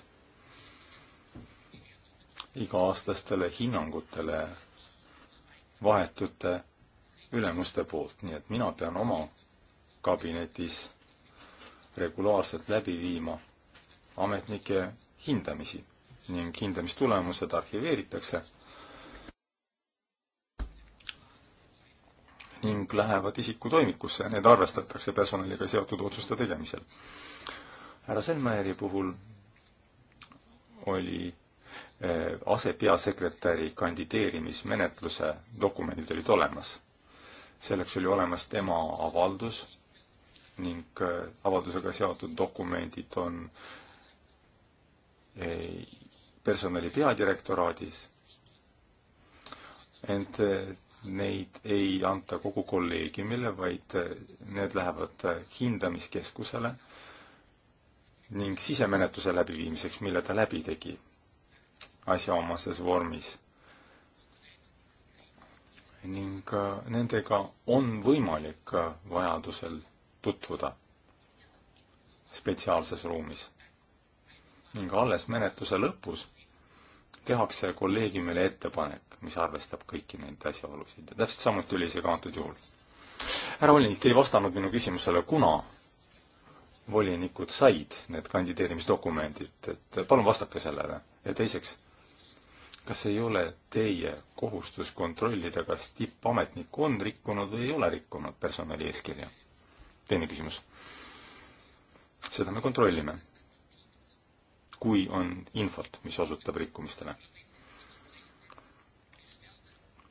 iga-aastastele hinnangutele vahetute ülemuste poolt, nii et mina pean oma kabinetis regulaarselt läbi viima ametnike hindamisi ning hindamistulemused arhiveeritakse ning lähevad isikutoimikusse, need arvestatakse personaliga seotud otsuste tegemisel. härra Selmeri puhul oli eh, asepeasekretäri kandideerimismenetluse dokumendid olid olemas selleks oli olemas tema avaldus ning äh, avaldusega seotud dokumendid on äh, personali peadirektoraadis, ent äh, neid ei anta kogu kolleegiumile, vaid need lähevad hindamiskeskusele ning sisemenetluse läbiviimiseks, mille ta läbi tegi asjaomases vormis ning äh, nendega on võimalik äh, vajadusel tutvuda spetsiaalses ruumis. ning alles menetluse lõpus tehakse kolleegiumile ettepanek, mis arvestab kõiki neid asjaolusid ja täpselt samuti oli see ka antud juhul. härra volinik, te ei vastanud minu küsimusele, kuna volinikud said need kandideerimisdokumendid, et palun vastake sellele. ja teiseks, kas ei ole teie kohustus kontrollida, kas tippametnik on rikkunud või ei ole rikkunud personali eeskirja? teine küsimus. seda me kontrollime, kui on infot, mis osutab rikkumistele.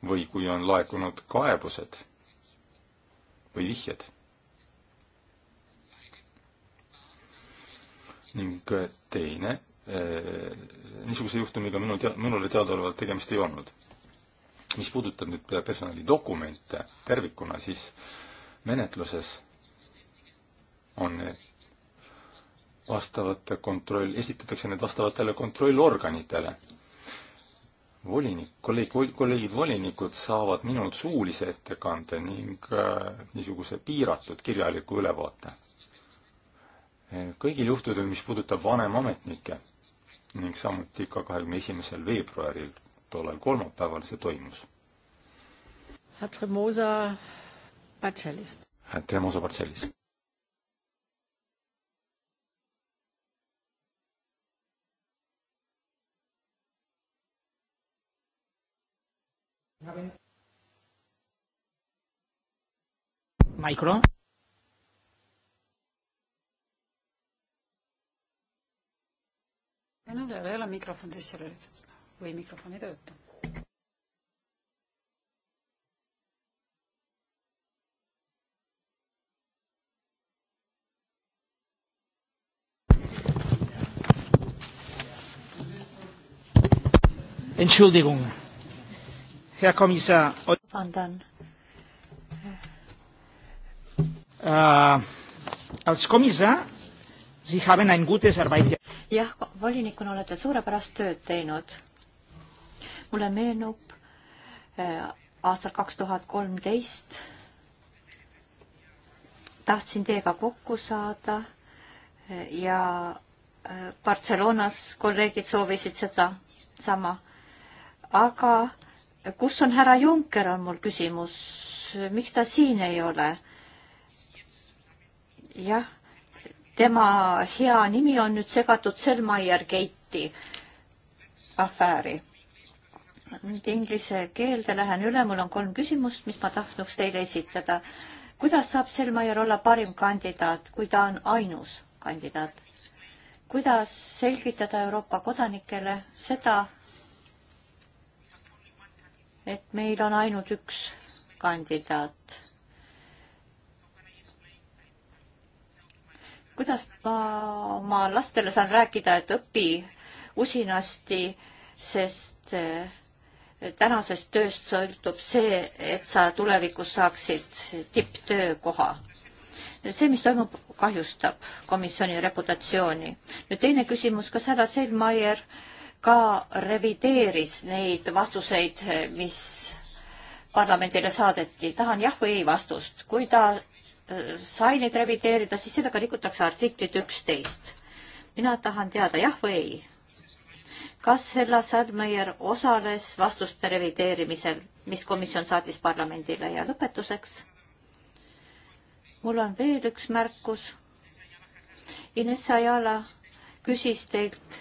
või kui on laekunud kaebused või vihjed. ning teine Äh, niisuguse juhtumiga minu tea-, minule teadaolevalt tegemist ei olnud. mis puudutab nüüd personalidokumente tervikuna, siis menetluses on vastavate kontroll, esitatakse need vastavatele kontrollorganitele. volinik, kolleeg, kolleegid volinikud saavad minult suulise ettekande ning äh, niisuguse piiratud kirjaliku ülevaate. kõigil juhtudel, mis puudutab vanemametnikke ning samuti ka kahekümne esimesel veebruaril, tollel kolmapäeval see toimus. Hatremosa Barcelis. Hatremosa Barcelis. Micro. ja nendel ei ole mikrofon sisse lülitatud või mikrofon ei tööta. Entschuldigung, Herr Kommissar. Wandern. Äh, als Kommissar, Sie haben ein gutes Arbeit jah, volinikuna olete suurepärast tööd teinud. mulle meenub äh, aastal kaks tuhat kolmteist tahtsin teiega kokku saada äh, ja äh, Barcelonas kolleegid soovisid seda sama. aga kus on härra Juncker, on mul küsimus. miks ta siin ei ole? jah tema hea nimi on nüüd segatud Selmaier Gate'i afääri. nüüd inglise keelde lähen üle, mul on kolm küsimust, mis ma tahtnuks teile esitada. kuidas saab Selmaier olla parim kandidaat, kui ta on ainus kandidaat? kuidas selgitada Euroopa kodanikele seda, et meil on ainult üks kandidaat? kuidas ma oma lastele saan rääkida, et õpi usinasti, sest eh, tänasest tööst sõltub see, et sa tulevikus saaksid tipptöökoha. see, mis toimub, kahjustab komisjoni reputatsiooni. nüüd teine küsimus, kas härra Selmaier ka revideeris neid vastuseid, mis parlamendile saadeti, tahan jah või ei vastust. kui ta sai neid revideerida, siis sellega rikutakse artiklit üksteist. mina tahan teada jah või ei. kas Hella Sandmeier osales vastuste revideerimisel, mis komisjon saatis parlamendile ja lõpetuseks? mul on veel üks märkus. Ines Ajala küsis teilt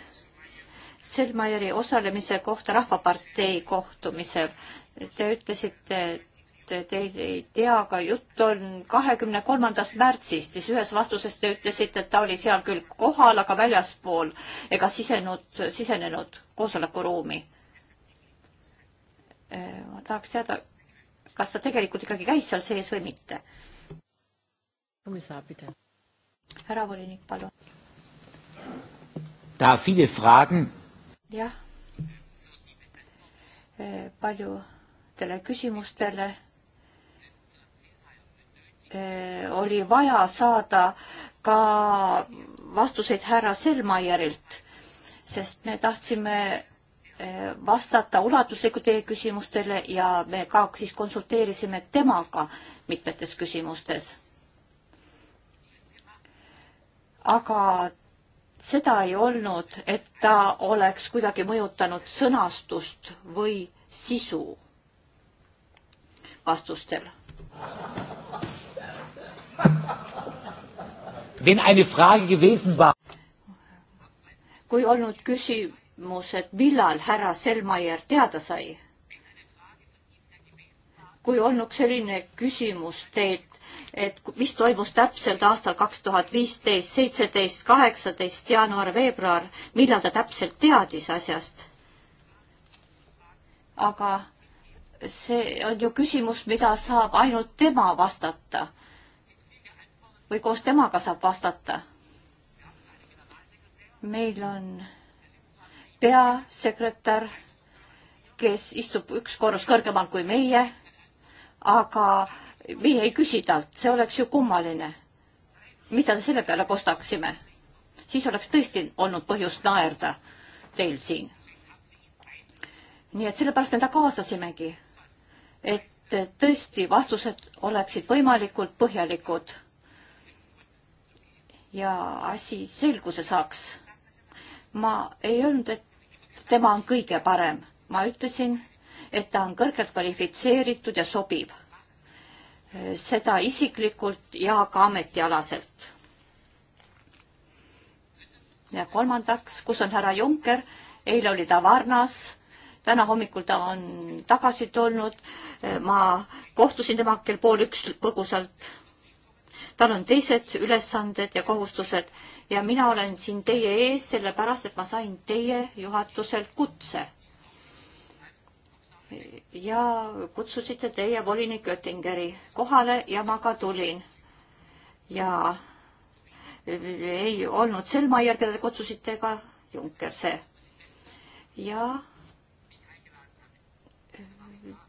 Selmajeri osalemise kohta Rahvapartei kohtumisel. Te ütlesite, et et teil ei tea, aga jutt on kahekümne kolmandast märtsist, siis ühes vastuses te ütlesite, et ta oli seal küll kohal, aga väljaspool ega sisenud, sisenenud koosolekuruumi. Äh, ma tahaks teada, kas ta tegelikult ikkagi käis seal sees või mitte. härra volinik, palun. jah äh, paljudele küsimustele Äh, oli vaja saada ka vastuseid härra Selmajärilt, sest me tahtsime äh, vastata ulatuslikult teie küsimustele ja me ka siis konsulteerisime temaga mitmetes küsimustes. aga seda ei olnud, et ta oleks kuidagi mõjutanud sõnastust või sisu vastustel. kui olnud küsimus, et millal härra Selmaier teada sai? kui olnud selline küsimus teilt, et mis toimus täpselt aastal kaks tuhat viisteist, seitseteist, kaheksateist jaanuar, veebruar, millal ta täpselt teadis asjast? aga see on ju küsimus, mida saab ainult tema vastata või koos temaga saab vastata. meil on peasekretär, kes istub üks korrus kõrgemal kui meie, aga meie ei küsi talt, see oleks ju kummaline. mida te selle peale kostaksime? siis oleks tõesti olnud põhjust naerda teil siin. nii et sellepärast me ta kaasasimegi, et tõesti vastused oleksid võimalikult põhjalikud ja asi selguse saaks. ma ei öelnud, et tema on kõige parem, ma ütlesin, et ta on kõrgelt kvalifitseeritud ja sobib. seda isiklikult ja ka ametialaselt. ja kolmandaks, kus on härra Junker, eile oli ta Varnas täna hommikul ta on tagasi tulnud. ma kohtusin temaga kell pool üks põgusalt tal on teised ülesanded ja kohustused ja mina olen siin teie ees sellepärast, et ma sain teie juhatuselt kutse. ja kutsusite teie volinik Oettingeri kohale ja ma ka tulin. ja ei olnud Selmaier, keda te kutsusite, ega Junker see. ja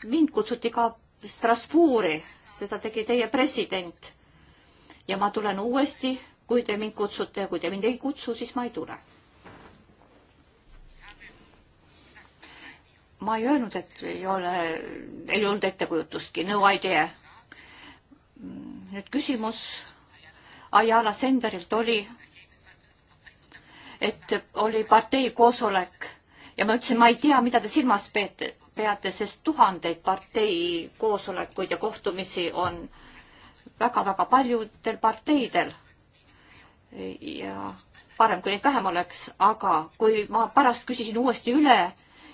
mind kutsuti ka Strasbourgi, seda tegi teie president ja ma tulen uuesti, kui te mind kutsute ja kui te mind ei kutsu, siis ma ei tule. ma ei öelnud, et ei ole, ei olnud ettekujutustki, no idea. nüüd küsimus Ajala Senderilt oli, et oli partei koosolek ja ma ütlesin, ma ei tea, mida te silmas peate, peate, sest tuhandeid partei koosolekuid ja kohtumisi on väga-väga paljudel parteidel. ja parem, kui neid vähem oleks, aga kui ma pärast küsisin uuesti üle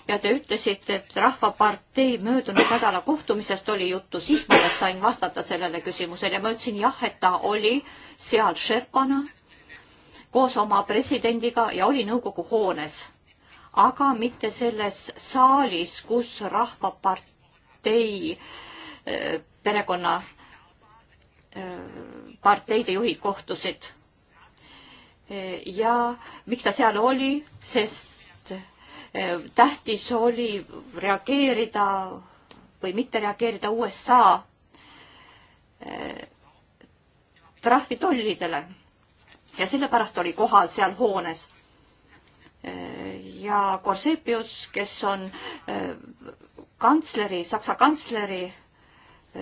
ja te ütlesite, et Rahvapartei möödunud nädala kohtumisest oli juttu, siis ma alles sain vastata sellele küsimusele ja ma ütlesin jah, et ta oli seal Sherpana koos oma presidendiga ja oli nõukogu hoones, aga mitte selles saalis, kus Rahvapartei eh, perekonna parteide juhid kohtusid. ja miks ta seal oli, sest e, tähtis oli reageerida või mitte reageerida USA e, trahvitollidele ja sellepärast oli kohal seal hoones. E, ja Korsepius, kes on kantsleri, Saksa kantsleri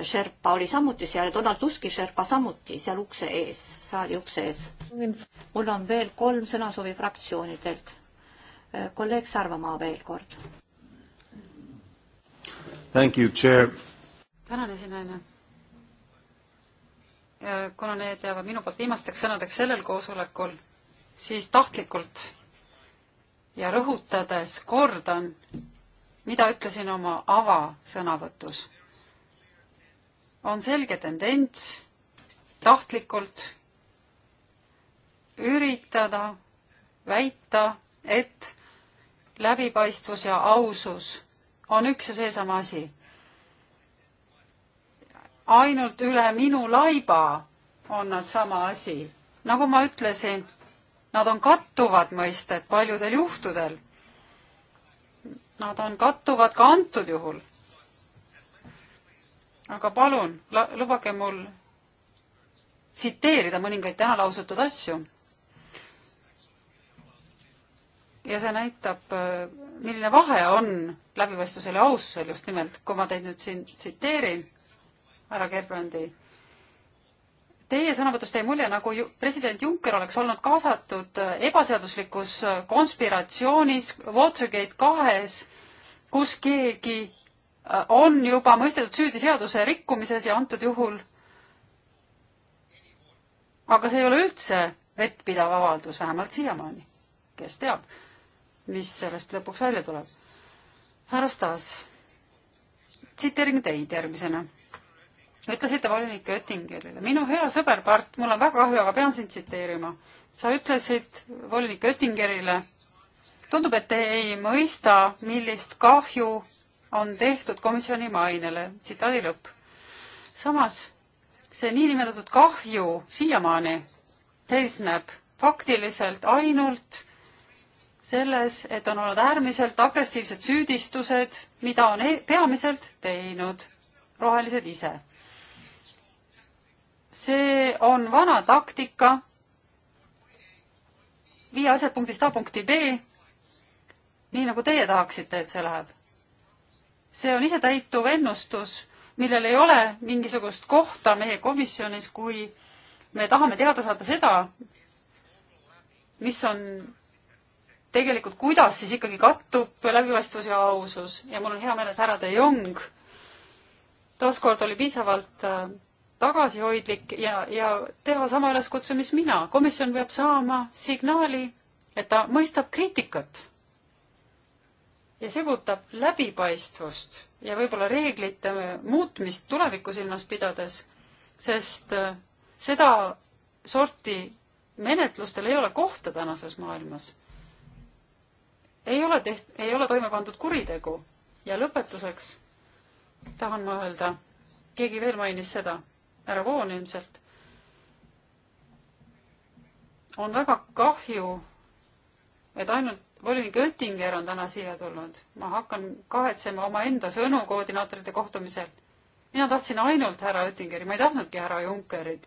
Sherpa oli samuti seal, Donald Tuski Sherpa samuti seal ukse ees, saali ukse ees. mul on veel kolm sõnasoovi fraktsioonidelt. kolleeg Sarvamaa veel kord. tänan, esinaine. kuna need jäävad minu poolt viimasteks sõnadeks sellel koosolekul, siis tahtlikult ja rõhutades kordan, mida ütlesin oma avasõnavõtus on selge tendents tahtlikult üritada väita, et läbipaistvus ja ausus on üks ja seesama asi. ainult üle minu laiba on nad sama asi. nagu ma ütlesin, nad on kattuvad mõisted paljudel juhtudel. Nad on kattuvad ka antud juhul aga palun, lubage mul tsiteerida mõningaid täna lausutud asju. ja see näitab, äh, milline vahe on läbipaistvusel ja aususel just nimelt, kui ma teid nüüd siin tsiteerin, härra Gerbrandi. Teie sõnavõtust jäi mulje, nagu president Juncker oleks olnud kaasatud äh, ebaseaduslikus äh, konspiratsioonis Watergate kahes, kus keegi on juba mõistetud süüdi seaduse rikkumises ja antud juhul aga see ei ole üldse vettpidav avaldus, vähemalt siiamaani. kes teab, mis sellest lõpuks välja tuleb. härra Stas, tsiteerin teid järgmisena. ütlesite volinik Oettingerile, minu hea sõber Part, mul on väga kahju, aga pean sind tsiteerima. sa ütlesid volinik Oettingerile, tundub, et te ei mõista, millist kahju on tehtud komisjoni mainele. tsitaadi lõpp. samas see niinimetatud kahju siiamaani seisneb faktiliselt ainult selles, et on olnud äärmiselt agressiivsed süüdistused, mida on e-, peamiselt teinud rohelised ise. see on vana taktika viia asjad punktist A punkti B, nii nagu teie tahaksite, et see läheb see on isetäituv ennustus, millel ei ole mingisugust kohta meie komisjonis, kui me tahame teada saada seda, mis on tegelikult, kuidas siis ikkagi kattub läbipaistvus ja ausus ja mul on hea meel, et härra De Jong taaskord oli piisavalt äh, tagasihoidlik ja, ja teha sama üleskutse, mis mina. komisjon peab saama signaali, et ta mõistab kriitikat ja see puudutab läbipaistvust ja võib-olla reeglite muutmist tulevikku silmas pidades, sest äh, seda sorti menetlustel ei ole kohta tänases maailmas. ei ole teht-, ei ole toime pandud kuritegu ja lõpetuseks tahan ma öelda, keegi veel mainis seda, härra Voon ilmselt, on väga kahju, et ainult volinik Oettinger on täna siia tulnud. ma hakkan kahetsema omaenda sõnu koordinaatorite kohtumisel. mina tahtsin ainult härra Oettingeri, ma ei tahtnudki härra Junckerit.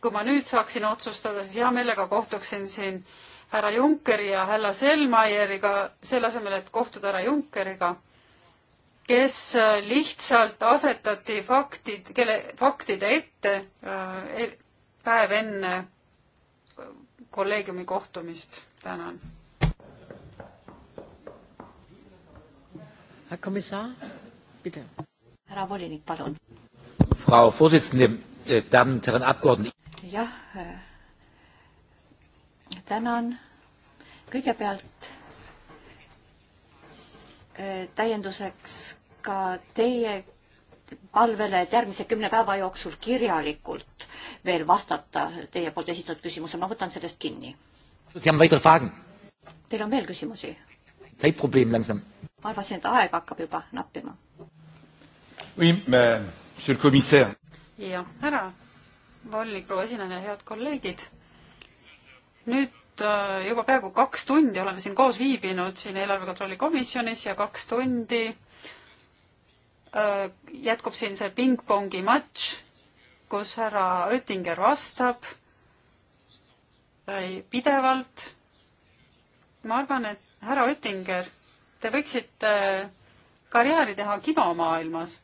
kui ma nüüd saaksin otsustada, siis hea meelega kohtuksin siin härra Junckeri ja härra Selmayeriga, selle asemel, et kohtuda härra Junckeriga, kes äh, lihtsalt asetati faktid, kelle, faktide ette äh, e-, päev enne äh, kolleegiumi kohtumist. tänan härra komissar, pide. härra volinik, palun. Frau Vorsitzende, äh, daamid ja härrad abgeordnid. jah, tänan. kõigepealt äh, täienduseks ka teie palvele, et järgmise kümne päeva jooksul kirjalikult veel vastata teie poolt esitatud küsimuse, ma võtan sellest kinni. Teil on veel küsimusi? ma arvasin, et aeg hakkab juba nappima. jah, härra volinik, proua esineja, head kolleegid. nüüd äh, juba peaaegu kaks tundi oleme siin koos viibinud siin eelarve kontrolli komisjonis ja kaks tundi äh, jätkub siin see pingpongi matš, kus härra Oettinger vastab äh, pidevalt. ma arvan, et härra Oettinger te võiksite karjääri teha kinomaailmas.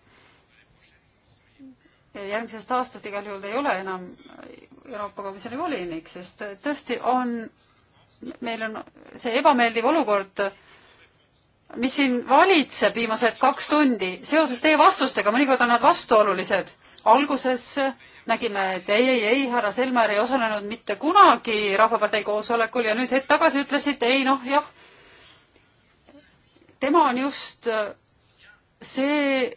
järgmisest aastast igal juhul te ei ole enam Euroopa Komisjoni volinik, sest tõesti on, meil on see ebameeldiv olukord, mis siin valitseb viimased kaks tundi seoses teie vastustega, mõnikord on nad vastuolulised. alguses nägime, et ei, ei, ei, härra Selmer ei osalenud mitte kunagi Rahvapartei koosolekul ja nüüd hetk tagasi ütlesite ei noh, jah tema on just äh, see,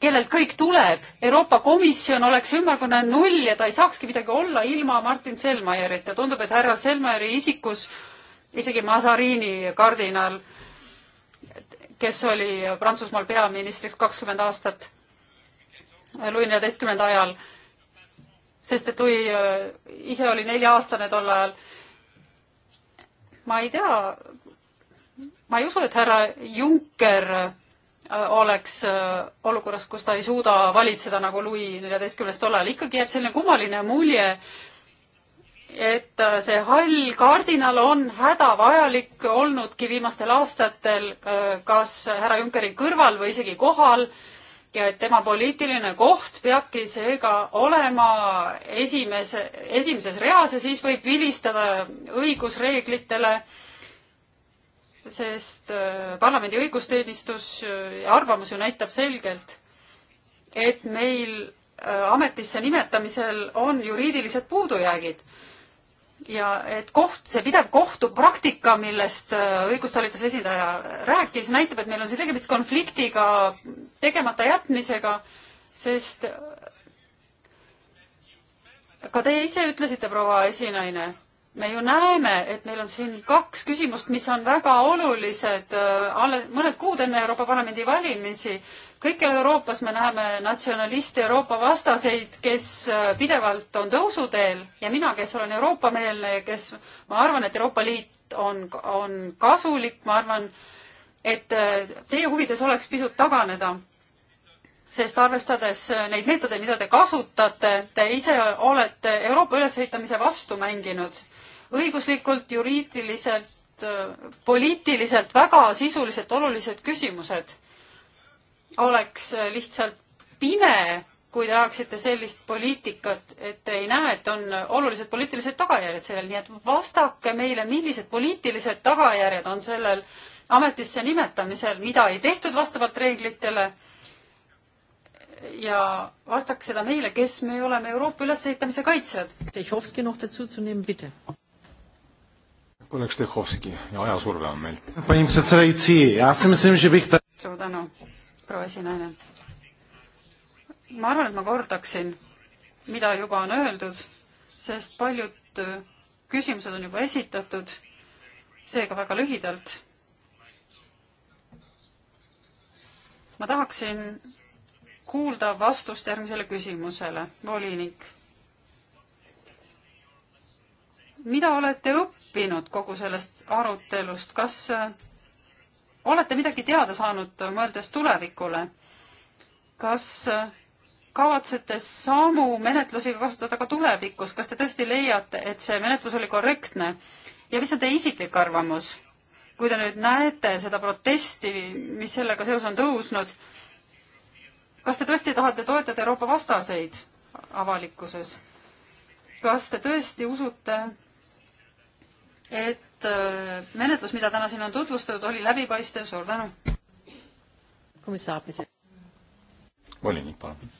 kellelt kõik tuleb. Euroopa Komisjon oleks ümmargune null ja ta ei saakski midagi olla ilma Martin Selmaierita. tundub, et härra Selmaieri isikus isegi Mazarini kardinal, kes oli Prantsusmaal peaministriks kakskümmend aastat Louis neljateistkümnenda ajal, sest et Louis äh, ise oli nelja-aastane tol ajal. ma ei tea, ma ei usu, et härra Juncker äh, oleks äh, olukorras, kus ta ei suuda valitseda nagu Louis neljateistkümnes tollal, ikkagi jääb selline kummaline mulje, et äh, see hall kardinal on hädavajalik olnudki viimastel aastatel kas härra Junckeri kõrval või isegi kohal ja et tema poliitiline koht peabki seega olema esimese, esimeses reas ja siis võib vilistada õigusreeglitele äh, sest äh, parlamendi õigusteenistus äh, ja arvamus ju näitab selgelt, et meil äh, ametisse nimetamisel on juriidilised puudujäägid. ja et koht, see pidev kohtupraktika, millest õigustalituse esindaja rääkis, näitab, et meil on siin tegemist konfliktiga, tegemata jätmisega, sest ka teie ise ütlesite, proua esinaine me ju näeme, et meil on siin kaks küsimust, mis on väga olulised äh, alles mõned kuud enne Euroopa Parlamendi valimisi. kõikjal Euroopas me näeme natsionaliste, Euroopa vastaseid, kes äh, pidevalt on tõusuteel ja mina, kes olen Euroopa-meelne ja kes, ma arvan, et Euroopa Liit on, on kasulik, ma arvan, et äh, teie huvides oleks pisut taganeda sest arvestades neid meetodeid, mida te kasutate, te ise olete Euroopa ülesehitamise vastu mänginud õiguslikult, juriidiliselt, poliitiliselt väga sisuliselt olulised küsimused oleks lihtsalt pime, kui te ajaksite sellist poliitikat, et ei näe, et on olulised poliitilised tagajärjed sellel, nii et vastake meile, millised poliitilised tagajärjed on sellel ametisse nimetamisel, mida ei tehtud vastavalt reeglitele. ja vastake seda meile, kes me oleme Euroopa ülesehitamise kaitsjad kolleeg Stehhovski ja ajasurve on meil. suur tänu, proua esinaine. ma arvan, et ma kordaksin, mida juba on öeldud, sest paljud äh, küsimused on juba esitatud, seega väga lühidalt. ma tahaksin kuulda vastust järgmisele küsimusele, volinik mida olete õppinud kogu sellest arutelust, kas äh, olete midagi teada saanud, äh, mõeldes tulevikule? kas äh, kavatsete samu menetlusi kasutada ka tulevikus, kas te tõesti leiate, et see menetlus oli korrektne ja mis on teie isiklik arvamus? kui te nüüd näete seda protesti, mis sellega seoses on tõusnud, kas te tõesti tahate toetada Euroopa vastaseid avalikkuses? kas te tõesti usute, et äh, menetlus, mida täna siin on tutvustatud, oli läbipaistev, suur tänu. volinik, palun.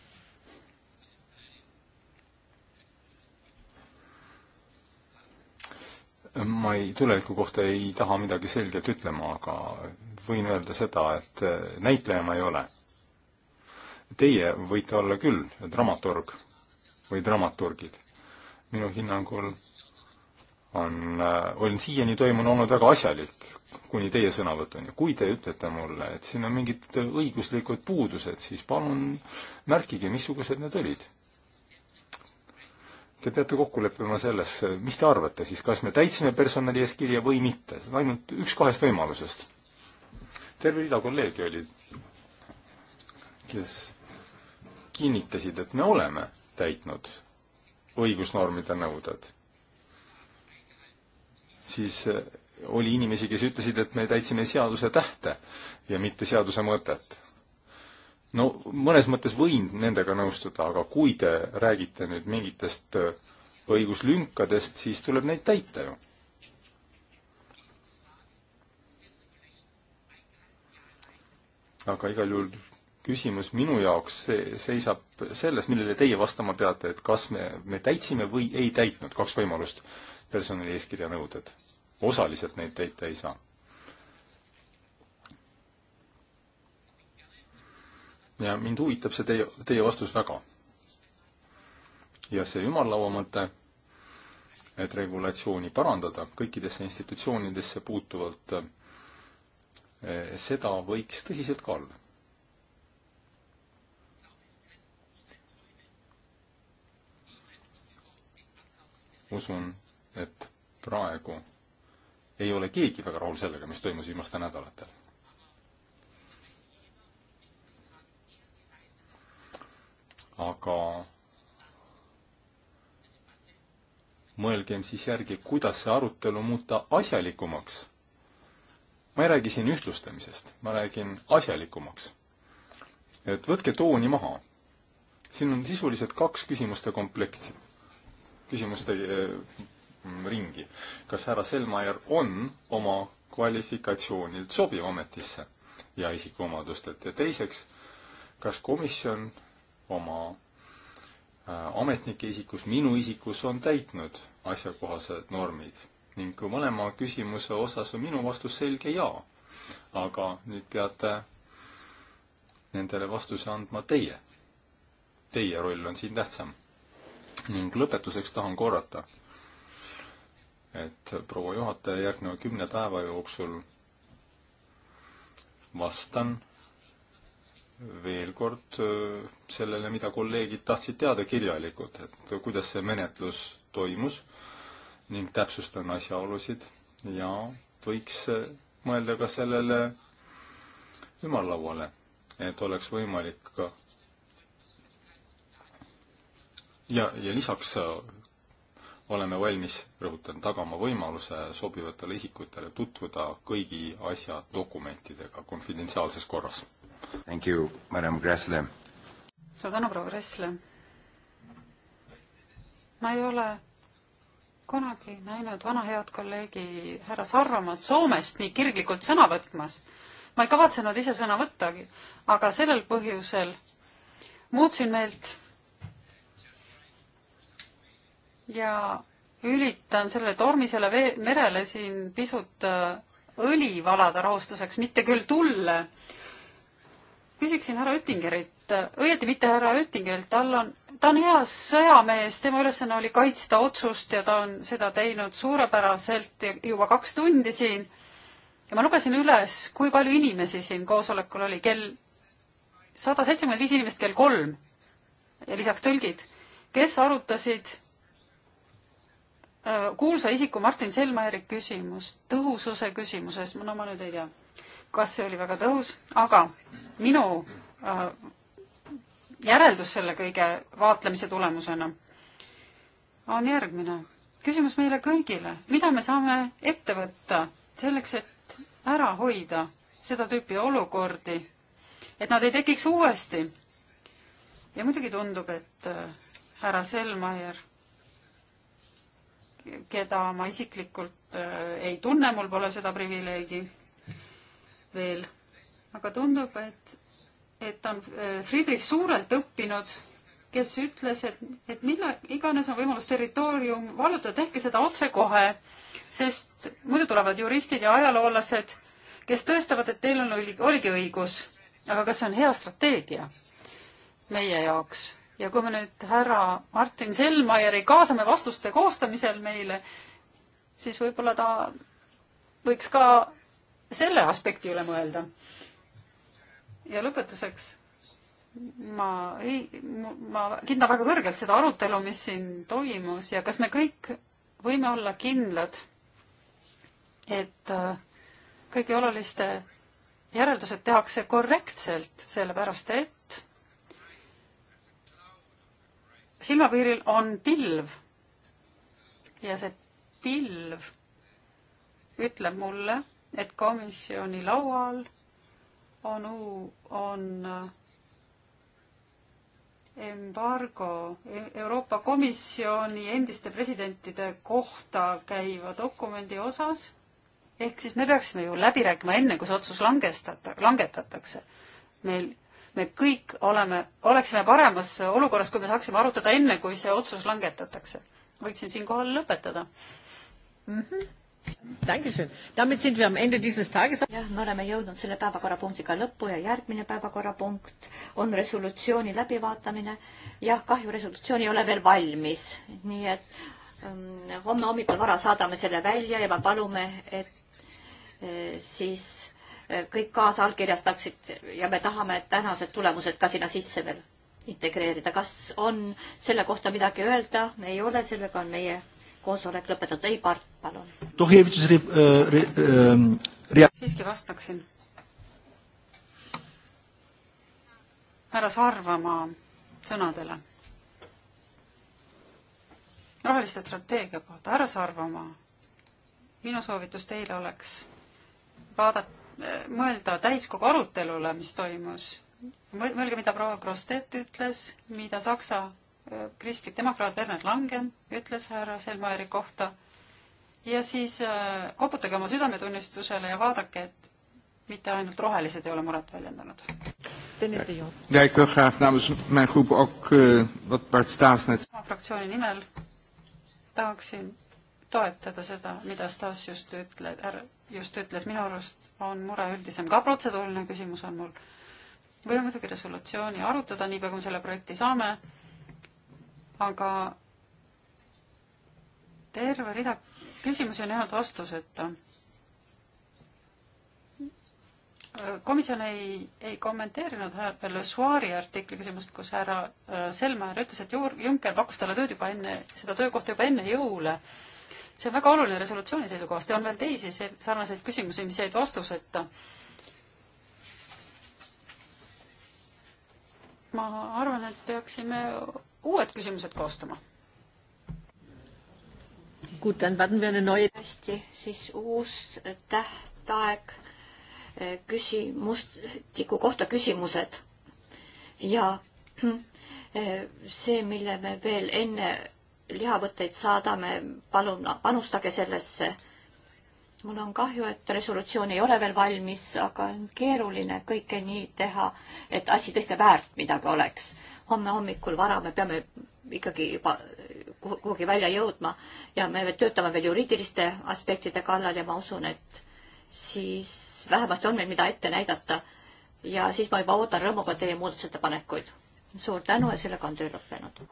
ma ei, tuleviku kohta ei taha midagi selgelt ütlema, aga võin öelda seda, et äh, näitleja ma ei ole. Teie võite olla küll dramaturg või dramaturgid. minu hinnangul on, äh, on siiani toimunu olnud väga asjalik, kuni teie sõnavõtuni. kui te ütlete mulle, et siin on mingid õiguslikud puudused, siis palun märkige, missugused need olid. Te peate kokku leppima selles, mis te arvate siis, kas me täitsime personali ees kirja või mitte, ainult üks kahest võimalusest. terve rida kolleege olid, kes kinnitasid, et me oleme täitnud õigusnormide nõuded siis äh, oli inimesi, kes ütlesid, et me täitsime seaduse tähte ja mitte seaduse mõtet. no mõnes mõttes võin nendega nõustuda, aga kui te räägite nüüd mingitest äh, õiguslünkadest, siis tuleb neid täita ju. aga igal juhul küsimus minu jaoks see seisab selles, millele teie vastama peate, et kas me, me täitsime või ei täitnud, kaks võimalust personalieeskirja nõuded. osaliselt neid täita ei saa. ja mind huvitab see teie, teie vastus väga. ja see ümarlaua mõte, et regulatsiooni parandada kõikidesse institutsioonidesse puutuvalt, eh, seda võiks tõsiselt kaaluda. usun, et praegu ei ole keegi väga rahul sellega, mis toimus viimastel nädalatel. aga mõelgem siis järgi, kuidas see arutelu muuta asjalikumaks. ma ei räägi siin ühtlustamisest, ma räägin asjalikumaks. et võtke tooni maha. siin on sisuliselt kaks küsimuste komplekti, küsimuste eh, Mm, ringi. kas härra Selmaier on oma kvalifikatsioonilt sobiv ametisse ja isikuomadustelt ja teiseks, kas komisjon oma äh, ametnike isikus, minu isikus on täitnud asjakohased normid ning mõlema küsimuse osas on minu vastus selge jaa. aga nüüd peate nendele vastuse andma teie. Teie roll on siin tähtsam. ning lõpetuseks tahan korrata, et proua juhataja, järgneva kümne päeva jooksul vastan veel kord äh, sellele, mida kolleegid tahtsid teada kirjalikult, et kuidas see menetlus toimus ning täpsustan asjaolusid ja võiks mõelda ka sellele ümarlauale, et oleks võimalik ka ja, ja lisaks oleme valmis, rõhutan, tagama võimaluse sobivatele isikutele tutvuda kõigi asja dokumentidega konfidentsiaalses korras. Thank you, madam Gressle. suur tänu, proua Gressle. ma ei ole kunagi näinud vana head kolleegi härra Sarvamaad Soomest nii kirglikult sõna võtmast. ma ei kavatsenud ise sõna võttagi, aga sellel põhjusel muutsin meelt ja üritan sellele tormisele vee-, merele siin pisut äh, õli valada rahustuseks, mitte küll tulle. küsiksin härra Oettingerilt, äh, õieti mitte härra Oettingerilt, tal on, ta on hea sõjamees, tema ülesanne oli kaitsta otsust ja ta on seda teinud suurepäraselt juba kaks tundi siin. ja ma lugesin üles, kui palju inimesi siin koosolekul oli, kell sada seitsekümmend viis inimest kell kolm ja lisaks tõlgid, kes arutasid Äh, kuulsa isiku Martin Selmeri küsimus tõhususe küsimuses, no ma nüüd ei tea, kas see oli väga tõhus, aga minu äh, järeldus selle kõige vaatlemise tulemusena on järgmine. küsimus meile kõigile, mida me saame ette võtta selleks, et ära hoida seda tüüpi olukordi, et nad ei tekiks uuesti. ja muidugi tundub, et äh, härra Selmaier keda ma isiklikult äh, ei tunne, mul pole seda privileegi veel. aga tundub, et, et ta on äh, Friedrich Suurelt õppinud, kes ütles, et, et millal iganes on võimalus territoorium vallutada, tehke seda otsekohe, sest muidu tulevad juristid ja ajaloolased, kes tõestavad, et teil on, oligi õigus. aga kas see on hea strateegia meie jaoks? ja kui me nüüd härra Martin Selmajärvi kaasame vastuste koostamisel meile, siis võib-olla ta võiks ka selle aspekti üle mõelda. ja lõpetuseks ma ei, ma hindan väga kõrgelt seda arutelu, mis siin toimus ja kas me kõik võime olla kindlad, et äh, kõige oluliste järeldused tehakse korrektselt, sellepärast et silmapiiril on pilv. ja see pilv ütleb mulle, et komisjoni laual on, on äh, embargo e, Euroopa Komisjoni endiste presidentide kohta käiva dokumendi osas. ehk siis me peaksime ju läbi rääkima enne, kui see otsus langestata, langetatakse. meil me kõik oleme, oleksime paremas olukorras, kui me saaksime arutada enne, kui see otsus langetatakse. võiksin siinkohal lõpetada mm. -hmm. Dankeschön. Damit sind wir am Ende dieses Tages. jah, me oleme jõudnud selle päevakorrapunktiga lõppu ja järgmine päevakorrapunkt on resolutsiooni läbivaatamine. jah, kahju resolutsioon ei ole veel valmis, nii et um, homme hommikul vara saadame selle välja ja me palume, et eh, siis kõik kaasa allkirjastaksid ja me tahame tänased tulemused ka sinna sisse veel integreerida. kas on selle kohta midagi öelda? ei ole, sellega on meie koosolek lõpetatud. ei, Part, palun. Eh, ehm, siiski vastaksin. härra Sarvamaa sõnadele. roheliste strateegia kohta, härra Sarvamaa, minu soovitus teile oleks vaadata mõelda täiskogu arutelule, mis toimus. mõelge, mida proua Grosstedt ütles, mida Saksa äh, kristlik demokraat Werner Langen ütles härra Selmeri kohta. ja siis äh, koputage oma südametunnistusele ja vaadake, et mitte ainult rohelised ei ole muret väljendanud. Tõnis Liiu. Eh, oma fraktsiooni nimel tahaksin toetada seda, mida Stas just ütle-, just ütles, minu arust on mure üldisem, ka protseduuriline küsimus on mul. võime muidugi resolutsiooni arutada, niipea kui me selle projekti saame, aga terve rida küsimusi on jäänud vastuseta. komisjon ei, ei kommenteerinud härra Le Soiri artikli küsimust, kus härra äh, Selmer ütles, et Juur-, Juncker pakkus talle tööd juba enne, seda töökohta juba enne jõule see on väga oluline resolutsiooni seisukohast ja on veel teisi sarnaseid küsimusi, mis jäid vastuseta. ma arvan, et peaksime uued küsimused koostama. hästi, siis uus tähtaeg eh, küsimustiku kohta küsimused ja eh, see, mille me veel enne lihavõtteid saadame, palun panustage sellesse. mul on kahju, et resolutsioon ei ole veel valmis, aga on keeruline kõike nii teha, et asi tõesti väärt midagi oleks. homme hommikul vara me peame ikkagi juba kuhugi välja jõudma ja me veel töötame veel juriidiliste aspektide kallal ja ma usun, et siis vähemasti on meil, mida ette näidata. ja siis ma juba ootan rõõmuga teie muudatusettepanekuid. suur tänu ja sellega on töö lõppenud.